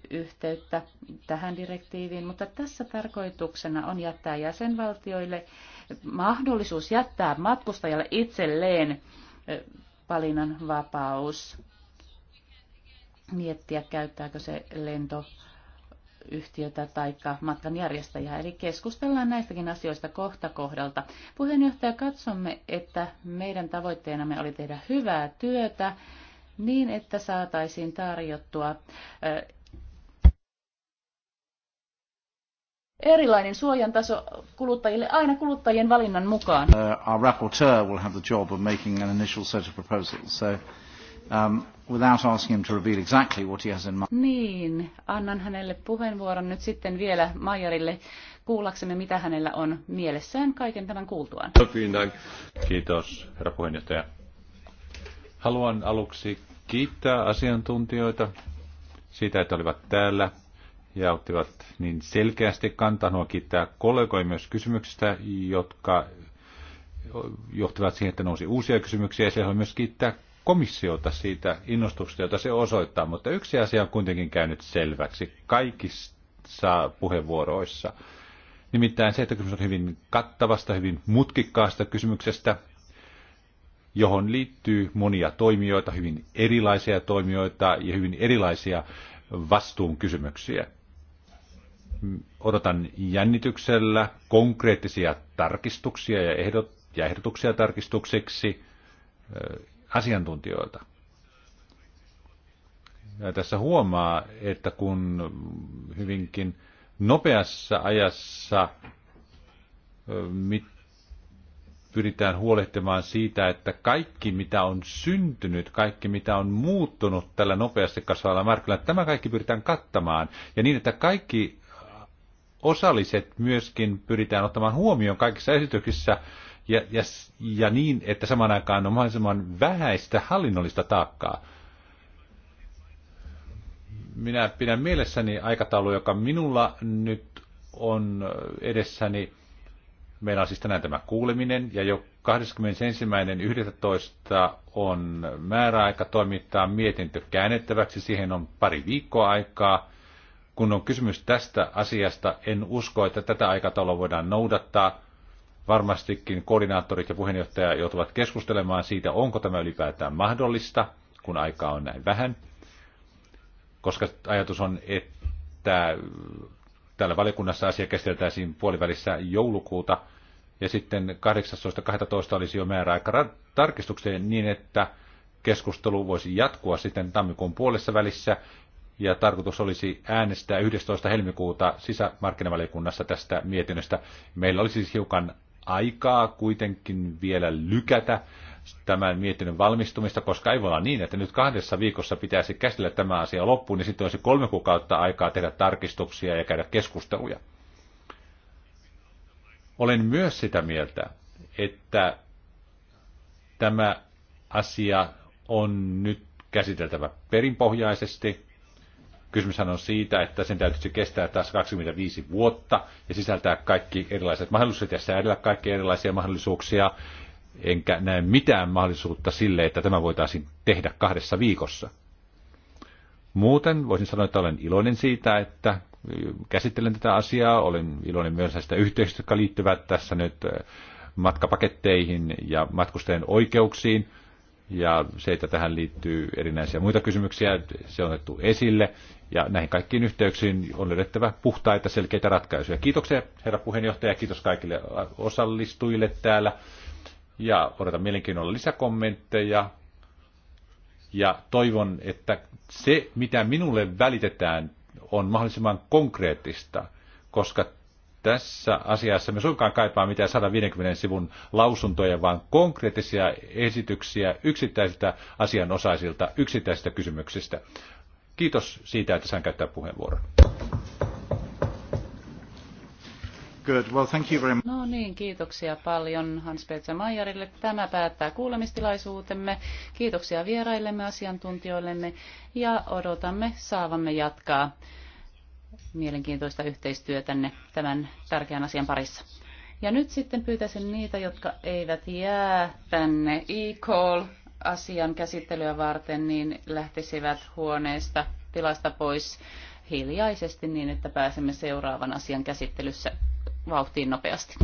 yhteyttä tähän direktiiviin, mutta tässä tarkoituksena on jättää jäsenvaltioille mahdollisuus jättää matkustajalle itselleen valinnan vapaus miettiä, käyttääkö se lento yhtiötä tai matkanjärjestäjää. Eli keskustellaan näistäkin asioista kohta kohdalta. Puheenjohtaja, katsomme, että meidän tavoitteenamme oli tehdä hyvää työtä niin, että saataisiin tarjottua erilainen suojan taso kuluttajille aina kuluttajien valinnan mukaan. Uh, our rapporteur will have the job of making an initial set of proposals. So, um, without asking him to reveal exactly what he has in mind. Niin, annan hänelle puheenvuoron nyt sitten vielä Maijarille kuullaksemme, mitä hänellä on mielessään kaiken tämän kuultuaan. Kiitos, herra puheenjohtaja. Haluan aluksi kiittää asiantuntijoita siitä, että olivat täällä ja ottivat niin selkeästi kantaa. Haluan kiittää kollegoja myös kysymyksistä, jotka johtivat siihen, että nousi uusia kysymyksiä. Ja siellä haluan myös kiittää komissiota siitä innostuksesta, jota se osoittaa, mutta yksi asia on kuitenkin käynyt selväksi kaikissa puheenvuoroissa. Nimittäin se, että kysymys on hyvin kattavasta, hyvin mutkikkaasta kysymyksestä, johon liittyy monia toimijoita, hyvin erilaisia toimijoita ja hyvin erilaisia vastuun kysymyksiä. Odotan jännityksellä konkreettisia tarkistuksia ja, ehdot, ja ehdotuksia tarkistukseksi asiantuntijoilta. Ja tässä huomaa, että kun hyvinkin nopeassa ajassa mit, pyritään huolehtimaan siitä, että kaikki mitä on syntynyt, kaikki mitä on muuttunut tällä nopeasti kasvavalla markkinoilla, tämä kaikki pyritään kattamaan. Ja niin, että kaikki osalliset myöskin pyritään ottamaan huomioon kaikissa esityksissä, ja, ja, ja niin, että samaan aikaan on mahdollisimman vähäistä hallinnollista taakkaa. Minä pidän mielessäni aikataulu, joka minulla nyt on edessäni. Meillä on siis tänään tämä kuuleminen ja jo 21.11. on määräaika toimittaa mietintö käännettäväksi. Siihen on pari viikkoa aikaa. Kun on kysymys tästä asiasta, en usko, että tätä aikataulua voidaan noudattaa. Varmastikin koordinaattorit ja puheenjohtaja joutuvat keskustelemaan siitä, onko tämä ylipäätään mahdollista, kun aikaa on näin vähän. Koska ajatus on, että täällä valiokunnassa asia käsiteltäisiin puolivälissä joulukuuta, ja sitten 18.12. olisi jo määräaika tarkistukseen niin, että keskustelu voisi jatkua sitten tammikuun puolessa välissä, ja tarkoitus olisi äänestää 11. helmikuuta sisämarkkinavaliokunnassa tästä mietinnöstä. Meillä olisi siis hiukan aikaa kuitenkin vielä lykätä tämän mietinnön valmistumista, koska ei voi olla niin, että nyt kahdessa viikossa pitäisi käsitellä tämä asia loppuun, niin sitten olisi kolme kuukautta aikaa tehdä tarkistuksia ja käydä keskusteluja. Olen myös sitä mieltä, että tämä asia on nyt käsiteltävä perinpohjaisesti. Kysymyshän on siitä, että sen täytyisi kestää taas 25 vuotta ja sisältää kaikki erilaiset mahdollisuudet ja säädellä kaikki erilaisia mahdollisuuksia. Enkä näe mitään mahdollisuutta sille, että tämä voitaisiin tehdä kahdessa viikossa. Muuten voisin sanoa, että olen iloinen siitä, että käsittelen tätä asiaa. Olen iloinen myös näistä yhteyksistä, jotka liittyvät tässä nyt äh, matkapaketteihin ja matkustajien oikeuksiin ja se, että tähän liittyy erinäisiä muita kysymyksiä, se on otettu esille. Ja näihin kaikkiin yhteyksiin on löydettävä puhtaita, selkeitä ratkaisuja. Kiitoksia herra puheenjohtaja, kiitos kaikille osallistujille täällä. Ja odotan mielenkiinnolla lisäkommentteja. Ja toivon, että se, mitä minulle välitetään, on mahdollisimman konkreettista, koska tässä asiassa me suinkaan kaipaa mitään 150 sivun lausuntoja, vaan konkreettisia esityksiä yksittäisiltä asianosaisilta, yksittäisistä kysymyksistä. Kiitos siitä, että sain käyttää puheenvuoron. Good. Well, thank you very much. No niin, kiitoksia paljon Hans-Peter Maijarille. Tämä päättää kuulemistilaisuutemme. Kiitoksia vieraillemme, asiantuntijoillemme ja odotamme saavamme jatkaa mielenkiintoista yhteistyötänne tämän tärkeän asian parissa. Ja nyt sitten pyytäisin niitä, jotka eivät jää tänne e-call-asian käsittelyä varten, niin lähtisivät huoneesta tilasta pois hiljaisesti niin, että pääsemme seuraavan asian käsittelyssä vauhtiin nopeasti.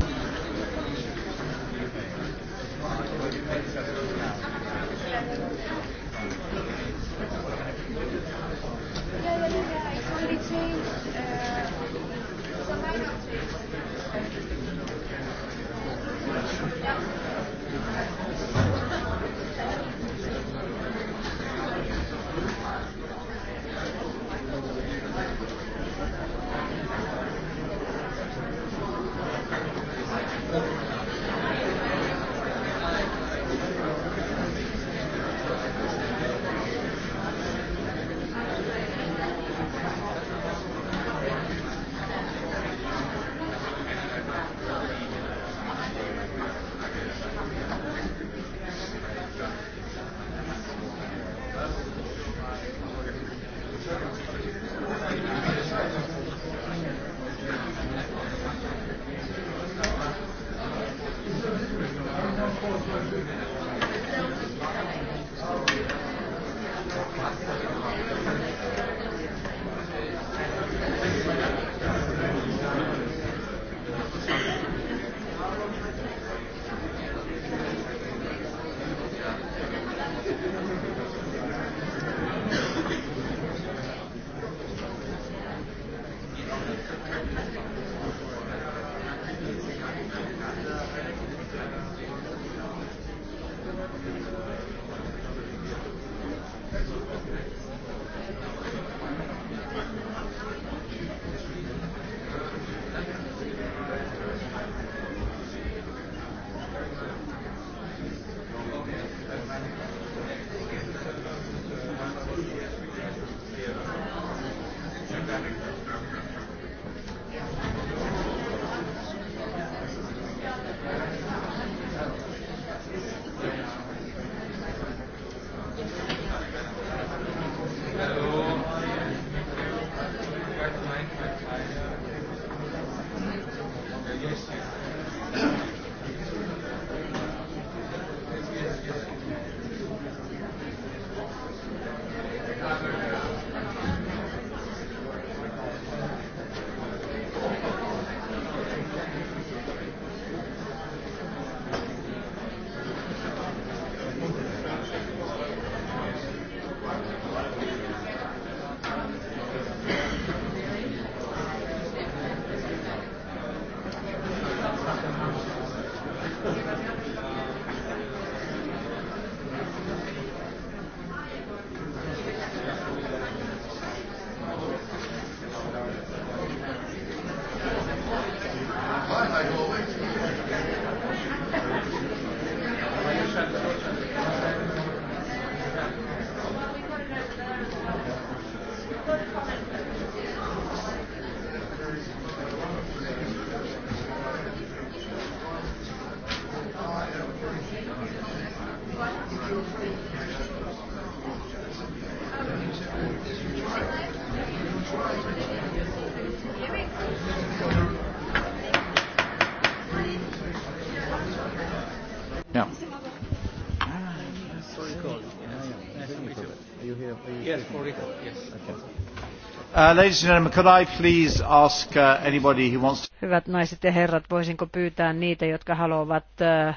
Hyvät naiset ja herrat, voisinko pyytää niitä, jotka haluavat uh,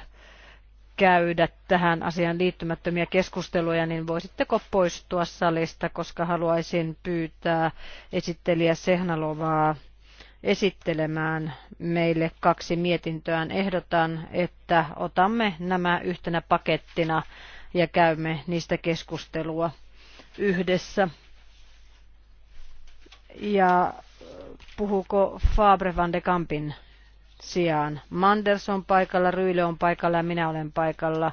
käydä tähän asiaan liittymättömiä keskusteluja, niin voisitteko poistua salista, koska haluaisin pyytää esittelijä Sehnalovaa esittelemään meille kaksi mietintöään. Ehdotan, että otamme nämä yhtenä pakettina ja käymme niistä keskustelua yhdessä. Ja puhuuko Fabre van de Kampin sijaan? Manders on paikalla, Ryyle on paikalla ja minä olen paikalla.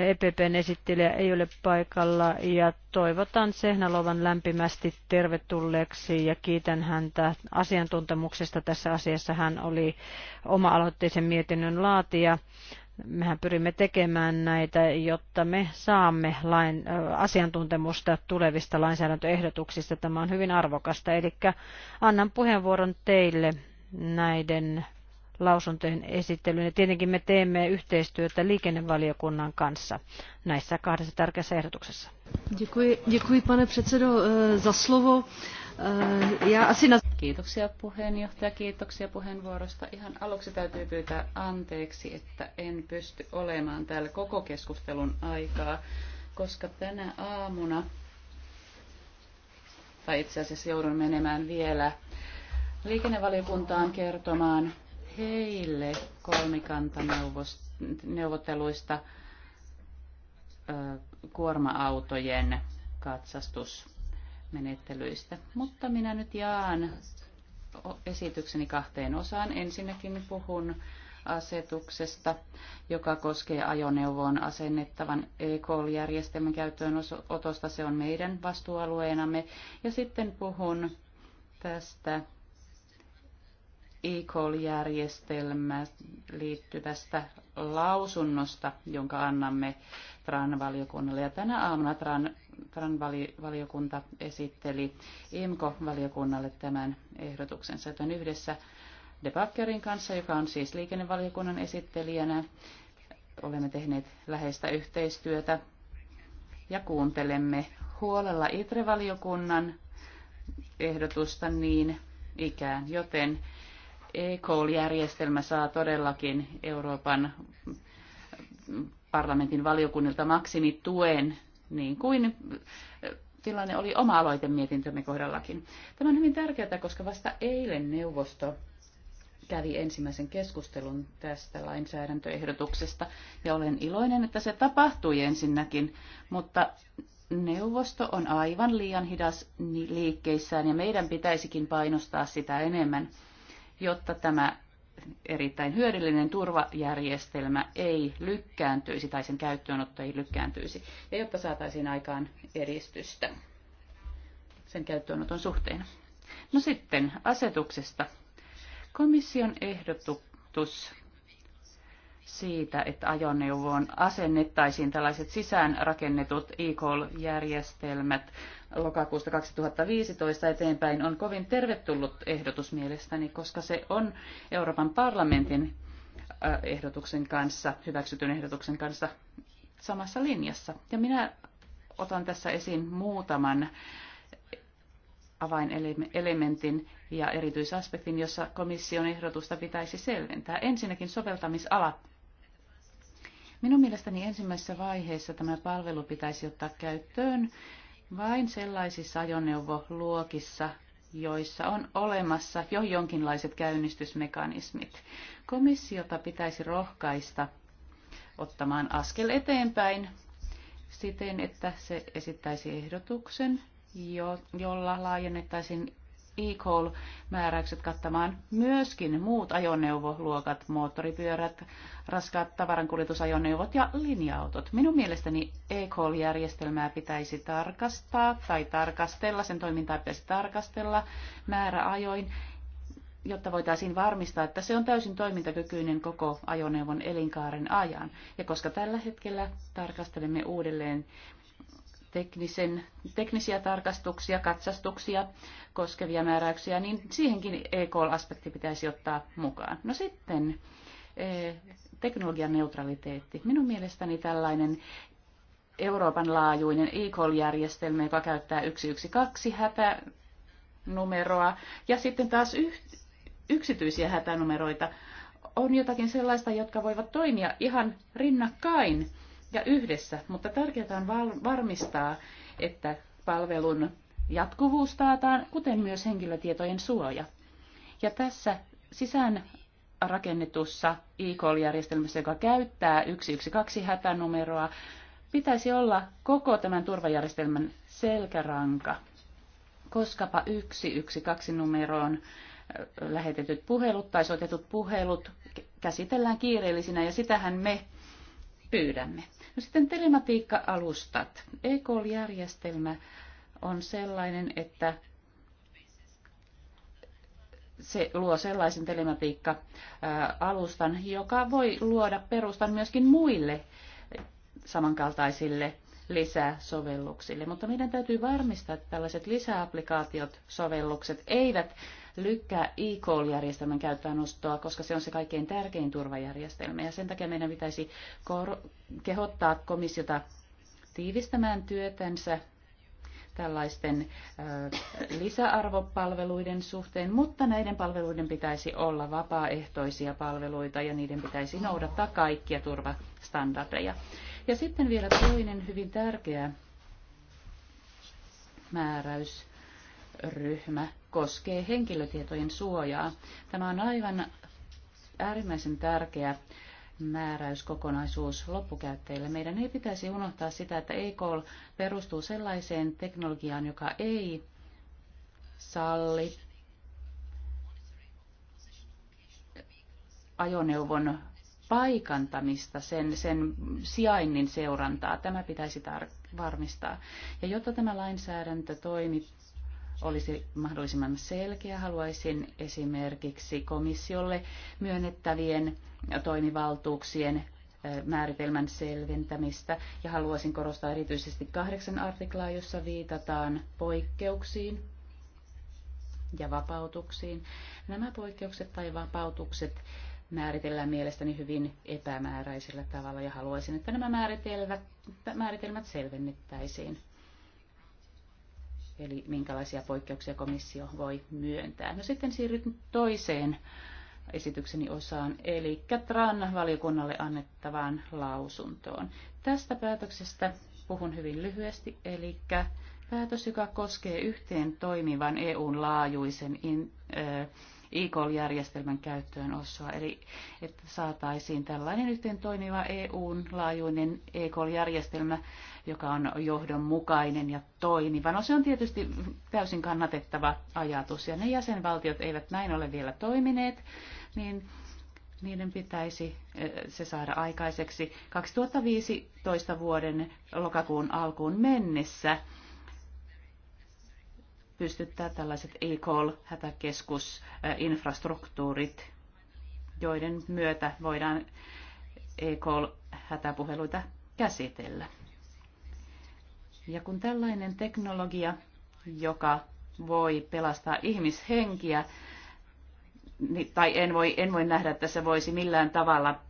EPPn esittelijä ei ole paikalla ja toivotan Sehnalovan lämpimästi tervetulleeksi ja kiitän häntä asiantuntemuksesta tässä asiassa. Hän oli oma-aloitteisen mietinnön laatija. Mehän pyrimme tekemään näitä, jotta me saamme lain, asiantuntemusta tulevista lainsäädäntöehdotuksista. Tämä on hyvin arvokasta. Eli annan puheenvuoron teille näiden lausuntojen esittelyyn. Ja tietenkin me teemme yhteistyötä liikennevaliokunnan kanssa näissä kahdessa tärkeässä ehdotuksessa. Děkuji, děkuji pane předsedo e, za slovo. Ja sinä... Kiitoksia puheenjohtaja, kiitoksia puheenvuorosta. Ihan aluksi täytyy pyytää anteeksi, että en pysty olemaan täällä koko keskustelun aikaa, koska tänä aamuna, tai itse asiassa joudun menemään vielä liikennevaliokuntaan kertomaan heille kolmikantaneuvotteluista kuorma-autojen katsastus menettelyistä. Mutta minä nyt jaan esitykseni kahteen osaan. Ensinnäkin puhun asetuksesta, joka koskee ajoneuvoon asennettavan call järjestelmän käyttöönotosta. Se on meidän vastuualueenamme. Ja sitten puhun tästä e-call-järjestelmään liittyvästä lausunnosta, jonka annamme TRAN-valiokunnalle. Ja tänä aamuna TRAN, TRAN-valiokunta esitteli imco valiokunnalle tämän se joten yhdessä Debakkerin kanssa, joka on siis liikennevaliokunnan esittelijänä, olemme tehneet läheistä yhteistyötä ja kuuntelemme huolella ITRE-valiokunnan ehdotusta niin ikään, joten e järjestelmä saa todellakin Euroopan parlamentin valiokunnilta maksimituen, niin kuin tilanne oli oma aloitemietintömme kohdallakin. Tämä on hyvin tärkeää, koska vasta eilen neuvosto kävi ensimmäisen keskustelun tästä lainsäädäntöehdotuksesta. Ja olen iloinen, että se tapahtui ensinnäkin, mutta neuvosto on aivan liian hidas liikkeissään ja meidän pitäisikin painostaa sitä enemmän, jotta tämä erittäin hyödyllinen turvajärjestelmä ei lykkääntyisi tai sen käyttöönotto ei lykkääntyisi, ja jotta saataisiin aikaan edistystä sen käyttöönoton suhteen. No sitten asetuksesta. Komission ehdotus siitä, että ajoneuvoon asennettaisiin tällaiset sisäänrakennetut e call järjestelmät lokakuusta 2015 eteenpäin on kovin tervetullut ehdotus mielestäni, koska se on Euroopan parlamentin ehdotuksen kanssa, hyväksytyn ehdotuksen kanssa samassa linjassa. Ja minä otan tässä esiin muutaman avainelementin ja erityisaspektin, jossa komission ehdotusta pitäisi selventää. Ensinnäkin soveltamisala. Minun mielestäni ensimmäisessä vaiheessa tämä palvelu pitäisi ottaa käyttöön vain sellaisissa ajoneuvoluokissa, joissa on olemassa jo jonkinlaiset käynnistysmekanismit. Komissiota pitäisi rohkaista ottamaan askel eteenpäin siten, että se esittäisi ehdotuksen, jolla laajennettaisiin e-call-määräykset kattamaan myöskin muut ajoneuvoluokat, moottoripyörät, raskaat tavarankuljetusajoneuvot ja linja-autot. Minun mielestäni e-call-järjestelmää pitäisi tarkastaa tai tarkastella, sen toimintaa pitäisi tarkastella määräajoin jotta voitaisiin varmistaa, että se on täysin toimintakykyinen koko ajoneuvon elinkaaren ajan. Ja koska tällä hetkellä tarkastelemme uudelleen teknisen, teknisiä tarkastuksia, katsastuksia koskevia määräyksiä, niin siihenkin EK-aspekti pitäisi ottaa mukaan. No sitten e, teknologian neutraliteetti. Minun mielestäni tällainen Euroopan laajuinen e-call-järjestelmä, joka käyttää 112 hätänumeroa ja sitten taas yksityisiä hätänumeroita, on jotakin sellaista, jotka voivat toimia ihan rinnakkain ja yhdessä, mutta tärkeää on varmistaa, että palvelun jatkuvuus taataan, kuten myös henkilötietojen suoja. Ja tässä sisään rakennetussa e-call-järjestelmässä, joka käyttää 112-hätänumeroa, pitäisi olla koko tämän turvajärjestelmän selkäranka, koskapa 112-numeroon lähetetyt puhelut tai soitetut puhelut käsitellään kiireellisinä, ja sitähän me pyydämme. No sitten telematiikka-alustat. EKOL-järjestelmä on sellainen, että se luo sellaisen telematiikka-alustan, joka voi luoda perustan myöskin muille samankaltaisille lisäsovelluksille. Mutta meidän täytyy varmistaa, että tällaiset lisäapplikaatiot, sovellukset eivät lykkää e-call-järjestelmän käyttöönostoa, koska se on se kaikkein tärkein turvajärjestelmä. Ja sen takia meidän pitäisi kehottaa komissiota tiivistämään työtänsä tällaisten lisäarvopalveluiden suhteen, mutta näiden palveluiden pitäisi olla vapaaehtoisia palveluita ja niiden pitäisi noudattaa kaikkia turvastandardeja. Ja sitten vielä toinen hyvin tärkeä määräys ryhmä koskee henkilötietojen suojaa. Tämä on aivan äärimmäisen tärkeä määräyskokonaisuus loppukäyttäjille. Meidän ei pitäisi unohtaa sitä, että E-Call perustuu sellaiseen teknologiaan, joka ei salli ajoneuvon paikantamista, sen, sen sijainnin seurantaa. Tämä pitäisi tar- varmistaa. Ja jotta tämä lainsäädäntö toimi olisi mahdollisimman selkeä. Haluaisin esimerkiksi komissiolle myönnettävien toimivaltuuksien määritelmän selventämistä ja haluaisin korostaa erityisesti kahdeksan artiklaa, jossa viitataan poikkeuksiin ja vapautuksiin. Nämä poikkeukset tai vapautukset määritellään mielestäni hyvin epämääräisellä tavalla ja haluaisin, että nämä määritelmät, selvennettäisiin eli minkälaisia poikkeuksia komissio voi myöntää. No sitten siirryt toiseen esitykseni osaan, eli TRAN valiokunnalle annettavaan lausuntoon. Tästä päätöksestä puhun hyvin lyhyesti, eli päätös, joka koskee yhteen toimivan EUn laajuisen in, äh, e-call-järjestelmän käyttöönossoa, eli että saataisiin tällainen yhteen toimiva EUn laajuinen e-call-järjestelmä, joka on johdonmukainen ja toimiva. No se on tietysti täysin kannatettava ajatus, ja ne jäsenvaltiot eivät näin ole vielä toimineet, niin niiden pitäisi eh, se saada aikaiseksi 2015 vuoden lokakuun alkuun mennessä pystyttää tällaiset e-call-hätäkeskusinfrastruktuurit, joiden myötä voidaan e-call-hätäpuheluita käsitellä. Ja kun tällainen teknologia, joka voi pelastaa ihmishenkiä, niin- tai en voi, en voi nähdä, että se voisi millään tavalla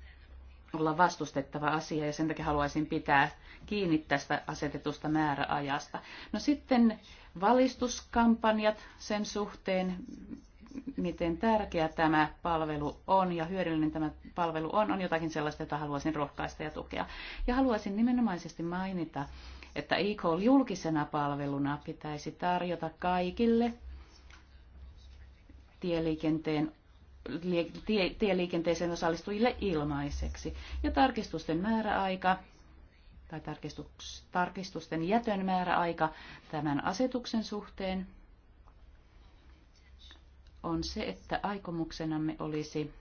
olla vastustettava asia, ja sen takia haluaisin pitää kiinni tästä asetetusta määräajasta. No sitten valistuskampanjat sen suhteen, miten tärkeä tämä palvelu on ja hyödyllinen tämä palvelu on, on jotakin sellaista, jota haluaisin rohkaista ja tukea. Ja haluaisin nimenomaisesti mainita, että e-call julkisena palveluna pitäisi tarjota kaikille tieliikenteen tieliikenteeseen osallistujille ilmaiseksi. Ja tarkistusten määräaika tai tarkistusten jätön määräaika tämän asetuksen suhteen on se, että aikomuksenamme olisi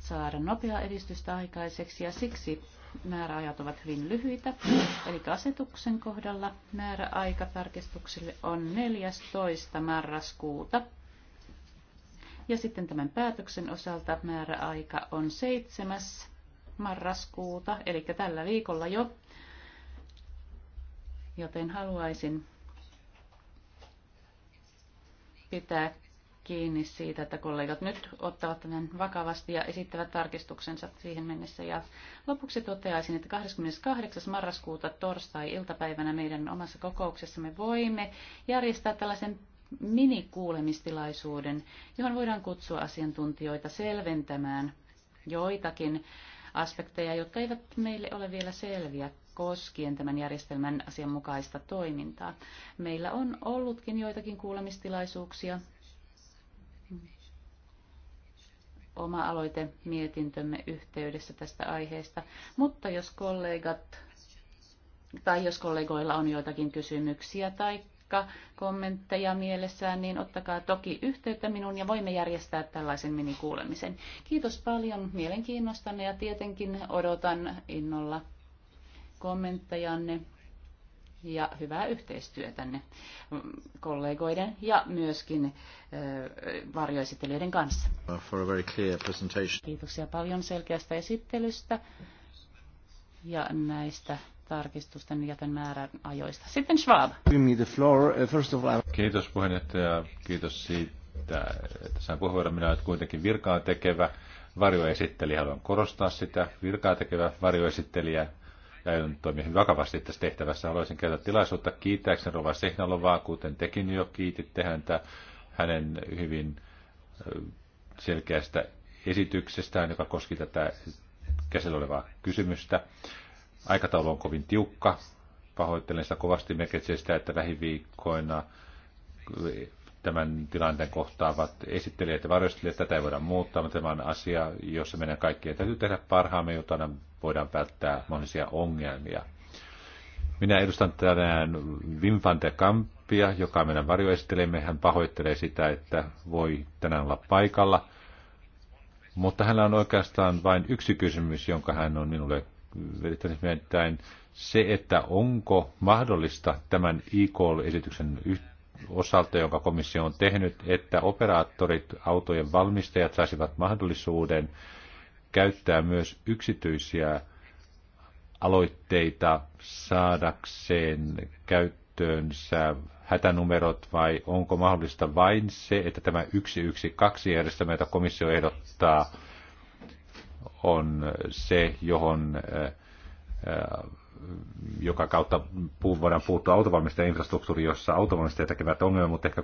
saada nopea edistystä aikaiseksi ja siksi määräajat ovat hyvin lyhyitä. Eli asetuksen kohdalla määräaika tarkistuksille on 14. marraskuuta ja sitten tämän päätöksen osalta määräaika on 7. marraskuuta, eli tällä viikolla jo. Joten haluaisin pitää kiinni siitä, että kollegat nyt ottavat tämän vakavasti ja esittävät tarkistuksensa siihen mennessä. Ja lopuksi toteaisin, että 28. marraskuuta torstai-iltapäivänä meidän omassa kokouksessamme voimme järjestää tällaisen minikuulemistilaisuuden, johon voidaan kutsua asiantuntijoita selventämään joitakin aspekteja, jotka eivät meille ole vielä selviä koskien tämän järjestelmän asianmukaista toimintaa. Meillä on ollutkin joitakin kuulemistilaisuuksia. Oma aloite mietintömme yhteydessä tästä aiheesta. Mutta jos kollegat tai jos kollegoilla on joitakin kysymyksiä tai kommentteja mielessään, niin ottakaa toki yhteyttä minuun ja voimme järjestää tällaisen minikuulemisen. Kiitos paljon mielenkiinnostanne ja tietenkin odotan innolla kommenttejanne ja hyvää yhteistyötänne kollegoiden ja myöskin eh, varjoesittelijöiden kanssa. Kiitoksia paljon selkeästä esittelystä ja näistä tarkistusten jätön määrän ajoista. Sitten Schwab. Uh, Kiitos puheenjohtaja. Kiitos siitä, että sain puheenvuoro. Minä olen kuitenkin virkaa tekevä varjoesittelijä. Haluan korostaa sitä. Virkaa tekevä varjoesittelijä ja aion toimia hyvin vakavasti tässä tehtävässä. Haluaisin käyttää tilaisuutta kiittääkseni Rova Sehnalovaa, kuten tekin jo kiititte häntä hänen hyvin selkeästä esityksestään, joka koski tätä käsillä olevaa kysymystä. Aikataulu on kovin tiukka. Pahoittelen sitä kovasti. Merkitsee sitä, että lähiviikkoina tämän tilanteen kohtaavat esittelijät ja varjostelijat. Tätä ei voida muuttaa, mutta tämä on asia, jossa meidän kaikkien täytyy tehdä parhaamme, jotta voidaan välttää mahdollisia ongelmia. Minä edustan tänään Wim van Kampia, joka on meidän varjoesittelemme. Hän pahoittelee sitä, että voi tänään olla paikalla. Mutta hänellä on oikeastaan vain yksi kysymys, jonka hän on minulle nimittäin se, että onko mahdollista tämän e esityksen osalta, jonka komissio on tehnyt, että operaattorit, autojen valmistajat saisivat mahdollisuuden käyttää myös yksityisiä aloitteita saadakseen käyttöönsä hätänumerot vai onko mahdollista vain se, että tämä 112 järjestelmä, jota komissio ehdottaa, on se, johon, äh, äh, joka kautta voidaan puuttua autovalmistajan infrastruktuuri, jossa autovalmistajat tekevät ongelmia, mutta ehkä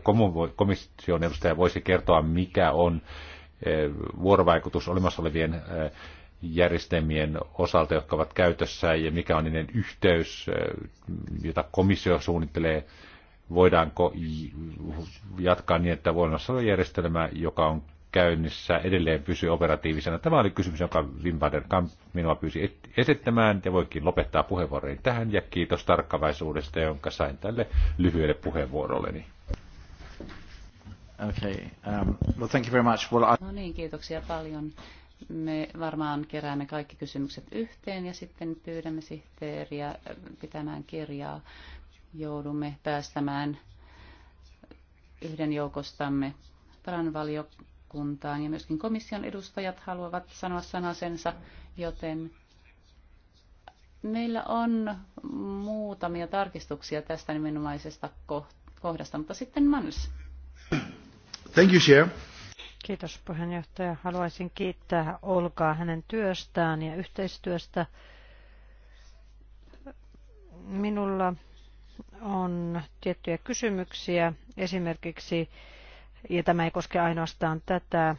komission edustaja voisi kertoa, mikä on äh, vuorovaikutus olemassa olevien järjestelmien osalta, jotka ovat käytössä ja mikä on niiden yhteys, jota komissio suunnittelee, voidaanko jatkaa niin, että voimassa on järjestelmä, joka on käynnissä edelleen pysyy operatiivisena. Tämä oli kysymys, jonka Wimbader Kamp minua pyysi esittämään ja voikin lopettaa puheenvuoroni tähän ja kiitos tarkkavaisuudesta, jonka sain tälle lyhyelle puheenvuorolleni. Okay. Um, well, thank you very much. Well, I... No niin, kiitoksia paljon. Me varmaan keräämme kaikki kysymykset yhteen ja sitten pyydämme sihteeriä äh, pitämään kirjaa. Joudumme päästämään yhden joukostamme paranvalio, valiokuntaan ja myöskin komission edustajat haluavat sanoa sanasensa, joten meillä on muutamia tarkistuksia tästä nimenomaisesta kohdasta, mutta sitten Mans. Thank you, Chair. Kiitos puheenjohtaja. Haluaisin kiittää Olkaa hänen työstään ja yhteistyöstä. Minulla on tiettyjä kysymyksiä. Esimerkiksi ja tämä ei koske ainoastaan tätä.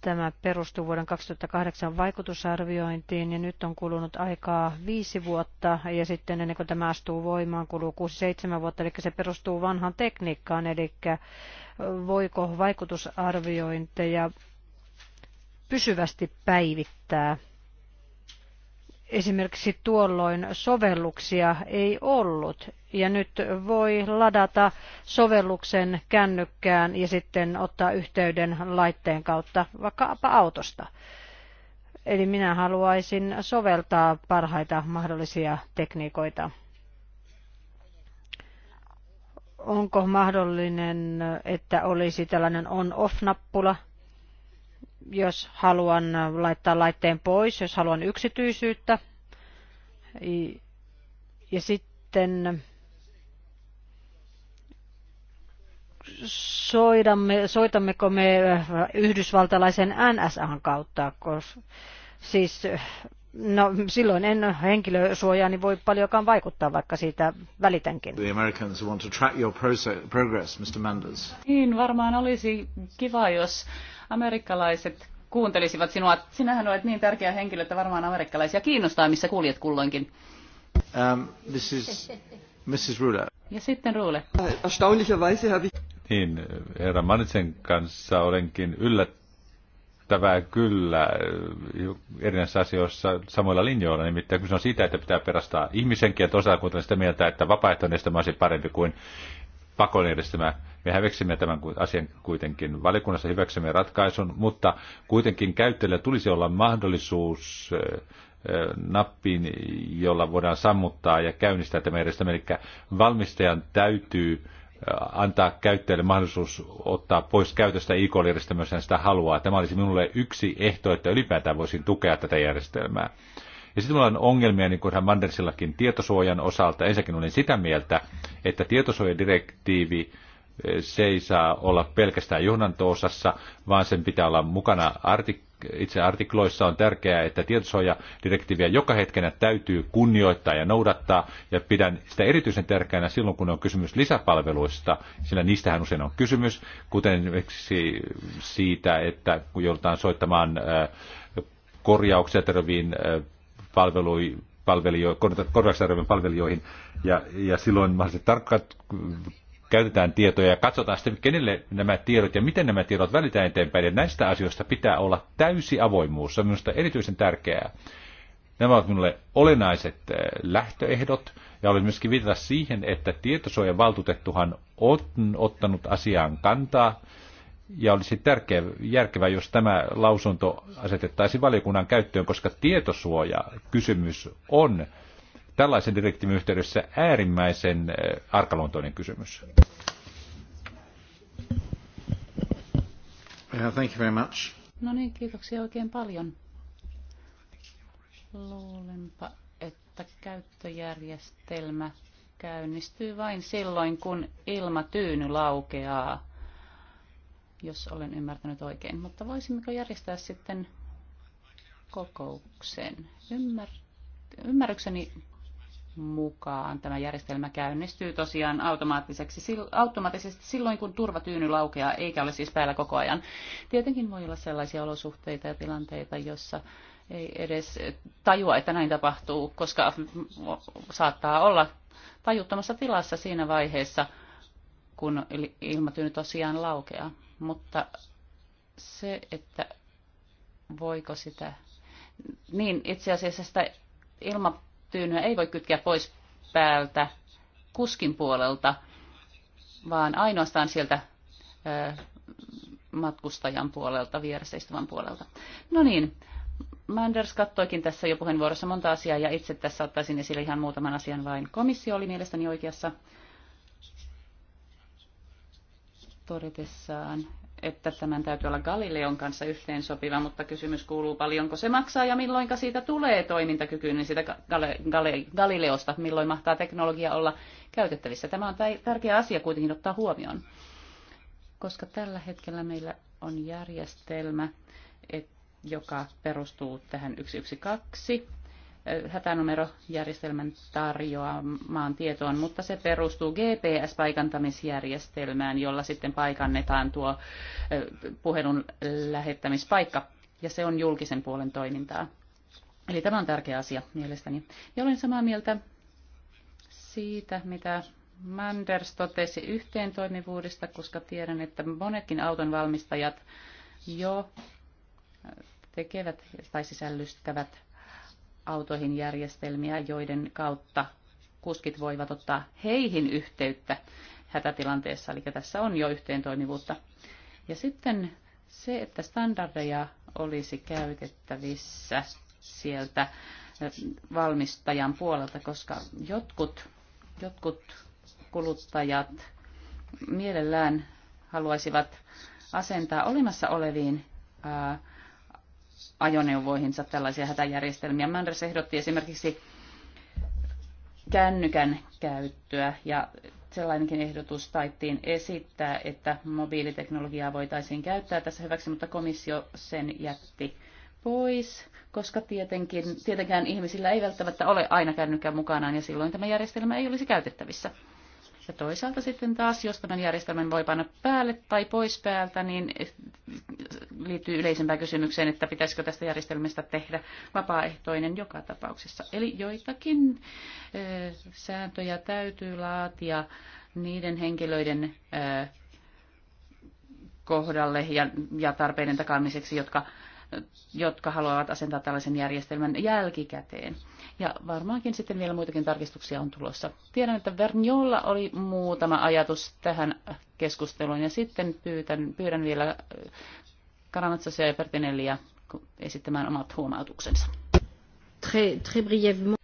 Tämä perustuu vuoden 2008 vaikutusarviointiin ja nyt on kulunut aikaa viisi vuotta ja sitten ennen kuin tämä astuu voimaan kuluu 6-7 vuotta, eli se perustuu vanhan tekniikkaan, eli voiko vaikutusarviointeja pysyvästi päivittää – esimerkiksi tuolloin sovelluksia ei ollut. Ja nyt voi ladata sovelluksen kännykkään ja sitten ottaa yhteyden laitteen kautta vaikkapa autosta. Eli minä haluaisin soveltaa parhaita mahdollisia tekniikoita. Onko mahdollinen, että olisi tällainen on-off-nappula – jos haluan laittaa laitteen pois, jos haluan yksityisyyttä. Ja sitten soidamme, soitammeko me äh, yhdysvaltalaisen NSA kautta, koska siis äh, No silloin en henkilösuojaani niin voi paljonkaan vaikuttaa, vaikka siitä välitänkin. The Americans want to track your progress, Mr. Manders. Niin, varmaan olisi kiva, jos amerikkalaiset kuuntelisivat sinua. Sinähän olet niin tärkeä henkilö, että varmaan amerikkalaisia kiinnostaa, missä kuljet kulloinkin. Um, this is Mrs. Rula. Ja sitten Rule. Niin, herra Manitsen kanssa olenkin yllättynyt ikävää kyllä eh, erinäisissä asioissa samoilla linjoilla. Nimittäin kyse on siitä, että pitää perastaa ihmisenkin ja toisaalta kuitenkin sitä mieltä, että vapaaehtoinen olisi parempi kuin pakollinen järjestelmä. Me häveksimme tämän asian kuitenkin. valikunnassa hyväksymme ratkaisun, mutta kuitenkin käyttäjällä tulisi olla mahdollisuus eh, eh, nappiin, jolla voidaan sammuttaa ja käynnistää tämä järjestelmä. Eli valmistajan täytyy antaa käyttäjälle mahdollisuus ottaa pois käytöstä IK-järjestelmää, jos sitä haluaa. Tämä olisi minulle yksi ehto, että ylipäätään voisin tukea tätä järjestelmää. Ja sitten minulla on ongelmia, niin kuin hän Mandersillakin, tietosuojan osalta. Ensinnäkin olin sitä mieltä, että tietosuojadirektiivi eh, se ei saa olla pelkästään johdanto-osassa, vaan sen pitää olla mukana artik- itse artikloissa on tärkeää, että tietosuojadirektiiviä joka hetkenä täytyy kunnioittaa ja noudattaa, ja pidän sitä erityisen tärkeänä silloin, kun on kysymys lisäpalveluista, sillä niistähän usein on kysymys, kuten esimerkiksi siitä, että kun joudutaan soittamaan äh, korjauksia tarviin äh, palveluihin, palvelijoihin, korvausarvojen palvelijoihin, ja, ja silloin mahdollisesti tarkkat käytetään tietoja ja katsotaan sitten, kenelle nämä tiedot ja miten nämä tiedot välitään eteenpäin. Ja näistä asioista pitää olla täysi avoimuus. Se on minusta erityisen tärkeää. Nämä ovat minulle olennaiset eh, lähtöehdot ja olen myöskin viitata siihen, että tietosuojavaltuutettuhan on ottanut asiaan kantaa ja olisi tärkeä, järkevää, jos tämä lausunto asetettaisiin valiokunnan käyttöön, koska tietosuoja kysymys on tällaisen direktiivin yhteydessä äärimmäisen eh, arkaluontoinen kysymys. thank you very much. No niin, kiitoksia oikein paljon. Luulenpa, että käyttöjärjestelmä käynnistyy vain silloin, kun ilmatyyny laukeaa, jos olen ymmärtänyt oikein. Mutta voisimmeko järjestää sitten kokouksen? Ymmär... Ymmärrykseni mukaan. Tämä järjestelmä käynnistyy tosiaan automaattiseksi, automaattisesti silloin, kun turvatyyny laukeaa, eikä ole siis päällä koko ajan. Tietenkin voi olla sellaisia olosuhteita ja tilanteita, joissa ei edes tajua, että näin tapahtuu, koska saattaa olla tajuttomassa tilassa siinä vaiheessa, kun ilmatyyny tosiaan laukeaa. Mutta se, että voiko sitä... Niin, itse asiassa sitä ilma tyynyä ei voi kytkeä pois päältä kuskin puolelta, vaan ainoastaan sieltä matkustajan puolelta, vieressä istuvan puolelta. No niin, Manders kattoikin tässä jo puheenvuorossa monta asiaa ja itse tässä ottaisin esille ihan muutaman asian vain. Komissio oli mielestäni oikeassa todetessaan, että tämän täytyy olla Galileon kanssa yhteensopiva, mutta kysymys kuuluu paljonko se maksaa ja milloin siitä tulee toimintakykyinen niin siitä Galileosta, milloin mahtaa teknologia olla käytettävissä. Tämä on tärkeä asia kuitenkin ottaa huomioon, koska tällä hetkellä meillä on järjestelmä, joka perustuu tähän 112 hätänumerojärjestelmän tarjoamaan tietoon, mutta se perustuu GPS-paikantamisjärjestelmään, jolla sitten paikannetaan tuo puhelun lähettämispaikka, ja se on julkisen puolen toimintaa. Eli tämä on tärkeä asia mielestäni. Ja olen samaa mieltä siitä, mitä Manders totesi yhteen toimivuudesta, koska tiedän, että monetkin auton valmistajat jo tekevät tai sisällystävät autoihin järjestelmiä, joiden kautta kuskit voivat ottaa heihin yhteyttä hätätilanteessa. Eli tässä on jo yhteentoimivuutta. Ja sitten se, että standardeja olisi käytettävissä sieltä eh, valmistajan puolelta, koska jotkut, jotkut kuluttajat mielellään haluaisivat asentaa olemassa oleviin ää, ajoneuvoihinsa tällaisia hätäjärjestelmiä. Manders ehdotti esimerkiksi kännykän käyttöä ja sellainenkin ehdotus taittiin esittää, että mobiiliteknologiaa voitaisiin käyttää tässä hyväksi, mutta komissio sen jätti pois, koska tietenkin, tietenkään ihmisillä ei välttämättä ole aina kännykkä mukanaan ja silloin tämä järjestelmä ei olisi käytettävissä. Ja toisaalta sitten taas, jos tämän järjestelmän voi panna päälle tai pois päältä, niin liittyy yleisempään kysymykseen, että pitäisikö tästä järjestelmästä tehdä vapaaehtoinen joka tapauksessa. Eli joitakin sääntöjä täytyy laatia niiden henkilöiden kohdalle ja, ja tarpeiden takaamiseksi, jotka jotka haluavat asentaa tällaisen järjestelmän jälkikäteen. Ja varmaankin sitten vielä muitakin tarkistuksia on tulossa. Tiedän, että Verniolla oli muutama ajatus tähän keskusteluun ja sitten pyytän, pyydän vielä äh, Karamatsosia ja Pertinelliä esittämään omat huomautuksensa. Très, brièvement.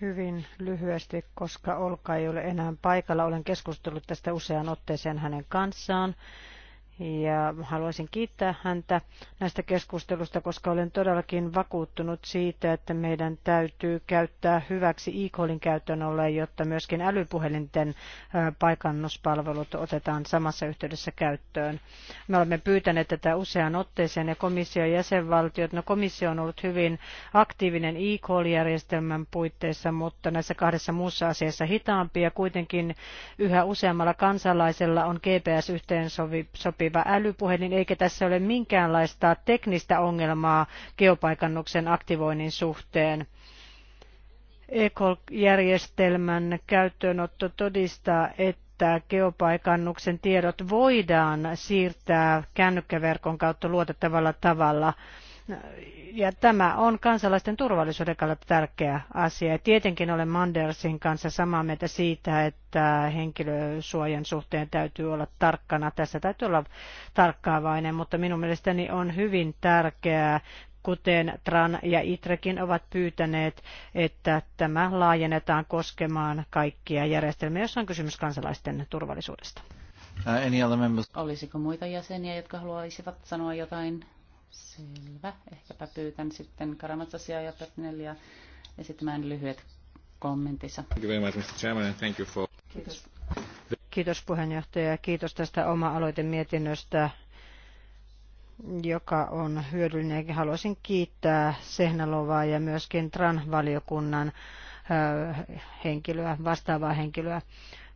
Hyvin lyhyesti, koska Olka ei ole enää paikalla. Olen keskustellut tästä useaan otteeseen hänen kanssaan ja haluaisin kiittää häntä näistä keskustelusta, koska olen todellakin vakuuttunut siitä, että meidän täytyy käyttää hyväksi e-callin olle, jotta myöskin älypuhelinten paikannuspalvelut otetaan samassa yhteydessä käyttöön. Me olemme pyytäneet tätä useaan otteeseen ja komission jäsenvaltiot, no komissio on ollut hyvin aktiivinen e-call-järjestelmän puitteissa, mutta näissä kahdessa muussa asiassa hitaampi ja kuitenkin yhä useammalla kansalaisella on GPS-yhteensopimus sopiva älypuhelin, eikä tässä ole minkäänlaista teknistä ongelmaa geopaikannuksen aktivoinnin suhteen. ECOL-järjestelmän käyttöönotto todistaa, että geopaikannuksen tiedot voidaan siirtää kännykkäverkon kautta luotettavalla tavalla. Ja tämä on kansalaisten turvallisuuden kannalta tärkeä asia. Ja tietenkin olen Mandersin kanssa samaa mieltä siitä, että henkilösuojan suhteen täytyy olla tarkkana. Tässä täytyy olla tarkkaavainen, mutta minun mielestäni on hyvin tärkeää kuten Tran ja Itrekin ovat pyytäneet, että tämä laajennetaan koskemaan kaikkia järjestelmiä, jossa on kysymys kansalaisten turvallisuudesta. Uh, Olisiko muita jäseniä, jotka haluaisivat sanoa jotain Selvä. Ehkäpä pyytän sitten Karamatsasia ja Petnelia esittämään lyhyet kommentissa. Kiitos. Kiitos puheenjohtaja ja kiitos tästä oma-aloitemietinnöstä, joka on hyödyllinen. Haluaisin kiittää Sehnalovaa ja myöskin TRAN-valiokunnan äh, henkilöä, vastaavaa henkilöä.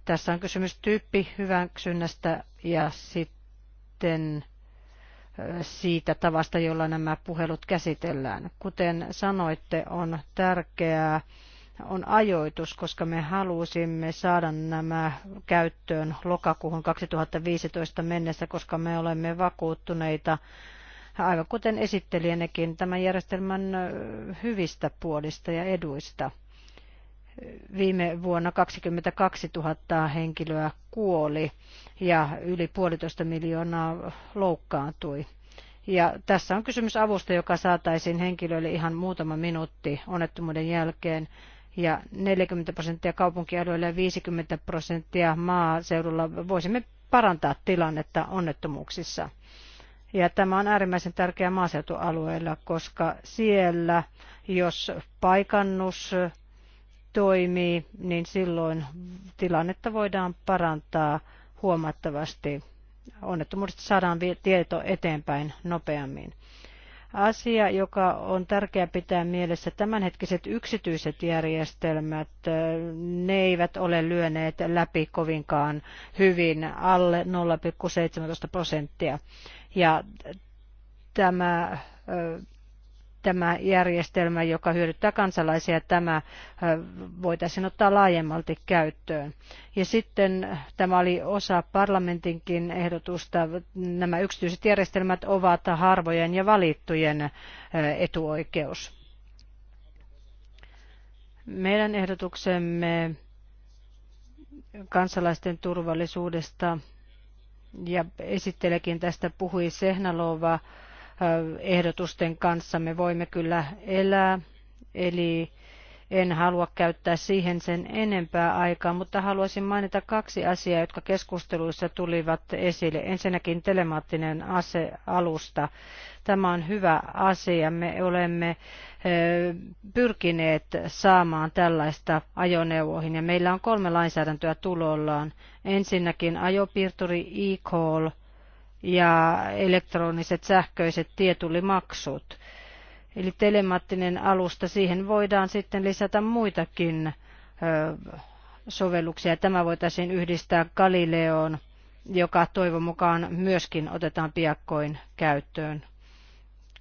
Tässä on kysymys tyyppi hyväksynnästä ja sitten siitä tavasta, jolla nämä puhelut käsitellään. Kuten sanoitte, on tärkeää on ajoitus, koska me halusimme saada nämä käyttöön lokakuuhun 2015 mennessä, koska me olemme vakuuttuneita, aivan kuten esittelijänekin, tämän järjestelmän hyvistä puolista ja eduista – viime vuonna 22 000 henkilöä kuoli ja yli puolitoista miljoonaa loukkaantui. Ja tässä on kysymys avusta, joka saataisiin henkilöille ihan muutama minuutti onnettomuuden jälkeen. Ja 40 prosenttia kaupunkialueilla ja 50 prosenttia maaseudulla voisimme parantaa tilannetta onnettomuuksissa. Ja tämä on äärimmäisen tärkeää maaseutualueella, koska siellä, jos paikannus toimii, niin silloin tilannetta voidaan parantaa huomattavasti. Onnettomuudesta saadaan tieto eteenpäin nopeammin. Asia, joka on tärkeää pitää mielessä, tämänhetkiset yksityiset järjestelmät, ne eivät ole lyöneet läpi kovinkaan hyvin, alle 0,17 prosenttia. Ja tämä tämä järjestelmä, joka hyödyttää kansalaisia, tämä äh, voitaisiin ottaa laajemmalti käyttöön. Ja sitten äh, tämä oli osa parlamentinkin ehdotusta. Nämä yksityiset järjestelmät ovat harvojen ja valittujen äh, etuoikeus. Meidän ehdotuksemme kansalaisten turvallisuudesta ja esittelekin tästä puhui Sehnalova ehdotusten kanssa me voimme kyllä elää. Eli en halua käyttää siihen sen enempää aikaa, mutta haluaisin mainita kaksi asiaa, jotka keskusteluissa tulivat esille. Ensinnäkin telemaattinen ase alusta. Tämä on hyvä asia. Me olemme pyrkineet saamaan tällaista ajoneuvoihin ja meillä on kolme lainsäädäntöä tulollaan. Ensinnäkin ajopiirturi e-call, ja elektroniset sähköiset tietullimaksut. Eli telemaattinen alusta, siihen voidaan sitten lisätä muitakin sovelluksia. Tämä voitaisiin yhdistää Galileoon, joka toivon mukaan myöskin otetaan piakkoin käyttöön,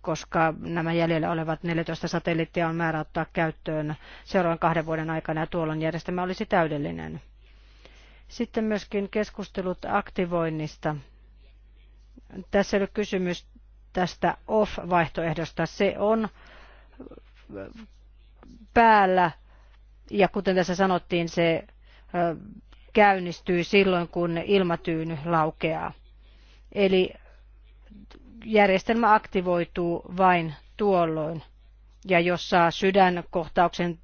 koska nämä jäljellä olevat 14 satelliittia on määrä ottaa käyttöön seuraavan kahden vuoden aikana ja tuolloin järjestelmä olisi täydellinen. Sitten myöskin keskustelut aktivoinnista tässä ei ole kysymys tästä off-vaihtoehdosta. Se on päällä ja kuten tässä sanottiin, se käynnistyy silloin, kun ilmatyyny laukeaa. Eli järjestelmä aktivoituu vain tuolloin. Ja jos saa sydänkohtauksen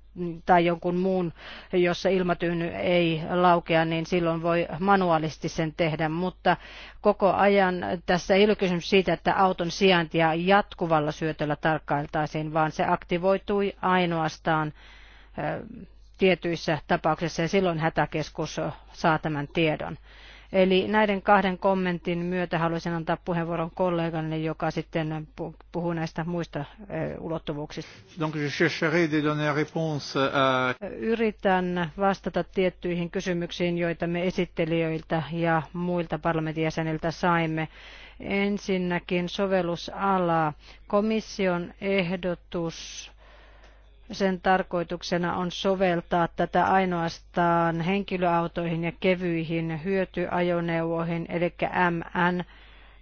tai jonkun muun, jossa ilmatyyny ei laukea, niin silloin voi manuaalisesti sen tehdä. Mutta koko ajan tässä ei ole kysymys siitä, että auton sijaintia jatkuvalla syötöllä tarkkailtaisiin, vaan se aktivoitui ainoastaan tietyissä tapauksissa ja silloin hätäkeskus saa tämän tiedon. Eli näiden kahden kommentin myötä haluaisin antaa puheenvuoron kollegalle, joka sitten puhuu näistä muista ulottuvuuksista. Donc je de donner à... Yritän vastata tiettyihin kysymyksiin, joita me esittelijöiltä ja muilta parlamentin jäseniltä saimme. Ensinnäkin sovellusala. Komission ehdotus sen tarkoituksena on soveltaa tätä ainoastaan henkilöautoihin ja kevyihin hyötyajoneuvoihin, eli MN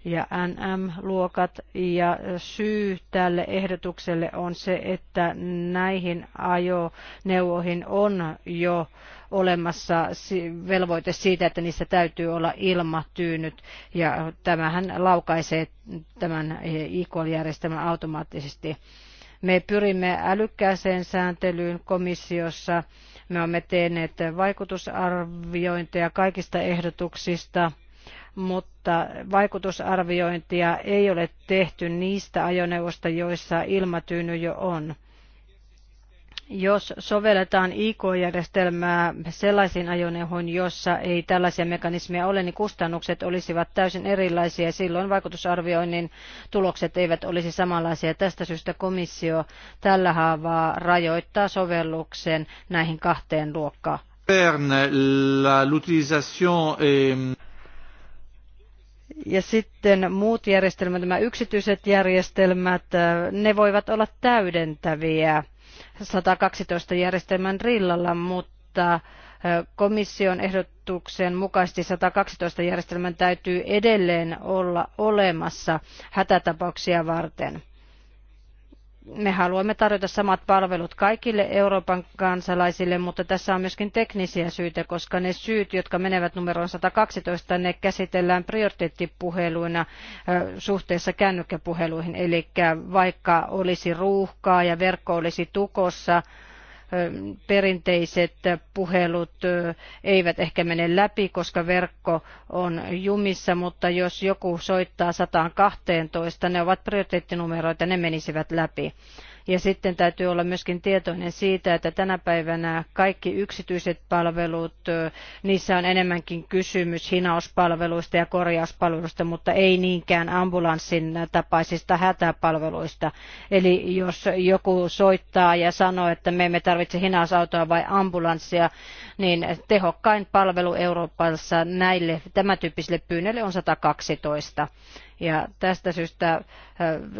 ja NM-luokat. Ja syy tälle ehdotukselle on se, että näihin ajoneuvoihin on jo olemassa velvoite siitä, että niissä täytyy olla ilmatyynyt. Ja tämähän laukaisee tämän equal-järjestelmän automaattisesti me pyrimme älykkääseen sääntelyyn komissiossa. Me olemme tehneet vaikutusarviointeja kaikista ehdotuksista, mutta vaikutusarviointia ei ole tehty niistä ajoneuvoista, joissa ilmatyyny jo on jos sovelletaan IK-järjestelmää sellaisiin ajoneuvoihin, jossa ei tällaisia mekanismeja ole, niin kustannukset olisivat täysin erilaisia. Silloin vaikutusarvioinnin tulokset eivät olisi samanlaisia. Tästä syystä komissio tällä haavaa rajoittaa sovelluksen näihin kahteen luokkaan. Ja sitten muut järjestelmät, nämä yksityiset järjestelmät, ne voivat olla täydentäviä satakaksitoista järjestelmän rillalla, mutta komission ehdotuksen mukaisesti 112 järjestelmän täytyy edelleen olla olemassa hätätapauksia varten me haluamme tarjota samat palvelut kaikille Euroopan kansalaisille, mutta tässä on myöskin teknisiä syitä, koska ne syyt, jotka menevät numeroon 112, ne käsitellään prioriteettipuheluina suhteessa kännykkäpuheluihin. Eli vaikka olisi ruuhkaa ja verkko olisi tukossa, perinteiset puhelut eivät ehkä mene läpi, koska verkko on jumissa, mutta jos joku soittaa 112, ne ovat prioriteettinumeroita, ne menisivät läpi. Ja sitten täytyy olla myöskin tietoinen siitä, että tänä päivänä kaikki yksityiset palvelut, niissä on enemmänkin kysymys hinauspalveluista ja korjauspalveluista, mutta ei niinkään ambulanssin tapaisista hätäpalveluista. Eli jos joku soittaa ja sanoo, että me emme tarvitse hinausautoa vai ambulanssia, niin tehokkain palvelu Euroopassa näille tämän tyyppisille pyynnöille on 112. Ja tästä syystä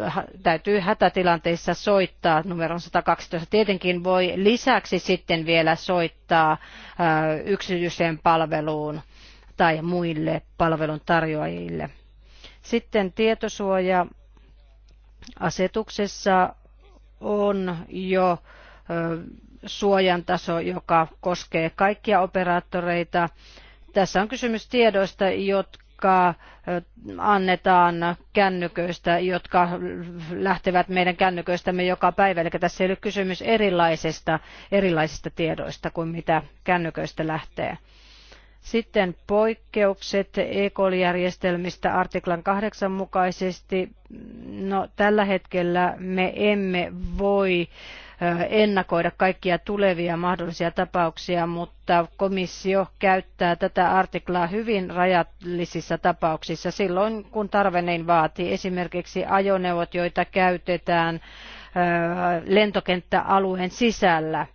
äh, täytyy hätätilanteissa soittaa numeron 112. Tietenkin voi lisäksi sitten vielä soittaa äh, yksityiseen palveluun tai muille palvelun tarjoajille. Sitten tietosuoja asetuksessa on jo äh, suojan taso, joka koskee kaikkia operaattoreita. Tässä on kysymys tiedoista, jotka taakkaa annetaan kännyköistä, jotka lähtevät meidän kännyköistämme joka päivä. Eli tässä ei ole kysymys erilaisista, erilaisista tiedoista kuin mitä kännyköistä lähtee. Sitten poikkeukset EKOL-järjestelmistä artiklan 8 mukaisesti. No, tällä hetkellä me emme voi ennakoida kaikkia tulevia mahdollisia tapauksia, mutta komissio käyttää tätä artiklaa hyvin rajallisissa tapauksissa silloin, kun tarve niin vaatii. Esimerkiksi ajoneuvot, joita käytetään lentokenttäalueen sisällä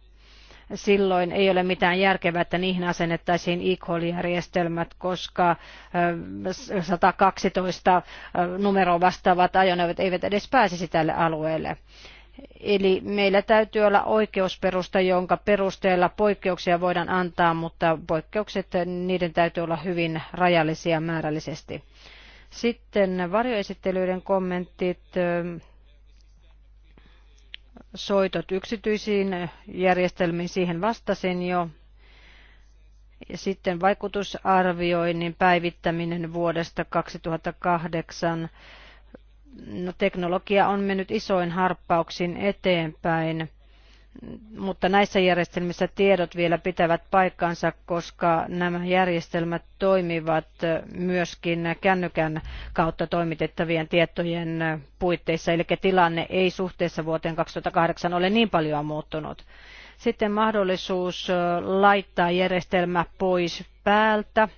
silloin ei ole mitään järkevää, että niihin asennettaisiin e-call-järjestelmät, koska 112 numeroa vastaavat ajoneuvot eivät edes pääsisi tälle alueelle. Eli meillä täytyy olla oikeusperusta, jonka perusteella poikkeuksia voidaan antaa, mutta poikkeukset, niiden täytyy olla hyvin rajallisia määrällisesti. Sitten varjoesittelyiden kommentit, soitot yksityisiin järjestelmiin, siihen vastasin jo. Ja sitten vaikutusarvioinnin päivittäminen vuodesta 2008 no, teknologia on mennyt isoin harppauksin eteenpäin, mutta näissä järjestelmissä tiedot vielä pitävät paikkansa, koska nämä järjestelmät toimivat myöskin kännykän kautta toimitettavien tietojen puitteissa, eli tilanne ei suhteessa vuoteen 2008 ole niin paljon muuttunut. Sitten mahdollisuus laittaa järjestelmä pois päältä,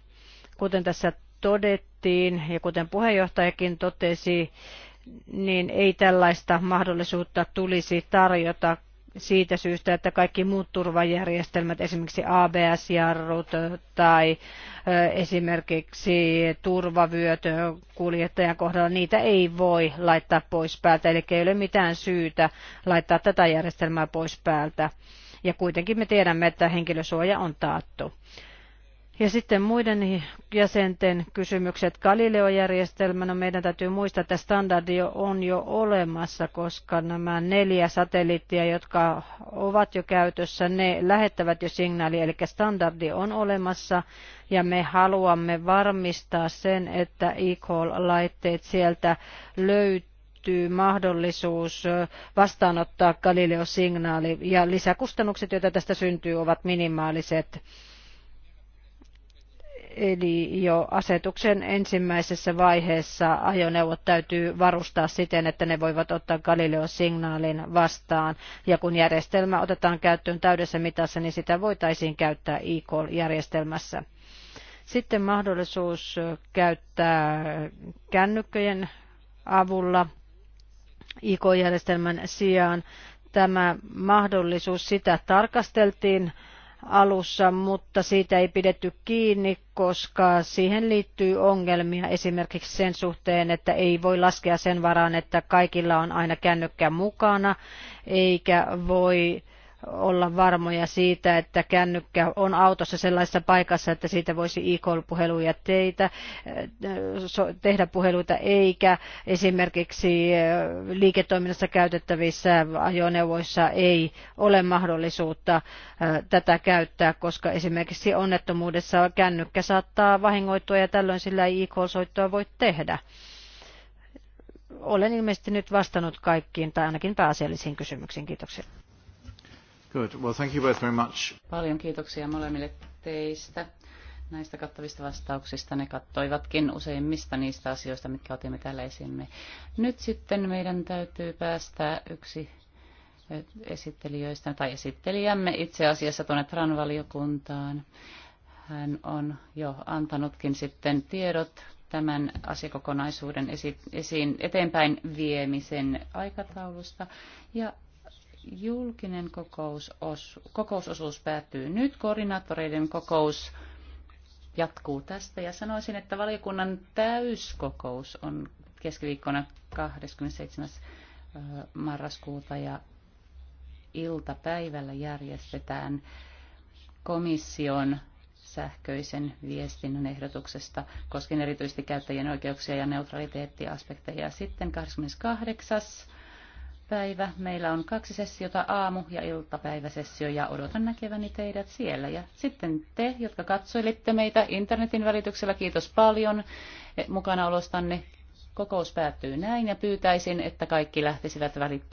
kuten tässä todettiin, ja kuten puheenjohtajakin totesi, niin ei tällaista mahdollisuutta tulisi tarjota siitä syystä, että kaikki muut turvajärjestelmät, esimerkiksi ABS-jarrut tai esimerkiksi turvavyöt kuljettajan kohdalla, niitä ei voi laittaa pois päältä, eli ei ole mitään syytä laittaa tätä järjestelmää pois päältä. Ja kuitenkin me tiedämme, että henkilösuoja on taattu. Ja sitten muiden jäsenten kysymykset galileo no Meidän täytyy muistaa, että standardi on jo olemassa, koska nämä neljä satelliittia, jotka ovat jo käytössä, ne lähettävät jo signaali, eli standardi on olemassa ja me haluamme varmistaa sen, että e-call-laitteet sieltä löytyy mahdollisuus vastaanottaa Galileo-signaali ja lisäkustannukset, joita tästä syntyy, ovat minimaaliset. Eli jo asetuksen ensimmäisessä vaiheessa ajoneuvot täytyy varustaa siten, että ne voivat ottaa Galileo-signaalin vastaan. Ja kun järjestelmä otetaan käyttöön täydessä mitassa, niin sitä voitaisiin käyttää e-call-järjestelmässä. Sitten mahdollisuus käyttää kännykköjen avulla IK-järjestelmän sijaan. Tämä mahdollisuus sitä tarkasteltiin alussa, mutta siitä ei pidetty kiinni, koska siihen liittyy ongelmia esimerkiksi sen suhteen, että ei voi laskea sen varaan, että kaikilla on aina kännykkä mukana, eikä voi olla varmoja siitä, että kännykkä on autossa sellaisessa paikassa, että siitä voisi e-call-puheluja teitä, äh, tehdä puheluita, eikä esimerkiksi äh, liiketoiminnassa käytettävissä ajoneuvoissa ei ole mahdollisuutta äh, tätä käyttää, koska esimerkiksi onnettomuudessa kännykkä saattaa vahingoittua ja tällöin sillä ei e-call-soittoa voi tehdä olen ilmeisesti nyt vastannut kaikkiin tai ainakin pääasiallisiin kysymyksiin. Kiitoksia. Good. Well, thank you both very much. Paljon kiitoksia molemmille teistä näistä kattavista vastauksista. Ne kattoivatkin useimmista niistä asioista, mitkä otimme täällä esimme. Nyt sitten meidän täytyy päästä yksi esittelijöistä, tai esittelijämme itse asiassa tuonne TRAN-valiokuntaan. Hän on jo antanutkin sitten tiedot tämän asiakokonaisuuden esiin eteenpäin viemisen aikataulusta. Ja Julkinen kokousos, kokousosuus päättyy nyt. Koordinaattoreiden kokous jatkuu tästä ja sanoisin, että valiokunnan täyskokous on keskiviikkona 27. marraskuuta ja iltapäivällä järjestetään komission sähköisen viestinnän ehdotuksesta koskien erityisesti käyttäjien oikeuksia ja neutraliteettiaspekteja. Sitten 28 päivä. Meillä on kaksi sessiota, aamu- ja iltapäiväsessio, ja odotan näkeväni teidät siellä. Ja sitten te, jotka katsoilitte meitä internetin välityksellä, kiitos paljon mukana olostanne Kokous päättyy näin ja pyytäisin, että kaikki lähtisivät välittömästi.